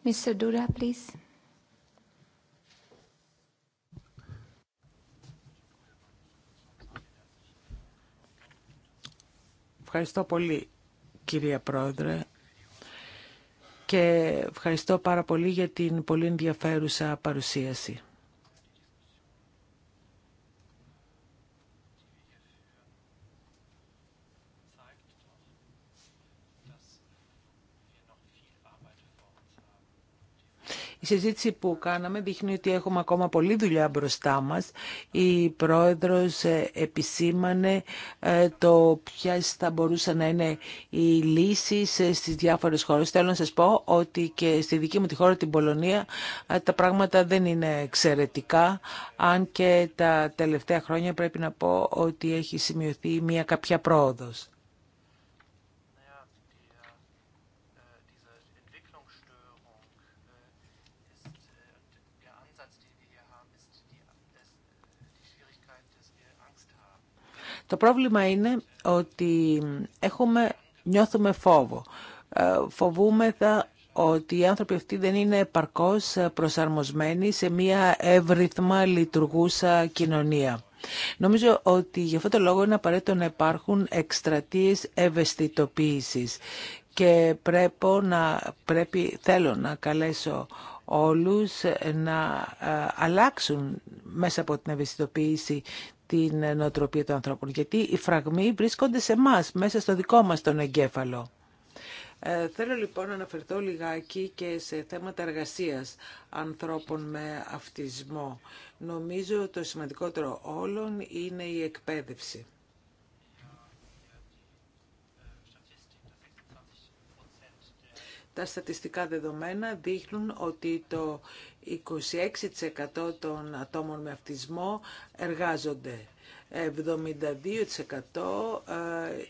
Mr. please. Ευχαριστώ πολύ, κυρία Πρόεδρε. Και ευχαριστώ πάρα πολύ για την πολύ ενδιαφέρουσα παρουσίαση. Η συζήτηση που κάναμε δείχνει ότι έχουμε ακόμα πολλή δουλειά μπροστά μας. Η πρόεδρος ε, επισήμανε ε, το ποιε θα μπορούσαν να είναι οι λύσεις ε, στις διάφορες χώρες. Θέλω να σας πω ότι και στη δική μου τη χώρα, την Πολωνία, τα πράγματα δεν είναι εξαιρετικά, αν και τα τελευταία χρόνια πρέπει να πω ότι έχει σημειωθεί μια κάποια πρόοδος. Το πρόβλημα είναι ότι έχουμε, νιώθουμε φόβο. Ε, φοβούμεθα ότι οι άνθρωποι αυτοί δεν είναι επαρκώς προσαρμοσμένοι σε μια εύρυθμα λειτουργούσα κοινωνία. Νομίζω ότι γι' αυτό το λόγο είναι απαραίτητο να υπάρχουν εκστρατείες ευαισθητοποίησης και πρέπει να, πρέπει, θέλω να καλέσω όλους να ε, αλλάξουν μέσα από την ευαισθητοποίηση την νοοτροπία των ανθρώπων. Γιατί οι φραγμοί βρίσκονται σε εμά, μέσα στο δικό μας τον εγκέφαλο. Ε, θέλω λοιπόν να αναφερθώ λιγάκι και σε θέματα εργασίας ανθρώπων με αυτισμό. Νομίζω το σημαντικότερο όλων είναι η εκπαίδευση. Τα στατιστικά δεδομένα δείχνουν ότι το 26% των ατόμων με αυτισμό εργάζονται. 72% ε,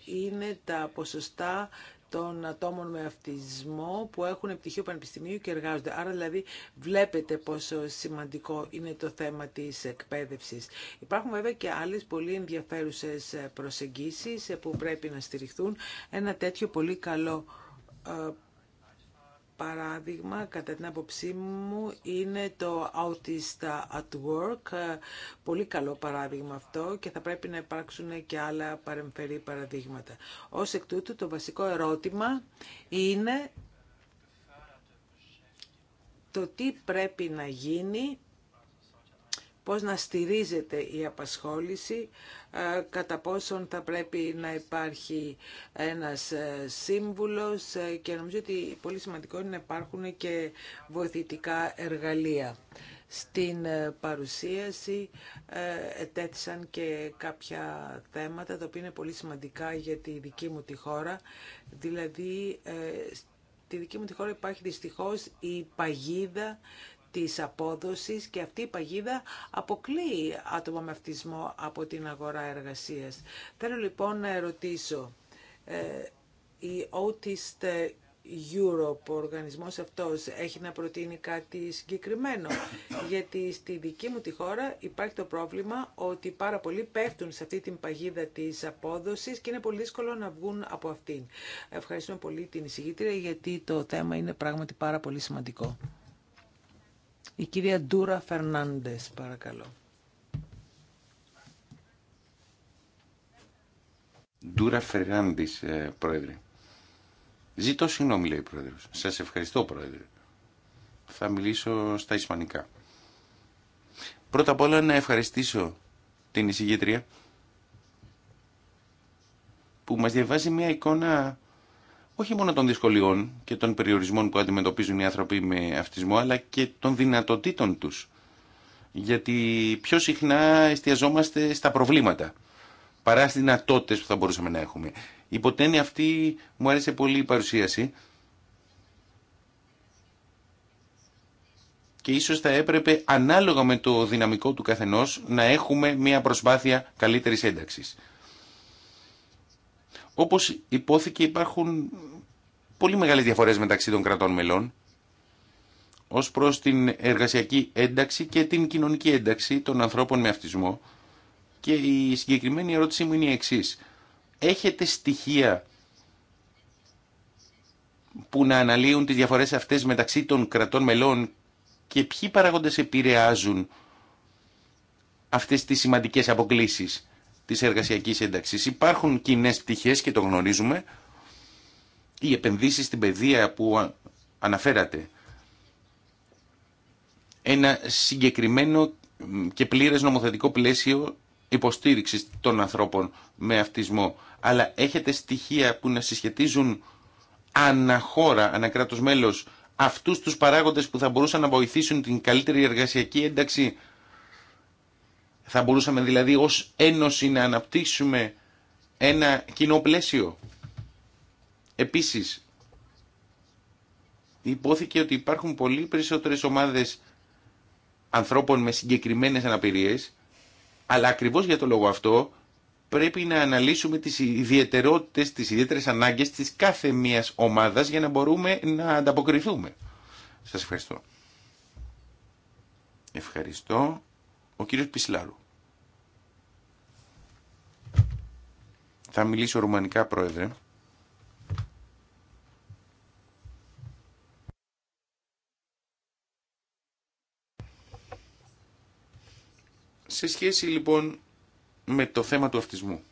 είναι τα ποσοστά των ατόμων με αυτισμό που έχουν πτυχίο πανεπιστημίου και εργάζονται. Άρα δηλαδή βλέπετε πόσο σημαντικό είναι το θέμα της εκπαίδευσης. Υπάρχουν βέβαια και άλλες πολύ ενδιαφέρουσες προσεγγίσεις που πρέπει να στηριχθούν. Ένα τέτοιο πολύ καλό ε, παράδειγμα, κατά την άποψή μου, είναι το Autista at Work. Πολύ καλό παράδειγμα αυτό και θα πρέπει να υπάρξουν και άλλα παρεμφερή παραδείγματα. Ως εκ τούτου, το βασικό ερώτημα είναι το τι πρέπει να γίνει πώς να στηρίζεται η απασχόληση, ε, κατά πόσον θα πρέπει να υπάρχει ένας ε, σύμβουλος ε, και νομίζω ότι πολύ σημαντικό είναι να υπάρχουν και βοηθητικά εργαλεία. Στην παρουσίαση ετέθησαν και κάποια θέματα τα οποία είναι πολύ σημαντικά για τη δική μου τη χώρα, δηλαδή Στη δική μου τη χώρα υπάρχει δυστυχώς η παγίδα της απόδοσης και αυτή η παγίδα αποκλείει άτομα με αυτισμό από την αγορά εργασίας. Θέλω λοιπόν να ερωτήσω, ε, η Autist Europe, ο οργανισμός αυτός, έχει να προτείνει κάτι συγκεκριμένο. Γιατί στη δική μου τη χώρα υπάρχει το πρόβλημα ότι πάρα πολλοί πέφτουν σε αυτή την παγίδα της απόδοσης και είναι πολύ δύσκολο να βγουν από αυτήν. Ευχαριστούμε πολύ την εισηγήτρια γιατί το θέμα είναι πράγματι πάρα πολύ σημαντικό. Η κυρία Ντούρα Φερνάντε, παρακαλώ. Ντούρα Φερνάντης, ε, πρόεδρε. Ζητώ συγγνώμη, λέει ο πρόεδρος. Σας ευχαριστώ, πρόεδρε. Θα μιλήσω στα ισπανικά. Πρώτα απ' όλα να ευχαριστήσω την εισηγήτρια που μας διαβάζει μια εικόνα όχι μόνο των δυσκολιών και των περιορισμών που αντιμετωπίζουν οι άνθρωποι με αυτισμό, αλλά και των δυνατοτήτων τους. Γιατί πιο συχνά εστιαζόμαστε στα προβλήματα, παρά στις δυνατότητες που θα μπορούσαμε να έχουμε. Υποτένει αυτή μου άρεσε πολύ η παρουσίαση και ίσως θα έπρεπε ανάλογα με το δυναμικό του καθενός να έχουμε μια προσπάθεια καλύτερης ένταξης. Όπως υπόθηκε υπάρχουν πολύ μεγάλες διαφορές μεταξύ των κρατών μελών ως προς την εργασιακή ένταξη και την κοινωνική ένταξη των ανθρώπων με αυτισμό και η συγκεκριμένη ερώτησή μου είναι η εξή. Έχετε στοιχεία που να αναλύουν τις διαφορές αυτές μεταξύ των κρατών μελών και ποιοι παράγοντες επηρεάζουν αυτές τις σημαντικές αποκλήσεις της εργασιακής ένταξης. Υπάρχουν κοινέ πτυχές και το γνωρίζουμε. Οι επενδύσεις στην παιδεία που αναφέρατε. Ένα συγκεκριμένο και πλήρες νομοθετικό πλαίσιο υποστήριξης των ανθρώπων με αυτισμό. Αλλά έχετε στοιχεία που να συσχετίζουν αναχώρα, ανακράτος μέλος, αυτούς τους παράγοντες που θα μπορούσαν να βοηθήσουν την καλύτερη εργασιακή ένταξη θα μπορούσαμε δηλαδή ως Ένωση να αναπτύξουμε ένα κοινό πλαίσιο. Επίσης, υπόθηκε ότι υπάρχουν πολύ περισσότερες ομάδες ανθρώπων με συγκεκριμένες αναπηρίες, αλλά ακριβώς για το λόγο αυτό πρέπει να αναλύσουμε τις ιδιαιτερότητες, τις ιδιαίτερες ανάγκες της κάθε μίας ομάδας για να μπορούμε να ανταποκριθούμε. Σας ευχαριστώ. Ευχαριστώ. Ο κύριος Πισλάρου. Θα μιλήσω ρουμανικά, πρόεδρε. Σε σχέση λοιπόν με το θέμα του αυτισμού.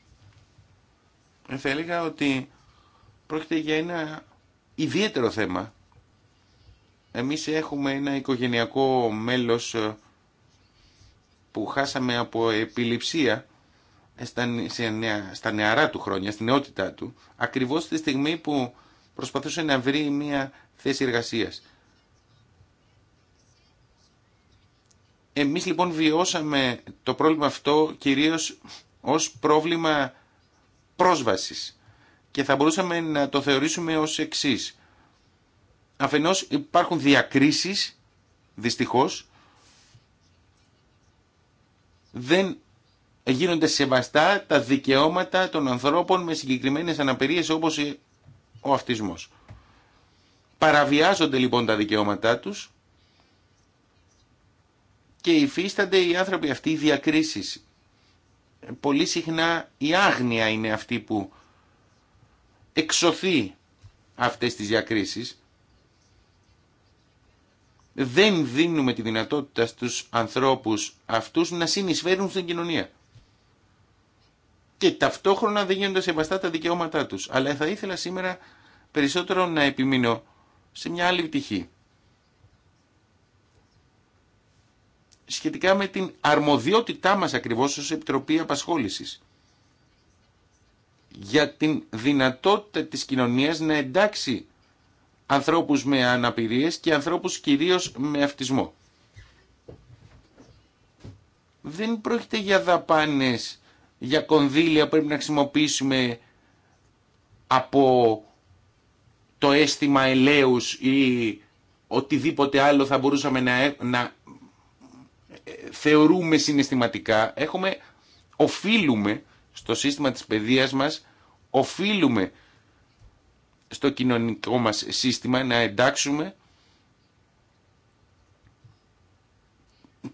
Ε, θα έλεγα ότι πρόκειται για ένα ιδιαίτερο θέμα. Εμείς έχουμε ένα οικογενειακό μέλος ε, που χάσαμε από επιληψία στα νεαρά του χρόνια, στην νεότητά του, ακριβώς τη στιγμή που προσπαθούσε να βρει μια θέση εργασίας. Εμείς λοιπόν βιώσαμε το πρόβλημα αυτό κυρίως ως πρόβλημα πρόσβασης και θα μπορούσαμε να το θεωρήσουμε ως εξής. Αφενός υπάρχουν διακρίσεις, δυστυχώς, δεν γίνονται σεβαστά τα δικαιώματα των ανθρώπων με συγκεκριμένες αναπηρίες όπως ο αυτισμός. Παραβιάζονται λοιπόν τα δικαιώματά τους και υφίστανται οι άνθρωποι αυτοί οι διακρίσεις. Πολύ συχνά η άγνοια είναι αυτή που εξωθεί αυτές τις διακρίσεις δεν δίνουμε τη δυνατότητα στους ανθρώπους αυτούς να συνεισφέρουν στην κοινωνία. Και ταυτόχρονα δεν γίνονται σεβαστά τα δικαιώματά τους. Αλλά θα ήθελα σήμερα περισσότερο να επιμείνω σε μια άλλη πτυχή. Σχετικά με την αρμοδιότητά μας ακριβώς ως Επιτροπή Απασχόλησης. Για την δυνατότητα της κοινωνίας να εντάξει ανθρώπους με αναπηρίες και ανθρώπους κυρίως με αυτισμό. Δεν πρόκειται για δαπάνες, για κονδύλια που πρέπει να χρησιμοποιήσουμε από το αίσθημα ελέους ή οτιδήποτε άλλο θα μπορούσαμε να, ε, να ε, θεωρούμε συναισθηματικά. Έχουμε, οφείλουμε στο σύστημα της παιδείας μας, οφείλουμε στο κοινωνικό μας σύστημα, να εντάξουμε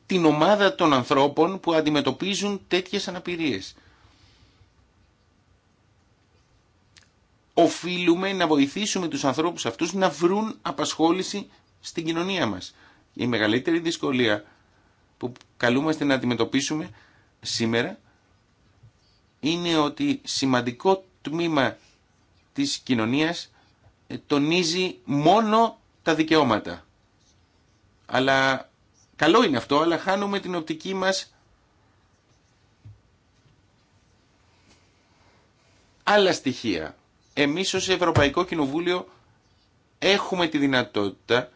την ομάδα των ανθρώπων που αντιμετωπίζουν τέτοιες αναπηρίες. Οφείλουμε να βοηθήσουμε τους ανθρώπους αυτούς να βρουν απασχόληση στην κοινωνία μας. Η μεγαλύτερη δυσκολία που καλούμαστε να αντιμετωπίσουμε σήμερα είναι ότι σημαντικό τμήμα της κοινωνίας ε, τονίζει μόνο τα δικαιώματα. Αλλά καλό είναι αυτό, αλλά χάνουμε την οπτική μας άλλα στοιχεία. Εμείς ως Ευρωπαϊκό Κοινοβούλιο έχουμε τη δυνατότητα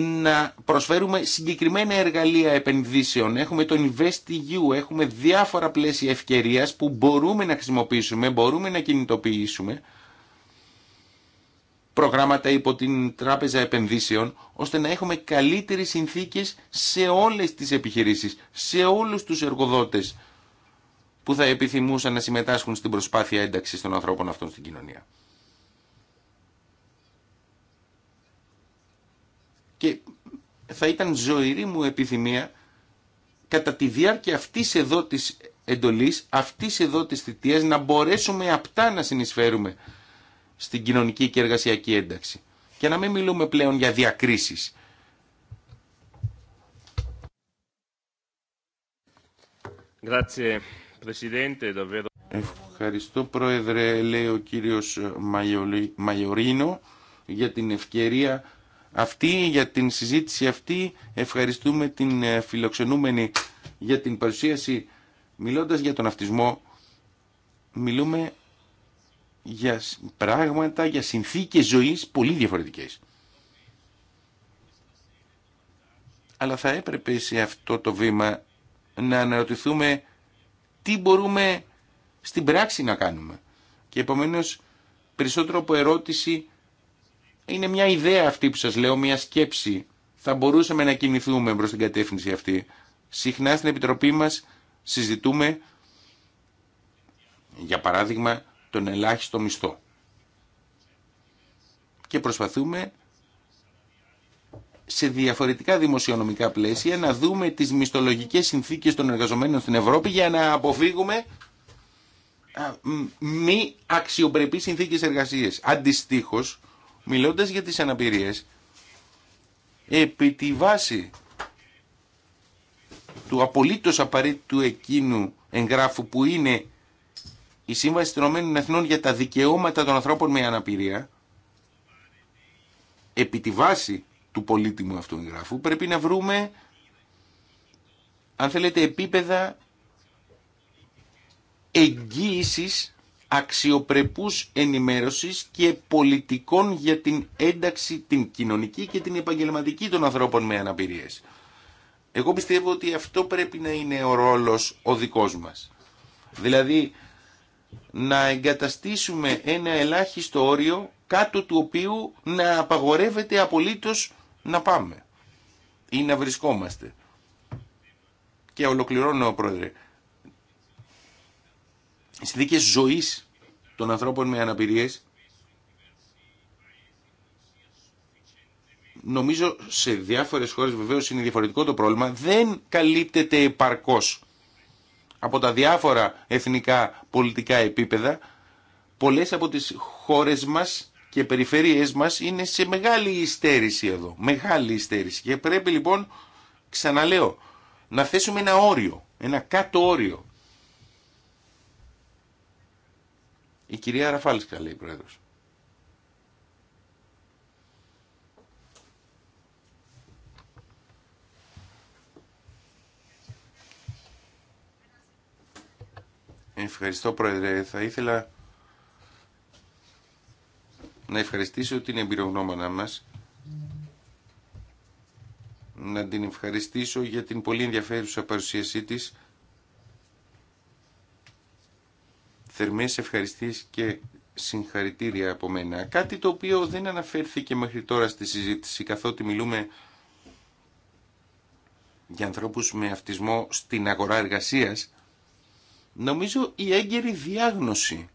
να προσφέρουμε συγκεκριμένα εργαλεία επενδύσεων. Έχουμε το InvestEU, έχουμε διάφορα πλαίσια ευκαιρίας που μπορούμε να χρησιμοποιήσουμε, μπορούμε να κινητοποιήσουμε προγράμματα υπό την Τράπεζα Επενδύσεων, ώστε να έχουμε καλύτερες συνθήκες σε όλες τις επιχειρήσεις, σε όλους τους εργοδότες που θα επιθυμούσαν να συμμετάσχουν στην προσπάθεια ένταξης των ανθρώπων αυτών στην κοινωνία. και θα ήταν ζωηρή μου επιθυμία κατά τη διάρκεια αυτής εδώ της εντολής, αυτής εδώ της θητείας να μπορέσουμε απτά να συνεισφέρουμε στην κοινωνική και εργασιακή ένταξη και να μην μιλούμε πλέον για διακρίσεις. Ευχαριστώ Πρόεδρε, λέει ο κύριος Μαγιορίνο για την ευκαιρία αυτή, για την συζήτηση αυτή. Ευχαριστούμε την ε, φιλοξενούμενη για την παρουσίαση. Μιλώντας για τον αυτισμό, μιλούμε για πράγματα, για συνθήκες ζωής πολύ διαφορετικές. Αλλά θα έπρεπε σε αυτό το βήμα να αναρωτηθούμε τι μπορούμε στην πράξη να κάνουμε. Και επομένως περισσότερο από ερώτηση είναι μια ιδέα αυτή που σας λέω, μια σκέψη. Θα μπορούσαμε να κινηθούμε προς την κατεύθυνση αυτή. Συχνά στην Επιτροπή μας συζητούμε, για παράδειγμα, τον ελάχιστο μισθό. Και προσπαθούμε σε διαφορετικά δημοσιονομικά πλαίσια να δούμε τις μισθολογικές συνθήκες των εργαζομένων στην Ευρώπη για να αποφύγουμε μη αξιοπρεπείς συνθήκες εργασίας. Αντιστοίχως, Μιλώντας για τις αναπηρίες, επί τη βάση του απολύτως απαραίτητου εκείνου εγγράφου που είναι η Σύμβαση των Ηνωμένων Εθνών για τα δικαιώματα των ανθρώπων με αναπηρία, επί τη βάση του πολύτιμου αυτού εγγράφου, πρέπει να βρούμε, αν θέλετε, επίπεδα εγγύησης αξιοπρεπούς ενημέρωσης και πολιτικών για την ένταξη την κοινωνική και την επαγγελματική των ανθρώπων με αναπηρίες. Εγώ πιστεύω ότι αυτό πρέπει να είναι ο ρόλος ο δικός μας. Δηλαδή να εγκαταστήσουμε ένα ελάχιστο όριο κάτω του οποίου να απαγορεύεται απολύτως να πάμε ή να βρισκόμαστε. Και ολοκληρώνω, Πρόεδρε, συνθήκες ζωής των ανθρώπων με αναπηρίες νομίζω σε διάφορες χώρες βεβαίως είναι διαφορετικό το πρόβλημα δεν καλύπτεται επαρκώς από τα διάφορα εθνικά πολιτικά επίπεδα πολλές από τις χώρες μας και περιφέρειές μας είναι σε μεγάλη υστέρηση εδώ μεγάλη υστέρηση και πρέπει λοιπόν ξαναλέω να θέσουμε ένα όριο, ένα κάτω όριο Η κυρία Ραφάλσκα λέει πρόεδρος. Ευχαριστώ πρόεδρε. Θα ήθελα να ευχαριστήσω την εμπειρογνώμανά μας να την ευχαριστήσω για την πολύ ενδιαφέρουσα παρουσίασή της θερμές ευχαριστίες και συγχαρητήρια από μένα. Κάτι το οποίο δεν αναφέρθηκε μέχρι τώρα στη συζήτηση, καθότι μιλούμε για ανθρώπους με αυτισμό στην αγορά εργασίας, νομίζω η έγκαιρη διάγνωση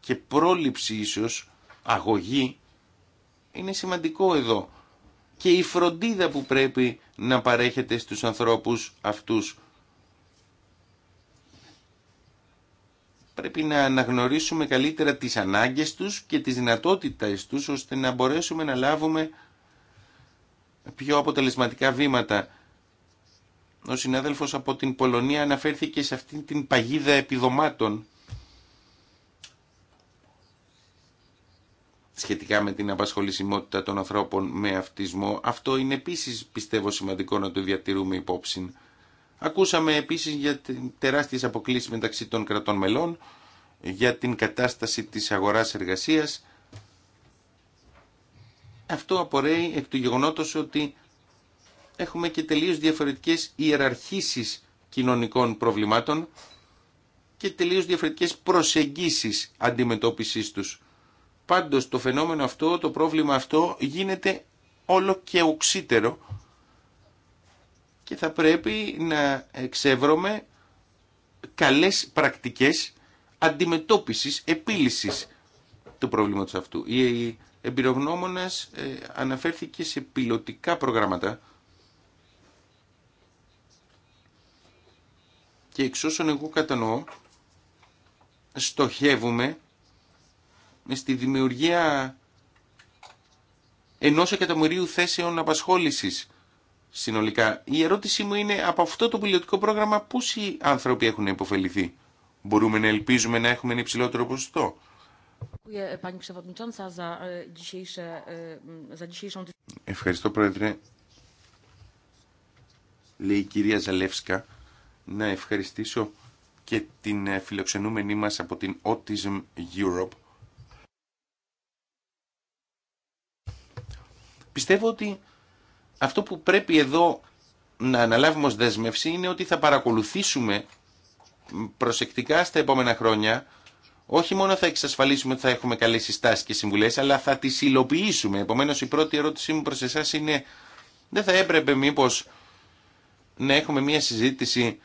και πρόληψη ίσως, αγωγή, είναι σημαντικό εδώ. Και η φροντίδα που πρέπει να παρέχεται στους ανθρώπους αυτούς πρέπει να αναγνωρίσουμε καλύτερα τις ανάγκες τους και τις δυνατότητες τους ώστε να μπορέσουμε να λάβουμε πιο αποτελεσματικά βήματα. Ο συνάδελφος από την Πολωνία αναφέρθηκε σε αυτήν την παγίδα επιδομάτων σχετικά με την απασχολησιμότητα των ανθρώπων με αυτισμό. Αυτό είναι επίσης πιστεύω σημαντικό να το διατηρούμε υπόψη. Ακούσαμε επίσης για τεράστιες αποκλήσεις μεταξύ των κρατών μελών, για την κατάσταση της αγοράς εργασίας. Αυτό απορρέει εκ του γεγονότος ότι έχουμε και τελείως διαφορετικές ιεραρχήσεις κοινωνικών προβλημάτων και τελείως διαφορετικές προσεγγίσεις αντιμετώπισης τους. Πάντως το φαινόμενο αυτό, το πρόβλημα αυτό γίνεται όλο και οξύτερο και θα πρέπει να εξεύρωμε καλές πρακτικές αντιμετώπισης, επίλυσης του προβλήματος αυτού. Η εμπειρογνώμονας ε, αναφέρθηκε σε πιλωτικά προγράμματα και εξ όσων εγώ κατανοώ στοχεύουμε στη δημιουργία ενός εκατομμυρίου θέσεων απασχόλησης συνολικά. Η ερώτησή μου είναι από αυτό το πιλωτικό πρόγραμμα πόσοι άνθρωποι έχουν υποφεληθεί. Μπορούμε να ελπίζουμε να έχουμε ένα υψηλότερο ποσοστό. Ε, ε, ε, Ευχαριστώ Πρόεδρε. Λέει η κυρία Ζαλεύσκα να ευχαριστήσω και την φιλοξενούμενή μας από την Autism Europe. Πιστεύω ότι αυτό που πρέπει εδώ να αναλάβουμε ως δέσμευση είναι ότι θα παρακολουθήσουμε προσεκτικά στα επόμενα χρόνια όχι μόνο θα εξασφαλίσουμε ότι θα έχουμε καλές συστάσεις και συμβουλές, αλλά θα τις υλοποιήσουμε. Επομένως η πρώτη ερώτησή μου προς εσάς είναι δεν θα έπρεπε μήπως να έχουμε μια συζήτηση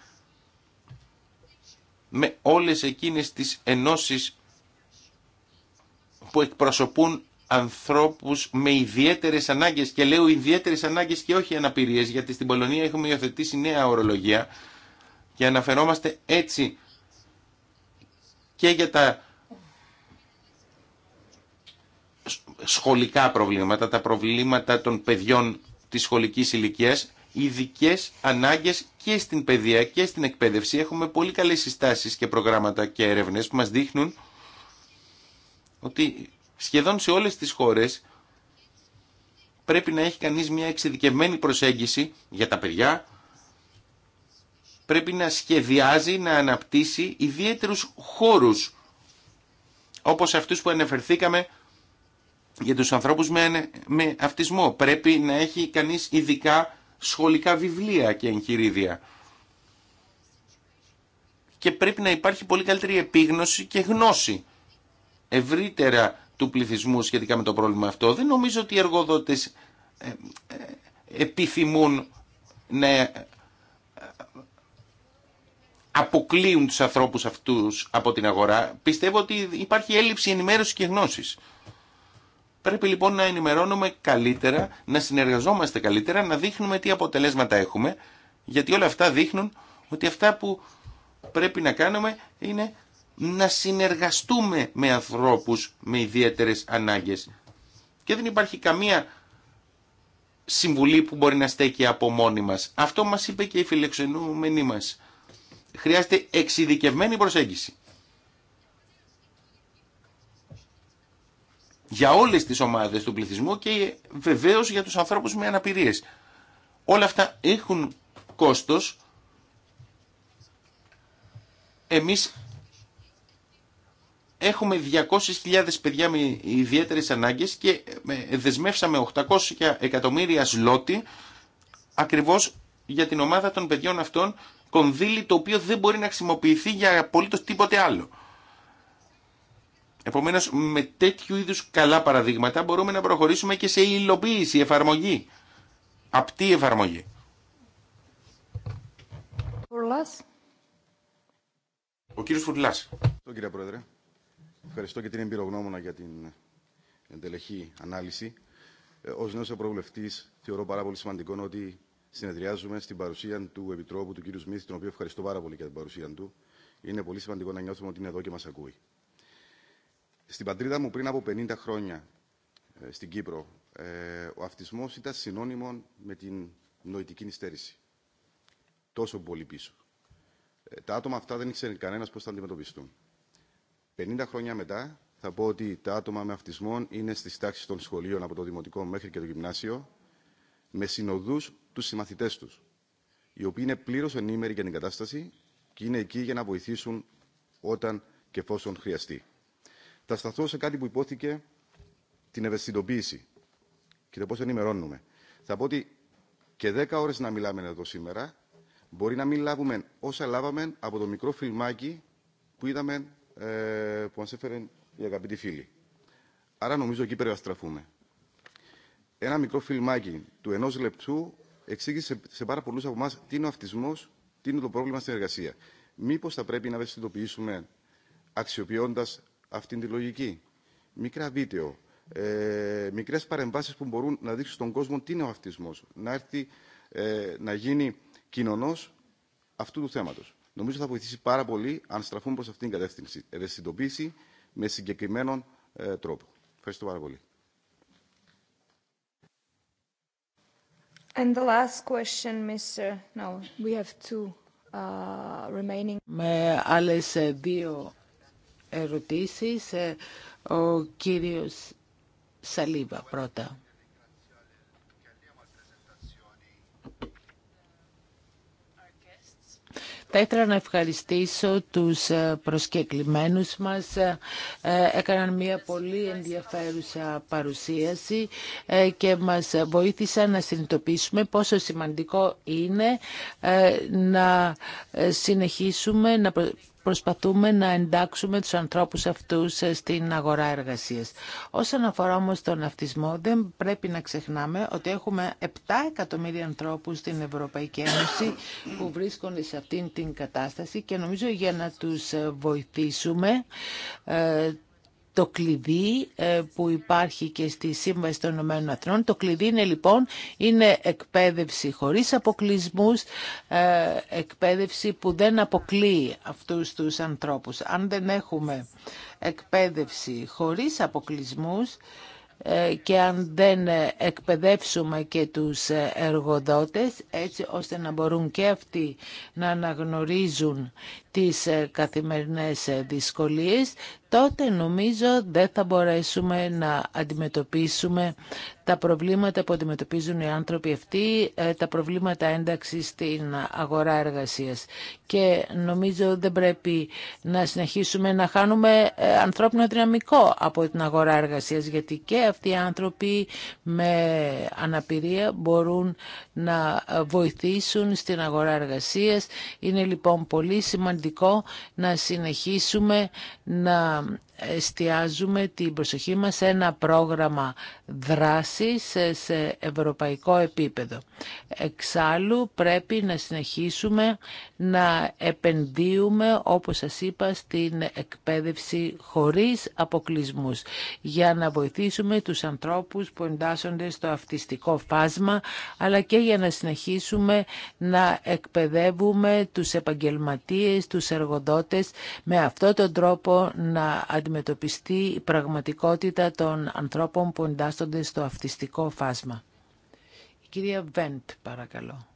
με όλες εκείνες τις ενώσεις που εκπροσωπούν ανθρώπους με ιδιαίτερες ανάγκες και λέω ιδιαίτερες ανάγκες και όχι αναπηρίες γιατί στην Πολωνία έχουμε υιοθετήσει νέα ορολογία και αναφερόμαστε έτσι και για τα σχολικά προβλήματα, τα προβλήματα των παιδιών της σχολικής ηλικίας, ειδικέ ανάγκες και στην παιδεία και στην εκπαίδευση. Έχουμε πολύ καλές συστάσεις και προγράμματα και έρευνες που μας δείχνουν ότι σχεδόν σε όλες τις χώρες πρέπει να έχει κανείς μια εξειδικευμένη προσέγγιση για τα παιδιά, πρέπει να σχεδιάζει, να αναπτύσσει ιδιαίτερους χώρους, όπως αυτούς που αναφερθήκαμε για τους ανθρώπους με, με αυτισμό. Πρέπει να έχει κανείς ειδικά σχολικά βιβλία και εγχειρίδια. Και πρέπει να υπάρχει πολύ καλύτερη επίγνωση και γνώση ευρύτερα του πληθυσμού σχετικά με το πρόβλημα αυτό. Δεν νομίζω ότι οι εργοδότες ε, ε, επιθυμούν να ε, αποκλείουν τους ανθρώπους αυτούς από την αγορά. Πιστεύω ότι υπάρχει έλλειψη ενημέρωσης και γνώσης. Πρέπει λοιπόν να ενημερώνουμε καλύτερα, να συνεργαζόμαστε καλύτερα, να δείχνουμε τι αποτελέσματα έχουμε, γιατί όλα αυτά δείχνουν ότι αυτά που πρέπει να κάνουμε είναι να συνεργαστούμε με ανθρώπους με ιδιαίτερες ανάγκες. Και δεν υπάρχει καμία συμβουλή που μπορεί να στέκει από μόνη μας. Αυτό μας είπε και η φιλεξενούμενή μας. Χρειάζεται εξειδικευμένη προσέγγιση. Για όλες τις ομάδες του πληθυσμού και βεβαίως για τους ανθρώπους με αναπηρίες. Όλα αυτά έχουν κόστος. Εμείς έχουμε 200.000 παιδιά με ιδιαίτερες ανάγκες και ε, δεσμεύσαμε 800 εκατομμύρια σλότη ακριβώς για την ομάδα των παιδιών αυτών κονδύλι το οποίο δεν μπορεί να χρησιμοποιηθεί για απολύτως τίποτε άλλο. Επομένως με τέτοιου είδους καλά παραδείγματα μπορούμε να προχωρήσουμε και σε υλοποίηση, εφαρμογή, απτή εφαρμογή. Ο κύριος Φουρλάς. κύριε Πρόεδρε. Ευχαριστώ και την εμπειρογνώμονα για την εντελεχή ανάλυση. Ε, Ω νέο Ευρωβουλευτή, θεωρώ πάρα πολύ σημαντικό ότι συνεδριάζουμε στην παρουσία του Επιτρόπου, του κ. Σμιθ, τον οποίο ευχαριστώ πάρα πολύ για την παρουσία του. Είναι πολύ σημαντικό να νιώθουμε ότι είναι εδώ και μα ακούει. Στην πατρίδα μου, πριν από 50 χρόνια, ε, στην Κύπρο, ε, ο αυτισμό ήταν συνώνυμο με την νοητική νηστέρηση. Τόσο πολύ πίσω. Τα άτομα αυτά δεν ήξερε κανένα πώ θα αντιμετωπιστούν. 50 χρόνια μετά θα πω ότι τα άτομα με αυτισμό είναι στις τάξεις των σχολείων από το δημοτικό μέχρι και το γυμνάσιο με συνοδούς τους συμμαθητές τους, οι οποίοι είναι πλήρως ενήμεροι για την κατάσταση και είναι εκεί για να βοηθήσουν όταν και εφόσον χρειαστεί. Θα σταθώ σε κάτι που υπόθηκε την ευαισθητοποίηση και το πώς ενημερώνουμε. Θα πω ότι και 10 ώρες να μιλάμε εδώ σήμερα μπορεί να μην λάβουμε όσα λάβαμε από το μικρό φιλμάκι που είδαμε ε, που μα έφερε η αγαπητή φίλη. Άρα νομίζω εκεί πρέπει να στραφούμε. Ένα μικρό φιλμάκι του ενό λεπτού εξήγησε σε πάρα πολλού από εμά τι είναι ο αυτισμό, τι είναι το πρόβλημα στην εργασία. Μήπω θα πρέπει να ευαισθητοποιήσουμε αξιοποιώντα αυτήν τη λογική. Μικρά βίντεο, ε, μικρέ παρεμβάσει που μπορούν να δείξουν στον κόσμο τι είναι ο αυτισμό. Να έρθει ε, να γίνει κοινωνό αυτού του θέματος νομίζω θα βοηθήσει πάρα πολύ αν στραφούν προ αυτήν την κατεύθυνση. Ευαισθητοποίηση με συγκεκριμένο ε, τρόπο. Ευχαριστώ πάρα πολύ. Με άλλε ε, δύο ερωτήσεις, ε, ο κύριο Σαλίβα πρώτα. Θα ήθελα να ευχαριστήσω τους ε, προσκεκλημένους μας. Ε, έκαναν μια πολύ ενδιαφέρουσα παρουσίαση ε, και μας βοήθησαν να συνειδητοποιήσουμε πόσο σημαντικό είναι να συνεχίσουμε να προσπαθούμε να εντάξουμε τους ανθρώπους αυτούς ε, στην αγορά εργασίας. Όσον αφορά όμως τον αυτισμό, δεν πρέπει να ξεχνάμε ότι έχουμε 7 εκατομμύρια ανθρώπους στην Ευρωπαϊκή Ένωση που βρίσκονται σε αυτήν την κατάσταση και νομίζω για να τους ε, βοηθήσουμε ε, το κλειδί ε, που υπάρχει και στη Σύμβαση των Ηνωμένων Αθρών. Το κλειδί είναι λοιπόν είναι εκπαίδευση χωρίς αποκλεισμούς, ε, εκπαίδευση που δεν αποκλεί αυτούς τους ανθρώπους. Αν δεν έχουμε εκπαίδευση χωρίς αποκλεισμούς, ε, και αν δεν εκπαιδεύσουμε και τους εργοδότες έτσι ώστε να μπορούν και αυτοί να αναγνωρίζουν τις ε, καθημερινές ε, δυσκολίες, τότε νομίζω δεν θα μπορέσουμε να αντιμετωπίσουμε τα προβλήματα που αντιμετωπίζουν οι άνθρωποι αυτοί, ε, τα προβλήματα ένταξης στην αγορά εργασίας. Και νομίζω δεν πρέπει να συνεχίσουμε να χάνουμε ανθρώπινο δυναμικό από την αγορά εργασίας, γιατί και αυτοί οι άνθρωποι με αναπηρία μπορούν να ε, βοηθήσουν στην αγορά εργασίας. Είναι λοιπόν πολύ σημαντικό να συνεχίσουμε να εστιάζουμε την προσοχή μας σε ένα πρόγραμμα δράσης σε ευρωπαϊκό επίπεδο. Εξάλλου πρέπει να συνεχίσουμε να επενδύουμε, όπως σας είπα, στην εκπαίδευση χωρίς αποκλεισμούς για να βοηθήσουμε τους ανθρώπους που εντάσσονται στο αυτιστικό φάσμα αλλά και για να συνεχίσουμε να εκπαιδεύουμε τους επαγγελματίες, τους εργοδότες με αυτόν τον τρόπο να αντιμετωπιστεί η πραγματικότητα των ανθρώπων που εντάσσονται στο αυτιστικό φάσμα. Η κυρία Βέντ, παρακαλώ.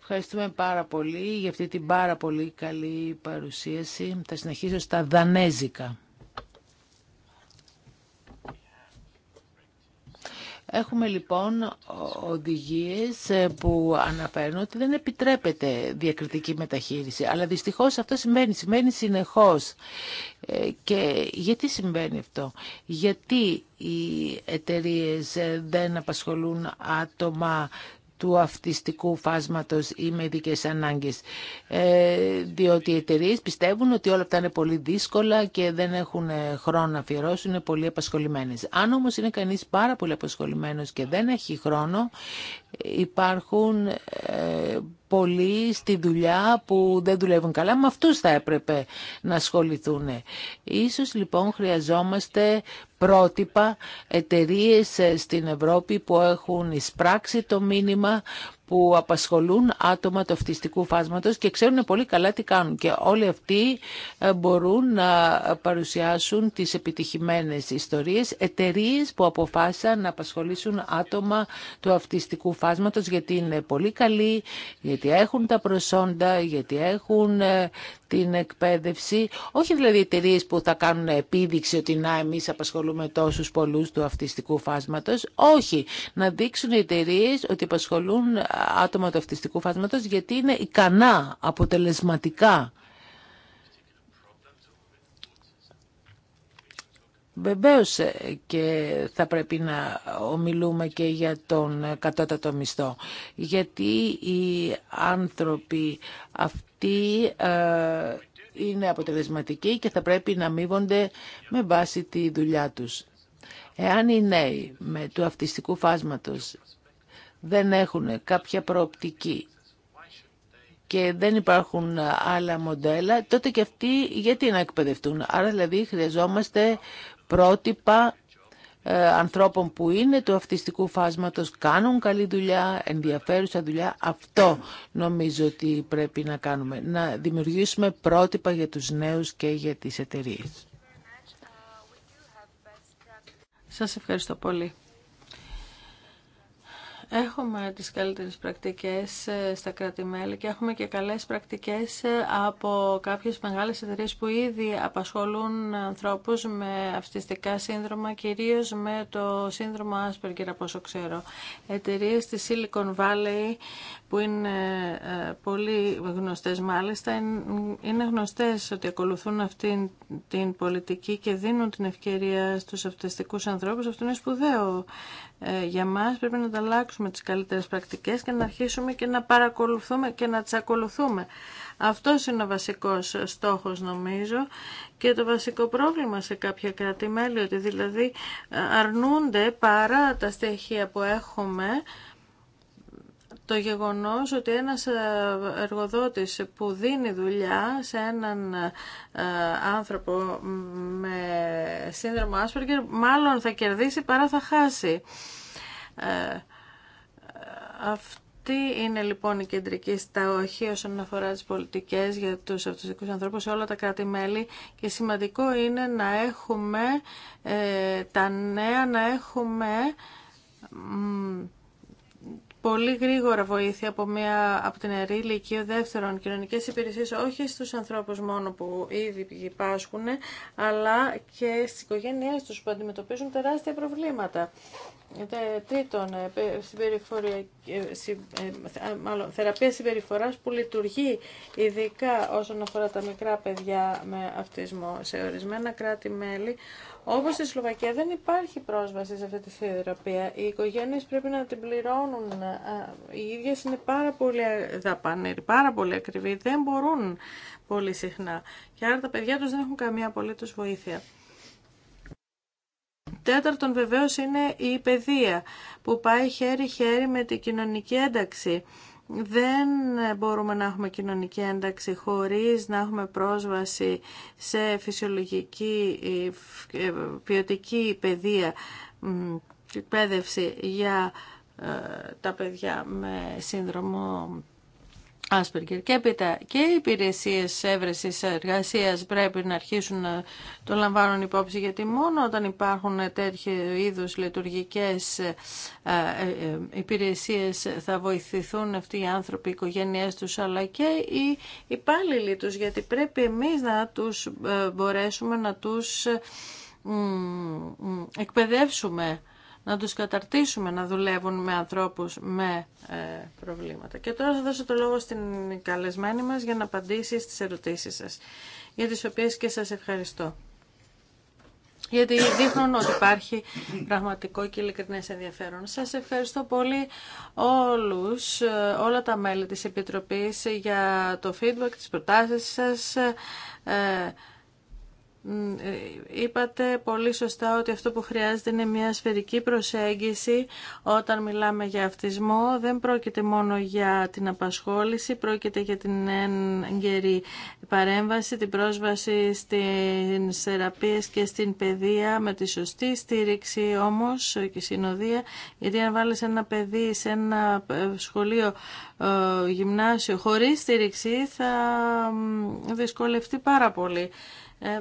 Ευχαριστούμε πάρα πολύ για αυτή την πάρα πολύ καλή παρουσίαση. Θα συνεχίσω στα δανέζικα. Έχουμε λοιπόν οδηγίες ε, που αναφέρουν ότι δεν επιτρέπεται διακριτική μεταχείριση. Αλλά δυστυχώς αυτό συμβαίνει, συμβαίνει συνεχώς. Ε, και γιατί συμβαίνει αυτό. Γιατί οι εταιρείες ε, δεν απασχολούν άτομα του αυτιστικού φάσματος ή με ειδικέ ανάγκες. Ε, διότι οι εταιρείε πιστεύουν ότι όλα αυτά είναι πολύ δύσκολα και δεν έχουν ε, χρόνο να αφιερώσουν, είναι πολύ απασχολημένες. Αν όμως είναι κανείς πάρα πολύ απασχολημένος και δεν έχει χρόνο, υπάρχουν ε, πολλοί στη δουλειά που δεν δουλεύουν καλά, με αυτούς θα έπρεπε να ασχοληθούν. Ίσως λοιπόν χρειαζόμαστε πρότυπα εταιρείες ε, στην Ευρώπη που έχουν εισπράξει το μήνυμα, που απασχολούν άτομα του αυτιστικού φάσματος και ξέρουν πολύ καλά τι κάνουν και όλοι αυτοί ε, μπορούν να παρουσιάσουν τις επιτυχημένες ιστορίες εταιρείε που αποφάσισαν να απασχολήσουν άτομα του αυτιστικού φάσματος γιατί είναι πολύ καλοί, γιατί έχουν τα προσόντα, γιατί έχουν ε, την εκπαίδευση, όχι δηλαδή εταιρείε που θα κάνουν επίδειξη ότι να εμεί απασχολούμε τόσου πολλούς του αυτιστικού φάσματος, όχι, να δείξουν οι εταιρείε ότι απασχολούν άτομα του αυτιστικού φάσματος γιατί είναι ικανά, αποτελεσματικά Βεβαίω ε, και θα πρέπει να ομιλούμε και για τον ε, κατώτατο μισθό. Γιατί οι άνθρωποι αυτοί ε, είναι αποτελεσματικοί και θα πρέπει να αμείβονται με βάση τη δουλειά τους. Εάν οι νέοι με του αυτιστικού φάσματος δεν έχουν κάποια προοπτική και δεν υπάρχουν άλλα μοντέλα, τότε και αυτοί γιατί να εκπαιδευτούν. Άρα δηλαδή χρειαζόμαστε πρότυπα ε, ανθρώπων που είναι του αυτιστικού φάσματος, κάνουν καλή δουλειά, ενδιαφέρουσα δουλειά. Αυτό νομίζω ότι πρέπει να κάνουμε, να δημιουργήσουμε πρότυπα για τους νέους και για τις εταιρείες. Σας ευχαριστώ πολύ. Έχουμε τις καλύτερες πρακτικές ε, στα κράτη-μέλη και έχουμε και καλές πρακτικές ε, από κάποιες μεγάλες εταιρείες που ήδη απασχολούν ανθρώπους με αυτιστικά σύνδρομα, κυρίως με το σύνδρομο Asperger από όσο ξέρω. Εταιρείες της Silicon Valley που είναι ε, πολύ γνωστές μάλιστα, είναι γνωστές ότι ακολουθούν αυτή την πολιτική και δίνουν την ευκαιρία στους αυτιστικούς ανθρώπους. Αυτό είναι σπουδαίο ε, για μας. Πρέπει να ανταλλάξουμε τις καλύτερες πρακτικές και να αρχίσουμε και να παρακολουθούμε και να τις ακολουθούμε. Αυτό είναι ο βασικός στόχος νομίζω και το βασικό πρόβλημα σε κάποια κράτη-μέλη, ότι δηλαδή ε, αρνούνται παρά τα στοιχεία που έχουμε το γεγονός ότι ένας ε, εργοδότης που δίνει δουλειά σε έναν ε, άνθρωπο με σύνδρομο Άσπεργκερ μάλλον θα κερδίσει παρά θα χάσει. Ε, αυτή είναι λοιπόν η κεντρική σταοχή όσον αφορά τις πολιτικές για τους αυτούς ανθρώπους σε όλα τα κράτη-μέλη και σημαντικό είναι να έχουμε τα νέα, να έχουμε πολύ γρήγορα βοήθεια από, μια, από την αιρή ηλικία δεύτερον κοινωνικές υπηρεσίες όχι στους ανθρώπους μόνο που ήδη υπάσχουν, αλλά και στις οικογένειές τους που αντιμετωπίζουν τεράστια προβλήματα. Τρίτον, ε, ε, ε, μάλλον, θεραπεία συμπεριφοράς που λειτουργεί ειδικά όσον αφορά τα μικρά παιδιά με αυτισμό σε ορισμένα κράτη-μέλη. Όπως στη Σλοβακία δεν υπάρχει πρόσβαση σε αυτή τη θεραπεία. Οι οικογένειες πρέπει να την πληρώνουν. Οι ίδιες είναι πάρα πολύ δαπανεροί, πάρα πολύ ακριβοί. Δεν μπορούν πολύ συχνά. Και άρα τα παιδιά τους δεν έχουν καμία απολύτως βοήθεια. Τέταρτον βεβαίως είναι η παιδεία που πάει χέρι-χέρι με την κοινωνική ένταξη. Δεν μπορούμε να έχουμε κοινωνική ένταξη χωρίς να έχουμε πρόσβαση σε φυσιολογική ε, ε, ποιοτική παιδεία εκπαίδευση για ε, τα παιδιά με σύνδρομο και έπειτα και οι υπηρεσίε έβρεση εργασία πρέπει να αρχίσουν να το λαμβάνουν υπόψη, γιατί μόνο όταν υπάρχουν τέτοιου είδου λειτουργικέ ε, ε, ε, υπηρεσίε θα βοηθηθούν αυτοί οι άνθρωποι, οι οικογένειέ του, αλλά και οι υπάλληλοι του, γιατί πρέπει εμεί να του μπορέσουμε να του εκπαιδεύσουμε να τους καταρτήσουμε να δουλεύουν με ανθρώπους με ε, προβλήματα. Και τώρα θα δώσω το λόγο στην καλεσμένη μας για να απαντήσει στις ερωτήσεις σας, για τις οποίες και σας ευχαριστώ. Γιατί δείχνουν ότι υπάρχει πραγματικό και ειλικρινέ ενδιαφέρον. Σας ευχαριστώ πολύ όλους, ε, όλα τα μέλη της Επιτροπής για το feedback, τις προτάσεις σας. Ε, ε, είπατε πολύ σωστά ότι αυτό που χρειάζεται είναι μια σφαιρική προσέγγιση όταν μιλάμε για αυτισμό. Δεν πρόκειται μόνο για την απασχόληση, πρόκειται για την έγκαιρη παρέμβαση, την πρόσβαση στις θεραπεία και στην παιδεία με τη σωστή στήριξη όμως και συνοδεία. Γιατί αν βάλεις ένα παιδί σε ένα ε, σχολείο ε, γυμνάσιο χωρίς στήριξη θα δυσκολευτεί πάρα πολύ.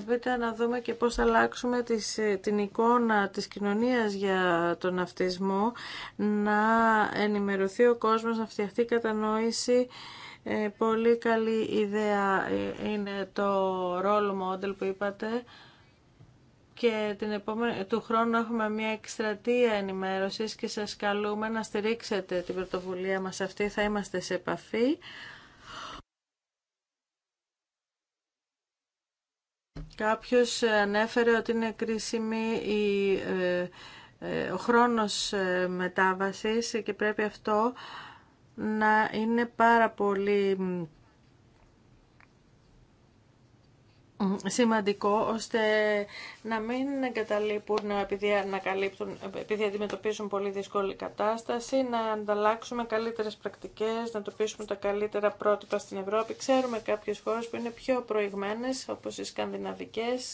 Πείτε να δούμε και πώς θα αλλάξουμε ε, την εικόνα της κοινωνίας για τον αυτισμό, να ενημερωθεί ο κόσμος, να φτιαχτεί κατανόηση. Ε, πολύ καλή ιδέα ε, είναι το role model που είπατε και την επόμενη, του χρόνου έχουμε μια εκστρατεία ενημέρωσης και σας καλούμε να στηρίξετε την πρωτοβουλία μας αυτή, θα είμαστε σε επαφή. Κάποιος ε, ανέφερε ότι είναι κρίσιμη η, ε, ε, ο χρόνος μετάβασης και πρέπει αυτό να είναι πάρα πολύ σημαντικό ώστε να μην εγκαταλείπουν επειδή, ανακαλύπτουν, επειδή αντιμετωπίζουν πολύ δύσκολη κατάσταση, να ανταλλάξουμε καλύτερες πρακτικές, να τοπίσουμε τα καλύτερα πρότυπα στην Ευρώπη. Ξέρουμε κάποιες χώρες που είναι πιο προηγμένες, όπως οι σκανδιναβικές,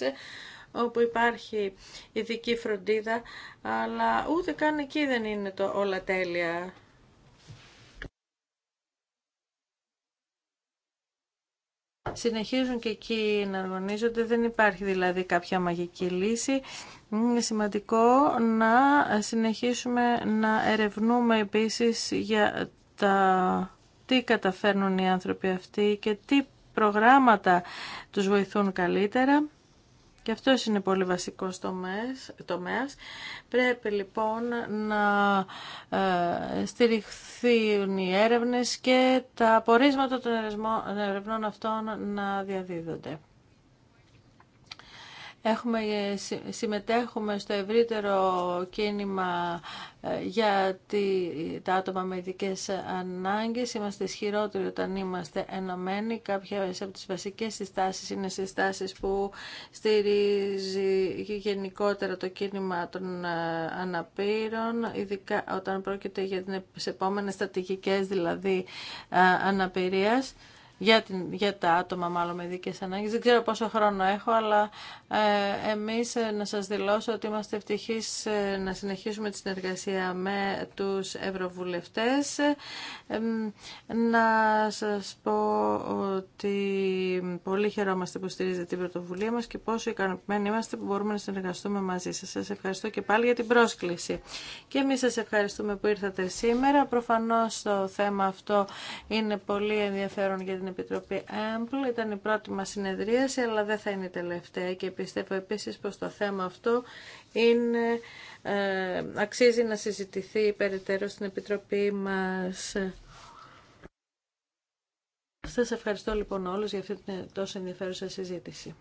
όπου υπάρχει ειδική φροντίδα, αλλά ούτε καν εκεί δεν είναι όλα τέλεια. συνεχίζουν και εκεί να αγωνίζονται. Δεν υπάρχει δηλαδή κάποια μαγική λύση. Είναι σημαντικό να συνεχίσουμε να ερευνούμε επίσης για τα τι καταφέρνουν οι άνθρωποι αυτοί και τι προγράμματα τους βοηθούν καλύτερα. Και αυτό είναι πολύ βασικό τομέα. Πρέπει λοιπόν να ε, στηριχθούν οι έρευνες και τα απορίσματα των ερευνών αυτών να διαδίδονται έχουμε, ε, συμμετέχουμε στο ευρύτερο κίνημα ε, για τη, τα άτομα με ειδικέ ανάγκες. Είμαστε ισχυρότεροι όταν είμαστε ενωμένοι. Κάποιε από τις βασικές συστάσεις είναι συστάσεις που στηρίζει γενικότερα το κίνημα των ε, αναπήρων, ειδικά όταν πρόκειται για τις επόμενες στρατηγικές δηλαδή αναπηρία για, την, για τα άτομα μάλλον με ειδικές ανάγκες. Δεν ξέρω πόσο χρόνο έχω, αλλά ε, εμείς ε, να σας δηλώσω ότι είμαστε ευτυχείς ε, να συνεχίσουμε τη συνεργασία με τους ευρωβουλευτές. να σας πω ότι πολύ χαιρόμαστε που στηρίζετε την πρωτοβουλία μας και πόσο ικανοποιημένοι είμαστε που μπορούμε να συνεργαστούμε μαζί σας. Σας ευχαριστώ και πάλι για την πρόσκληση. Και εμείς σας ευχαριστούμε που ήρθατε σήμερα. Προφανώς το θέμα αυτό είναι πολύ ενδιαφέρον για την Επιτροπή ΕΜΠΛ. Ήταν η πρώτη μας συνεδρίαση, αλλά δεν θα είναι η τελευταία και πιστεύω επίσης πως το θέμα αυτό είναι, ε, αξίζει να συζητηθεί περαιτέρω στην Επιτροπή μας. Σας ευχαριστώ λοιπόν όλους για αυτή την τόσο ενδιαφέρουσα συζήτηση.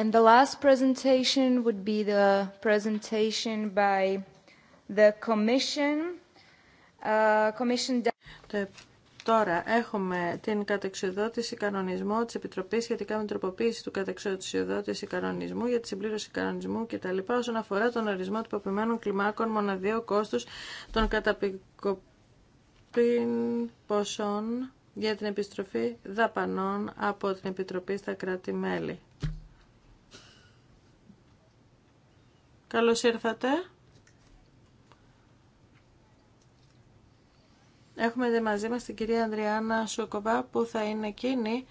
And the last presentation would be the presentation by the Commission. Uh, commission Τώρα έχουμε την κατεξοδότηση κανονισμού της Επιτροπής σχετικά με την τροποποίηση του κατεξοδότηση κανονισμού για τη συμπλήρωση κανονισμού κτλ. όσον αφορά τον ορισμό του παπημένων κλιμάκων μοναδίου κόστους των καταπικοπήν ποσών για την επιστροφή δαπανών από την Επιτροπή στα κράτη-μέλη. Καλώς ήρθατε. Έχουμε μαζί μας την κυρία Ανδριάννα Σοκοβά που θα είναι εκείνη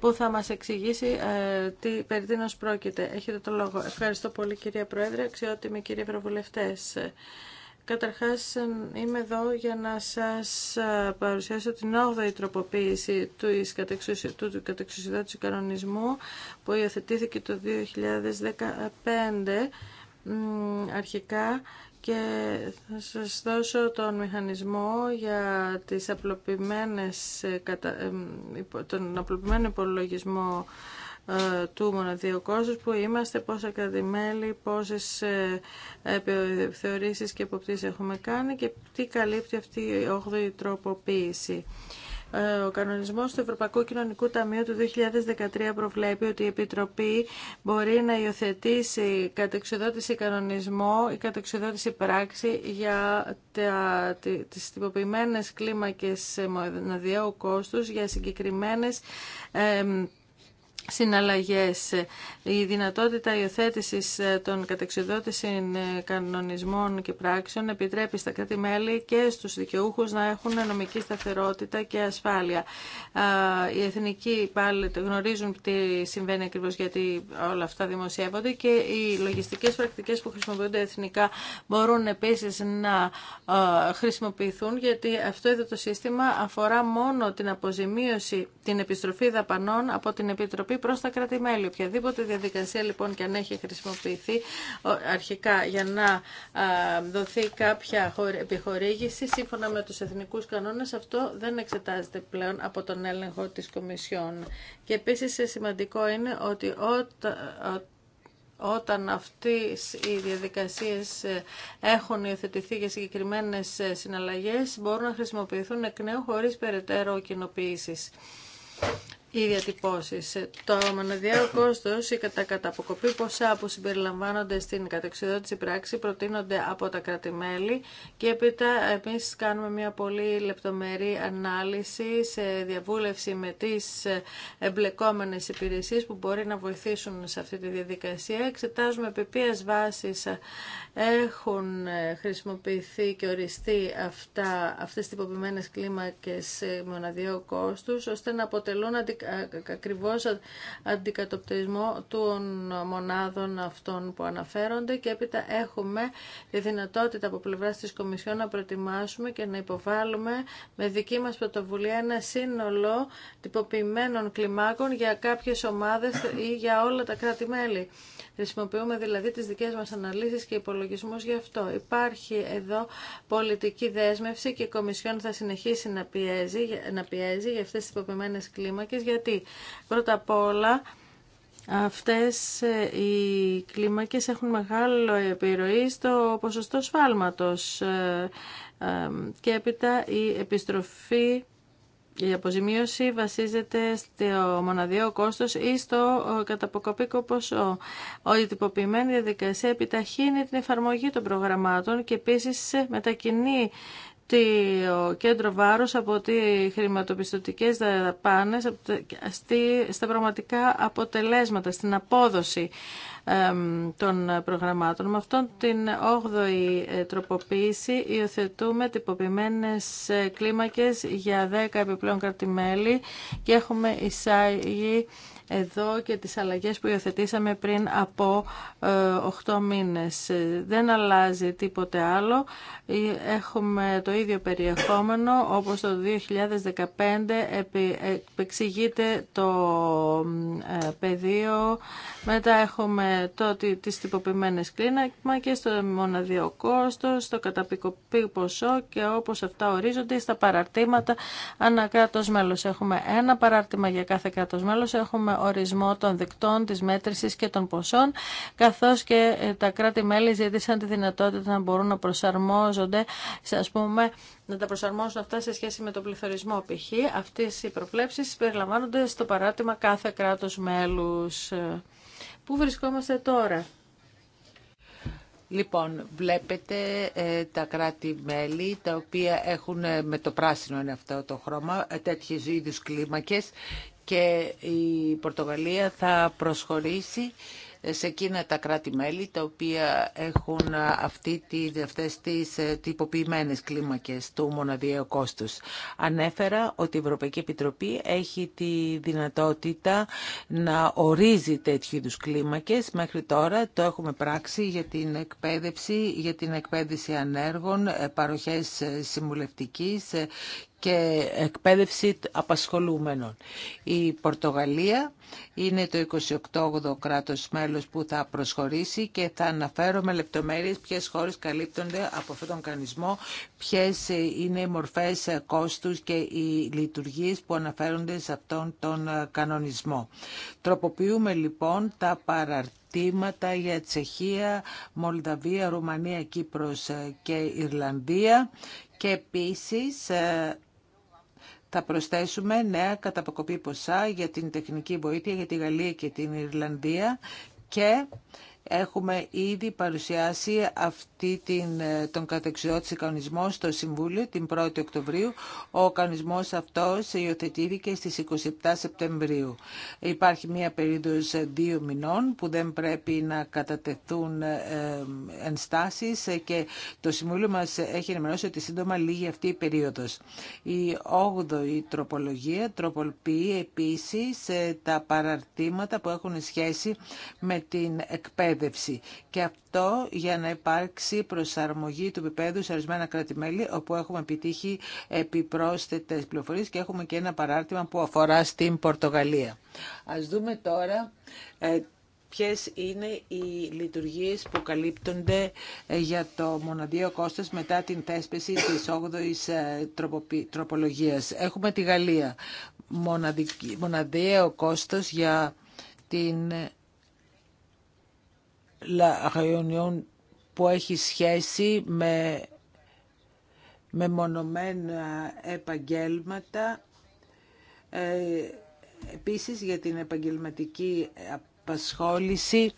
που θα μας εξηγήσει ε, τι, περί τίνος πρόκειται. Έχετε το λόγο. Ευχαριστώ πολύ κυρία Πρόεδρε, αξιότιμοι κύριοι Ευρωβουλευτές. Καταρχάς είμαι εδώ για να σας ε, παρουσιάσω την 8η τροποποίηση του, του, του κανονισμού που υιοθετήθηκε το 2015 αρχικά και θα σας δώσω τον μηχανισμό για τις απλοποιημένες, ε, ε, τον απλοποιημένο υπολογισμό ε, του μοναδίου κόστου που είμαστε, πόσα κρατημέλη, πόσες θεωρήσεις και εποπτήσεις έχουμε κάνει και τι καλύπτει αυτή η 8 τροποποίηση. Ε, ο κανονισμός του Ευρωπαϊκού Κοινωνικού Ταμείου του 2013 προβλέπει ότι η Επιτροπή μπορεί να υιοθετήσει κατεξοδότηση κανονισμό ή κατεξοδότηση πράξη για τα, τις τυποποιημένες κλίμακες μοναδιαίου κόστους για συγκεκριμένες συναλλαγές, η δυνατότητα υιοθέτηση ε, των κατεξιδότηση ε, κανονισμών και πράξεων επιτρέπει στα κράτη-μέλη και στους δικαιούχους να έχουν νομική σταθερότητα και ασφάλεια. Οι εθνικοί πάλι γνωρίζουν τι συμβαίνει ακριβώς γιατί όλα αυτά δημοσιεύονται και οι λογιστικές πρακτικές που χρησιμοποιούνται εθνικά μπορούν επίσης να ε, χρησιμοποιηθούν γιατί αυτό εδώ το σύστημα αφορά μόνο την αποζημίωση, την επιστροφή δαπανών από την Επιτροπή πρόστα προς τα κράτη-μέλη. Οποιαδήποτε διαδικασία λοιπόν και αν έχει χρησιμοποιηθεί αρχικά για να δοθεί κάποια επιχορήγηση σύμφωνα με τους εθνικούς κανόνες αυτό δεν εξετάζεται πλέον από τον έλεγχο τη Κομισιόν. Και επίσης σημαντικό είναι ότι όταν όταν αυτές οι διαδικασίες ε, έχουν υιοθετηθεί για συγκεκριμένες ε, συναλλαγές μπορούν να χρησιμοποιηθούν εκ νέου χωρίς περαιτέρω κοινοποίησης οι διατυπώσει. Το μονοδιαίο κόστο ή κατά αποκοπή ποσά που συμπεριλαμβάνονται στην κατεξοδότηση πράξη προτείνονται από τα κράτη-μέλη και έπειτα εμείς κάνουμε μια πολύ λεπτομερή ανάλυση σε διαβούλευση με τι εμπλεκόμενε υπηρεσίε που μπορεί να βοηθήσουν σε αυτή τη διαδικασία. Εξετάζουμε επί ποιε βάσεις έχουν χρησιμοποιηθεί και οριστεί αυτέ τι τις κλίμακε κλίμακες μοναδιαίου κόστου, ώστε να αποτελούν ακριβώς αντικατοπτρισμό των μονάδων αυτών που αναφέρονται και έπειτα έχουμε τη δυνατότητα από πλευρά της Κομισιόν να προετοιμάσουμε και να υποβάλουμε με δική μας πρωτοβουλία ένα σύνολο τυποποιημένων κλιμάκων για κάποιες ομάδες ή για όλα τα κράτη-μέλη. Χρησιμοποιούμε δηλαδή τις δικές μας αναλύσεις και υπολογισμούς γι' αυτό. Υπάρχει εδώ πολιτική δέσμευση και η Κομισιόν θα συνεχίσει να πιέζει, να πιέζει για αυτές τις υποποιημένες κλίμακες γιατί πρώτα απ' όλα Αυτές ε, οι κλίμακες έχουν μεγάλο επιρροή στο ποσοστό σφάλματος ε, ε, και έπειτα η επιστροφή η αποζημίωση βασίζεται στο μοναδιαίο κόστος ή στο ε, καταποκοπικό ποσό. Η τυποποιημένη διαδικασία επιταχύνει την εφαρμογή των προγραμμάτων και επίσης μετακινεί ο κέντρο βάρους από τι χρηματοπιστωτικές δαπάνες στα πραγματικά αποτελέσματα, στην απόδοση των προγραμμάτων. Με αυτόν την 8η ε, τροποποίηση υιοθετούμε τυποποιημένες ε, κλίμακες για 10 επιπλέον κρατημέλη και έχουμε εισάγει εδώ και τις αλλαγές που υιοθετήσαμε πριν από 8 ε, μήνες. Ε, δεν αλλάζει τίποτε άλλο. Ε, έχουμε το ίδιο περιεχόμενο όπως το 2015 επεξηγείται το πεδίο. Μετά έχουμε το, τις τυποποιημένες και στο μοναδιό κόστο, το καταπικοπή ποσό και όπως αυτά ορίζονται στα παραρτήματα ανά κράτος μέλος. Έχουμε ένα παράρτημα για κάθε κράτος μέλος, έχουμε ορισμό των δικτών, της μέτρησης και των ποσών, καθώς και ε, τα κράτη-μέλη ζήτησαν τη δυνατότητα να μπορούν να προσαρμόζονται, ας πούμε, να τα προσαρμόσουν αυτά σε σχέση με τον πληθωρισμό π.χ. Αυτές οι προβλέψεις περιλαμβάνονται στο παράτημα κάθε κράτος μέλους. Ε, πού βρισκόμαστε τώρα. Λοιπόν, βλέπετε ε, τα κράτη-μέλη τα οποία έχουν με το πράσινο είναι αυτό το χρώμα τέτοιες είδους κλίμακες και η Πορτογαλία θα προσχωρήσει σε εκείνα τα κράτη-μέλη τα οποία έχουν αυτή τη, αυτές τις ε, τυποποιημένες κλίμακες του μοναδιαίου κόστους. Ανέφερα ότι η Ευρωπαϊκή Επιτροπή έχει τη δυνατότητα να ορίζει τέτοιου είδου κλίμακες. Μέχρι τώρα το έχουμε πράξει για την εκπαίδευση, για την εκπαίδευση ανέργων, ε, παροχές ε, συμβουλευτικής και εκπαίδευση απασχολούμενων. Η Πορτογαλία είναι το 28ο κράτος μέλος που θα προσχωρήσει και θα αναφέρω με λεπτομέρειες ποιες χώρες καλύπτονται από αυτόν τον κανονισμό, ποιες είναι οι μορφές κόστους και οι λειτουργίες που αναφέρονται σε αυτόν τον κανονισμό. Τροποποιούμε λοιπόν τα παραρτήματα για Τσεχία, Μολδαβία, Ρουμανία, Κύπρος και Ιρλανδία και επίσης ε, θα προσθέσουμε νέα καταποκοπή ποσά για την τεχνική βοήθεια για τη Γαλλία και την Ιρλανδία και Έχουμε ήδη παρουσιάσει αυτή την, ε, τον κατεξιότηση κανονισμό στο Συμβούλιο την 1η Οκτωβρίου. Ο κανονισμός αυτός υιοθετήθηκε στις 27 Σεπτεμβρίου. Υπάρχει μία περίοδος ε, δύο μηνών που δεν πρέπει να κατατεθούν ε, ενστάσεις και το Συμβούλιο μας έχει ενημερώσει ότι σύντομα λύγει αυτή η περίοδος. Η 8η τροπολογία τροπολποιεί επίσης τα παραρτήματα που έχουν σχέση με την εκπαίδευση και αυτό για να υπάρξει προσαρμογή του επίπεδου σε ορισμένα κράτη-μέλη, όπου έχουμε επιτύχει επιπρόσθετες πληροφορίες και έχουμε και ένα παράρτημα που αφορά στην Πορτογαλία. Ας δούμε τώρα ε, ποιες είναι οι λειτουργίες που καλύπτονται ε, για το μοναδίο κόστος μετά την θέσπιση της 8 ε, τροπολογίας. Έχουμε τη Γαλλία, μοναδιαίο κόστος για την που έχει σχέση με μεμονωμένα επαγγέλματα. Ε, επίσης για την επαγγελματική απασχόληση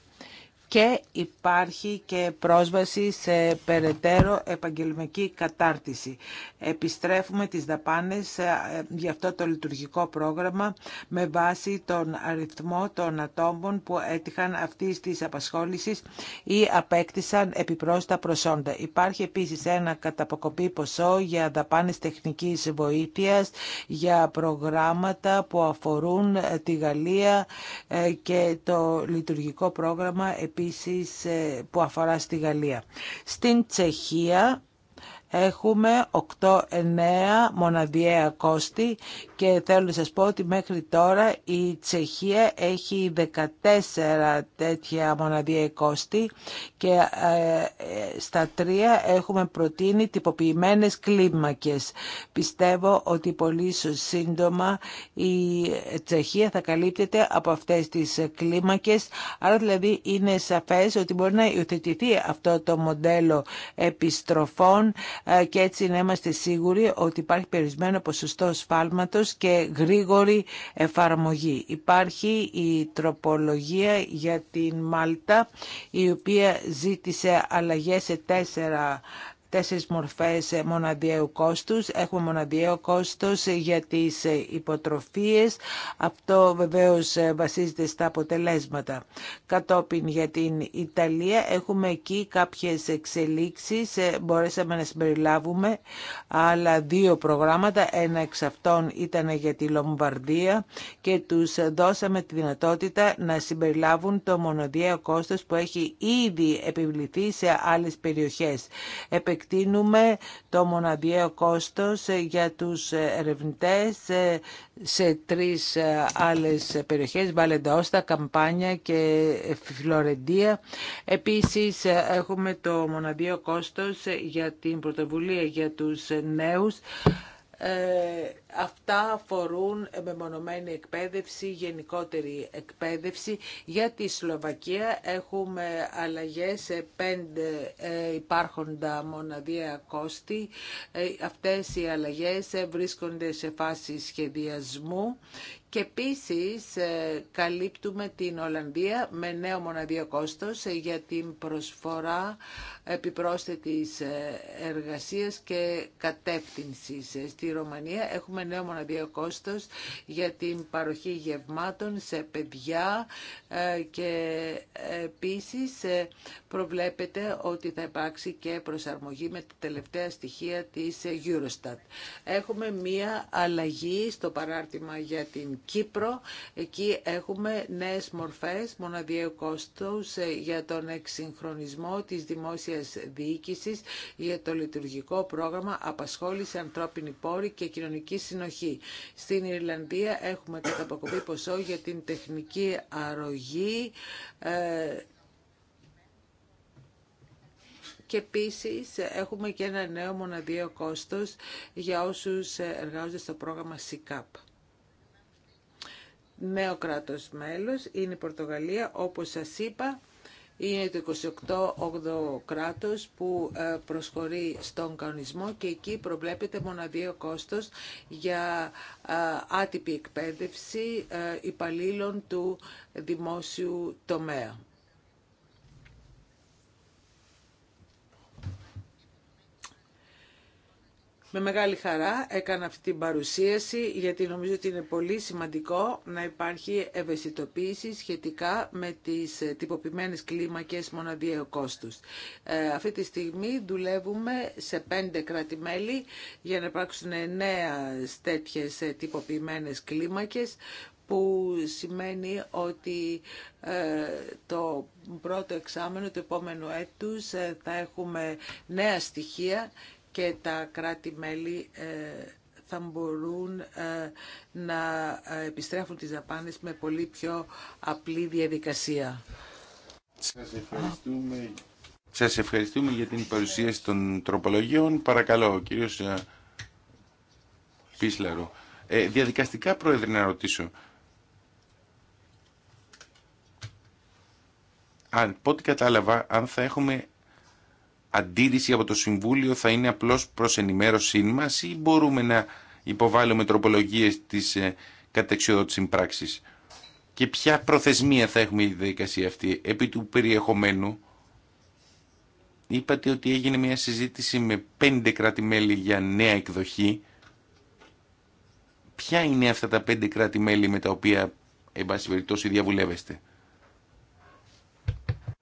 και υπάρχει και πρόσβαση σε περαιτέρω επαγγελματική κατάρτιση. Επιστρέφουμε τις δαπάνες ε, ε, για αυτό το λειτουργικό πρόγραμμα με βάση τον αριθμό των ατόμων που έτυχαν αυτή της απασχόλησης ή απέκτησαν επιπρόστα προσόντα. Υπάρχει επίσης ένα καταποκοπή ποσό για δαπάνες τεχνικής βοήθειας, για προγράμματα που αφορούν ε, τη Γαλλία και το λειτουργικό πρόγραμμα επίσης ε, που αφορά στη Γαλλία. Στην Τσεχία έχουμε 8-9 μοναδιαία κόστη και θέλω να σας πω ότι μέχρι τώρα η Τσεχία έχει 14 τέτοια μοναδία κόστη και ε, στα τρία έχουμε προτείνει τυποποιημένες κλίμακες. Πιστεύω ότι πολύ σύντομα η Τσεχία θα καλύπτεται από αυτές τις κλίμακες. Άρα δηλαδή είναι σαφές ότι μπορεί να υιοθετηθεί αυτό το μοντέλο επιστροφών ε, και έτσι να είμαστε σίγουροι ότι υπάρχει περισμένο ποσοστό σφάλματος και γρήγορη εφαρμογή. Υπάρχει η τροπολογία για την Μάλτα η οποία ζήτησε αλλαγές σε τέσσερα τέσσερις μορφές ε, μοναδιαίου κόστους. Έχουμε μοναδιαίο κόστος ε, για τις ε, υποτροφίες. Αυτό βεβαίως βασίζεται στα αποτελέσματα. Κατόπιν για την Ιταλία έχουμε εκεί κάποιες εξελίξεις. Μπορέσαμε να συμπεριλάβουμε άλλα δύο προγράμματα. Ένα εξ αυτών ήταν για τη Λομβαρδία και τους δώσαμε τη δυνατότητα να συμπεριλάβουν το μοναδιαίο κόστος που έχει ήδη επιβληθεί σε άλλες περιοχές επεκτείνουμε το μοναδιαίο κόστος ε, για τους ε, ερευνητές ε, σε τρεις άλλες περιοχές, Βαλενταώστα, Καμπάνια και Φλωρεντία. Επίσης έχουμε το μοναδιαίο κόστος για την πρωτοβουλία για τους νέους ε, αυτά αφορούν μεμονωμένη εκπαίδευση, γενικότερη εκπαίδευση. Για τη Σλοβακία έχουμε αλλαγές σε πέντε ε, υπάρχοντα μοναδία κόστη. Ε, αυτές οι αλλαγές βρίσκονται σε φάση σχεδιασμού και επίσης καλύπτουμε την Ολλανδία με νέο μοναδία κόστος για την προσφορά επιπρόσθετης ε, εργασίας και κατεύθυνσης. Ε, στη Ρωμανία έχουμε νέο μοναδιακό για την παροχή γευμάτων σε παιδιά ε, και επίσης προβλέπεται ότι θα υπάρξει και προσαρμογή με τα τελευταία στοιχεία της Eurostat. Έχουμε μία αλλαγή στο παράρτημα για την Κύπρο. Εκεί έχουμε νέες μορφές μοναδιαίου κόστος για τον εξυγχρονισμό της δημόσιας Διοίκηση για το λειτουργικό πρόγραμμα απασχόληση ανθρώπινη πόρη και κοινωνική συνοχή. Στην Ιρλανδία έχουμε καταποκοπή ποσό για την τεχνική αρρωγή ε, και επίση έχουμε και ένα νέο μοναδιαίο κόστος για όσους εργάζονται στο πρόγραμμα ΣΥΚΑΠ. Νέο κράτο μέλος είναι η Πορτογαλία, όπως σας είπα, είναι το 28 κράτος που ε, προσχωρεί στον κανονισμό και εκεί προβλέπεται μοναδίο κόστος για ε, άτυπη εκπαίδευση ε, υπαλλήλων του δημόσιου τομέα. Με μεγάλη χαρά έκανα αυτή την παρουσίαση γιατί νομίζω ότι είναι πολύ σημαντικό να υπάρχει ευαισθητοποίηση σχετικά με τις ε, τυποποιημένες κλίμακες μοναδιαίου κόστους. Ε, αυτή τη στιγμή δουλεύουμε σε πέντε κράτη-μέλη για να υπάρξουν νέα τέτοιες ε, τυποποιημένες κλίμακες που σημαίνει ότι ε, το πρώτο εξάμενο του επόμενου έτους θα έχουμε νέα στοιχεία και τα κράτη-μέλη ε, θα μπορούν ε, να ε, επιστρέφουν τις δαπάνες με πολύ πιο απλή διαδικασία. Σας ευχαριστούμε, Σας ευχαριστούμε για την παρουσίαση των τροπολογίων. Παρακαλώ, ο κύριος Πίσλαρο. διαδικαστικά, Πρόεδρε, να ρωτήσω. Αν, πότε κατάλαβα, αν θα έχουμε αντίρρηση από το Συμβούλιο θα είναι απλώς προς ενημέρωσή μας ή μπορούμε να υποβάλλουμε τροπολογίες της ε, κατεξιοδότησης συμπράξης. Και ποια προθεσμία θα έχουμε η διαδικασία αυτή επί του περιεχομένου. Είπατε ότι έγινε μια συζήτηση με πέντε κράτη-μέλη για νέα εκδοχή. Ποια είναι αυτά τα πέντε κράτη-μέλη με τα οποία, εν πάση διαβουλεύεστε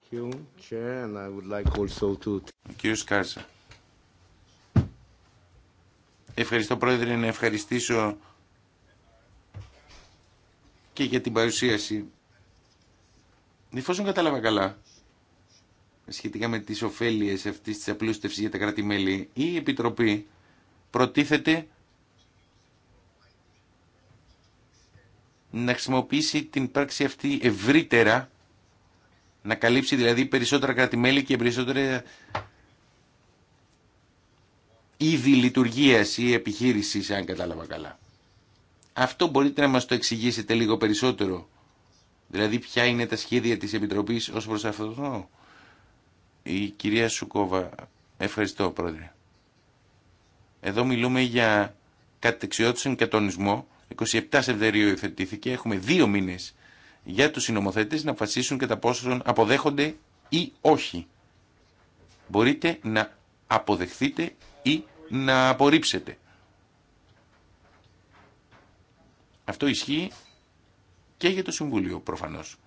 κύριος Ευχαριστώ πρόεδρε να ευχαριστήσω και για την παρουσίαση. Εφόσον κατάλαβα καλά, σχετικά με τις ωφέλειες αυτής της απλούστευσης για τα κράτη-μέλη, η Επιτροπή προτίθεται να χρησιμοποιήσει την πράξη αυτή ευρύτερα να καλύψει δηλαδή περισσότερα κράτη-μέλη και περισσότερα είδη λειτουργία ή επιχείρηση, αν κατάλαβα καλά. Αυτό μπορείτε να μας το εξηγήσετε λίγο περισσότερο. Δηλαδή ποια είναι τα σχέδια της Επιτροπής ως προς αυτό. Η κυρία Σουκόβα, ευχαριστώ πρόεδρε. Εδώ μιλούμε για κατεξιότητα και 27 Σεπτεμβρίου υφετήθηκε, έχουμε δύο μήνες για τους συνομοθέτες να αποφασίσουν κατά πόσο αποδέχονται ή όχι. Μπορείτε να αποδεχθείτε ή να απορρίψετε. Αυτό ισχύει και για το Συμβούλιο προφανώς.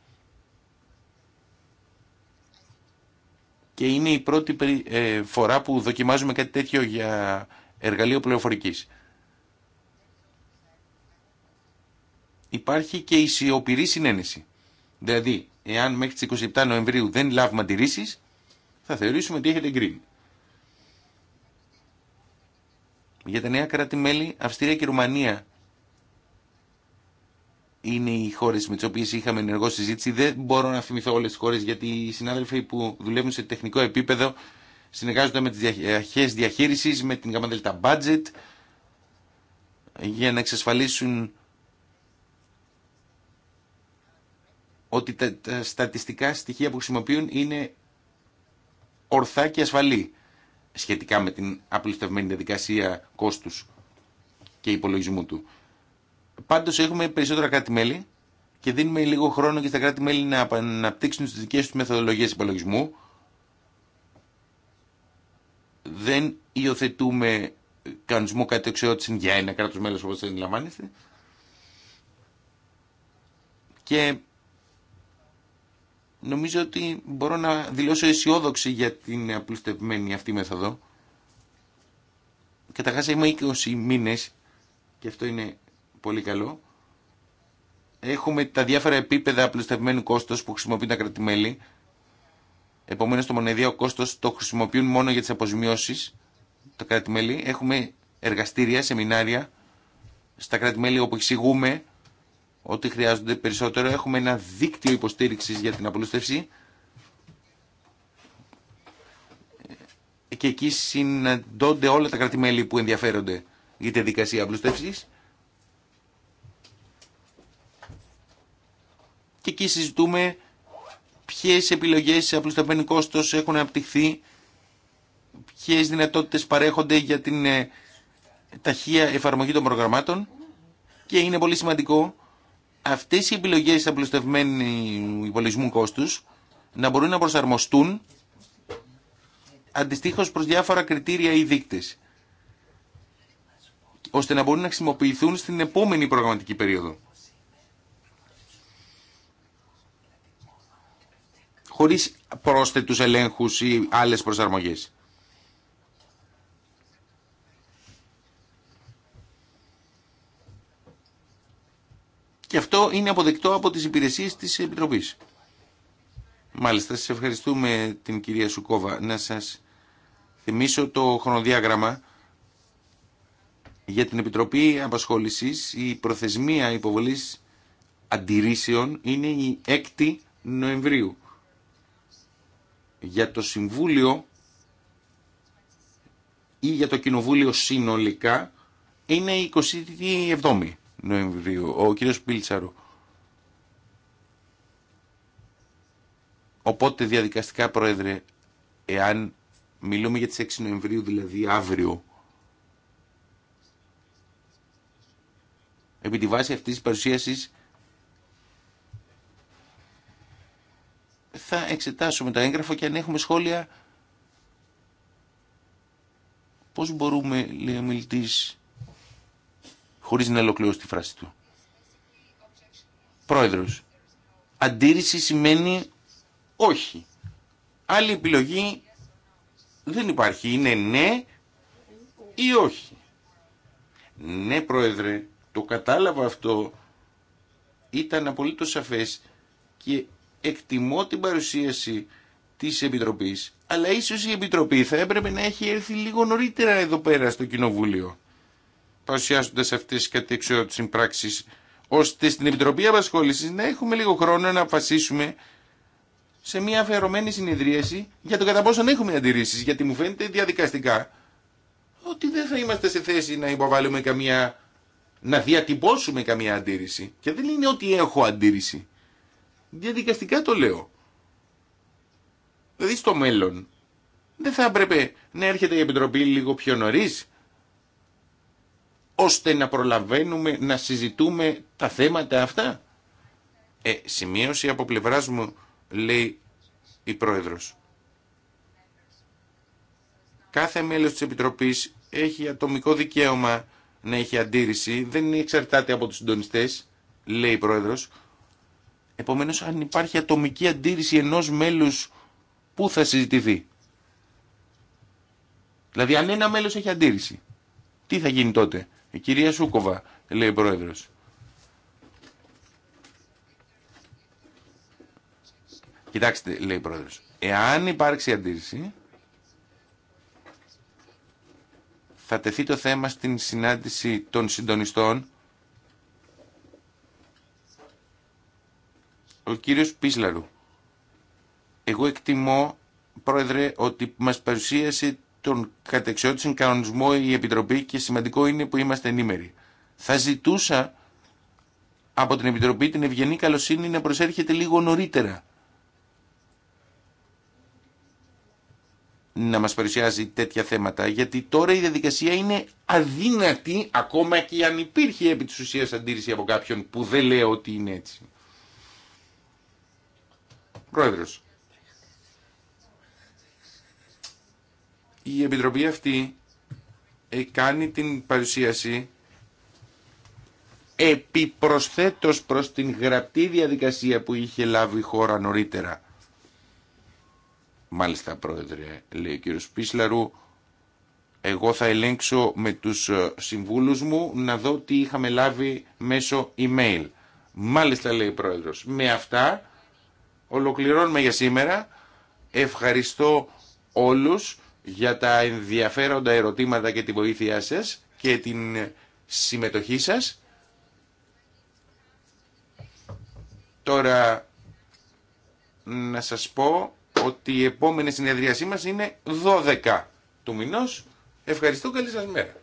Και είναι η πρώτη ε, φορά που δοκιμάζουμε κάτι τέτοιο για εργαλείο πληροφορικής. υπάρχει και η σιωπηρή συνένεση. Δηλαδή, εάν μέχρι τις 27 Νοεμβρίου δεν λάβουμε αντιρρήσει, θα θεωρήσουμε ότι έχετε εγκρίνει. Για τα νέα κράτη-μέλη, Αυστρία και Ρουμανία είναι οι χώρε με τι οποίε είχαμε ενεργό συζήτηση. Δεν μπορώ να θυμηθώ όλες τι χώρε γιατί οι συνάδελφοι που δουλεύουν σε τεχνικό επίπεδο συνεργάζονται με τι αρχέ διαχείριση με την γαμαδελτα budget για να εξασφαλίσουν ότι τα, στατιστικά στοιχεία που χρησιμοποιούν είναι ορθά και ασφαλή σχετικά με την απλουστευμένη διαδικασία κόστους και υπολογισμού του. Πάντως έχουμε περισσότερα κράτη-μέλη και δίνουμε λίγο χρόνο και στα κράτη-μέλη να αναπτύξουν τις δικές τους μεθοδολογίες υπολογισμού. Δεν υιοθετούμε κανονισμό κατεξιότηση για ένα κράτος μέλος όπως αντιλαμβάνεστε. Και νομίζω ότι μπορώ να δηλώσω αισιόδοξη για την απλουστευμένη αυτή μέθοδο. Καταρχάς είμαι 20 μήνες και αυτό είναι πολύ καλό. Έχουμε τα διάφορα επίπεδα απλουστευμένου κόστος που χρησιμοποιούν τα κρατημέλη. Επομένως το μονεδιαίο κόστος το χρησιμοποιούν μόνο για τις αποζημιώσεις τα κρατημέλη. Έχουμε εργαστήρια, σεμινάρια στα κρατημέλη όπου εξηγούμε ότι χρειάζονται περισσότερο. Έχουμε ένα δίκτυο υποστήριξης για την απλούστευση και εκεί συναντώνται όλα τα κρατημέλη που ενδιαφέρονται για τη δικασία απλούστευσης και εκεί συζητούμε ποιες επιλογές σε απλουστευμένο κόστος έχουν απτυχθεί, ποιες δυνατότητες παρέχονται για την ε, ταχεία εφαρμογή των προγραμμάτων και είναι πολύ σημαντικό αυτές οι επιλογές απλουστευμένου υπολογισμού κόστους να μπορούν να προσαρμοστούν αντιστοίχως προς διάφορα κριτήρια ή δείκτες ώστε να μπορούν να χρησιμοποιηθούν στην επόμενη προγραμματική περίοδο. Χωρίς πρόσθετους ελέγχους ή άλλες προσαρμογές. Και αυτό είναι αποδεκτό από τις υπηρεσίες της Επιτροπής. Μάλιστα, σας ευχαριστούμε την κυρία Σουκόβα. Να σας θυμίσω το χρονοδιάγραμμα για την Επιτροπή Απασχόλησης. Η προθεσμία υποβολής αντιρρήσεων είναι η 6η Νοεμβρίου. Για το Συμβούλιο ή για το Κοινοβούλιο συνολικά είναι η 27η Νοεμβρίου. Ο κύριος Πίλτσαρο Οπότε διαδικαστικά, Πρόεδρε, εάν μιλούμε για τις 6 Νοεμβρίου, δηλαδή αύριο, επί τη βάση αυτής της παρουσίασης, θα εξετάσουμε το έγγραφο και αν έχουμε σχόλια πώς μπορούμε, λέει ο χωρίς να ολοκληρώσει τη φράση του. Πρόεδρος, αντίρρηση σημαίνει όχι. Άλλη επιλογή δεν υπάρχει. Είναι ναι ή όχι. Ναι, Πρόεδρε, το κατάλαβα αυτό. Ήταν απολύτως σαφές και εκτιμώ την παρουσίαση της Επιτροπής. Αλλά ίσως η Επιτροπή θα έπρεπε να έχει έρθει λίγο νωρίτερα εδώ πέρα στο Κοινοβούλιο σε αυτέ τι κατεξιότητε συμπράξει, ώστε στην Επιτροπή Απασχόληση να έχουμε λίγο χρόνο να αποφασίσουμε σε μια αφιερωμένη συνεδρίαση για το κατά πόσον έχουμε αντιρρήσει. Γιατί μου φαίνεται διαδικαστικά ότι δεν θα είμαστε σε θέση να υποβάλουμε καμία. να διατυπώσουμε καμία αντίρρηση. Και δεν είναι ότι έχω αντίρρηση. Διαδικαστικά το λέω. Δηλαδή στο μέλλον. Δεν θα έπρεπε να έρχεται η Επιτροπή λίγο πιο νωρίς ώστε να προλαβαίνουμε να συζητούμε τα θέματα αυτά. Ε, σημείωση από πλευράς μου, λέει η Πρόεδρος. Κάθε μέλος της Επιτροπής έχει ατομικό δικαίωμα να έχει αντίρρηση, δεν εξαρτάται από τους συντονιστές, λέει η Πρόεδρος. Επομένως, αν υπάρχει ατομική αντίρρηση ενός μέλους, πού θα συζητηθεί. Δηλαδή, αν ένα μέλος έχει αντίρρηση, τι θα γίνει τότε. Η κυρία Σούκοβα, λέει ο πρόεδρος. Κοιτάξτε, λέει ο πρόεδρος, εάν υπάρξει αντίρρηση, θα τεθεί το θέμα στην συνάντηση των συντονιστών. Ο κύριος Πίσλαρου. Εγώ εκτιμώ, πρόεδρε, ότι μας παρουσίασε τον κατεξιότησαν κανονισμό η Επιτροπή και σημαντικό είναι που είμαστε ενήμεροι. Θα ζητούσα από την Επιτροπή την ευγενή καλοσύνη να προσέρχεται λίγο νωρίτερα. να μας παρουσιάζει τέτοια θέματα, γιατί τώρα η διαδικασία είναι αδύνατη, ακόμα και αν υπήρχε επί της ουσίας αντίρρηση από κάποιον που δεν λέω ότι είναι έτσι. Πρόεδρος, η Επιτροπή αυτή κάνει την παρουσίαση επιπροσθέτως προς την γραπτή διαδικασία που είχε λάβει η χώρα νωρίτερα. Μάλιστα, Πρόεδρε, λέει ο κύριος Πίσλαρου, εγώ θα ελέγξω με τους ε, συμβούλους μου να δω τι είχαμε λάβει μέσω email. Μάλιστα, λέει ο Πρόεδρος. Με αυτά ολοκληρώνουμε για σήμερα. Ευχαριστώ όλους για τα ενδιαφέροντα ερωτήματα και τη βοήθειά σας και την συμμετοχή σας. Τώρα να σας πω ότι η επόμενη συνεδρίασή μας είναι 12 του μηνός. Ευχαριστώ, καλή σας μέρα.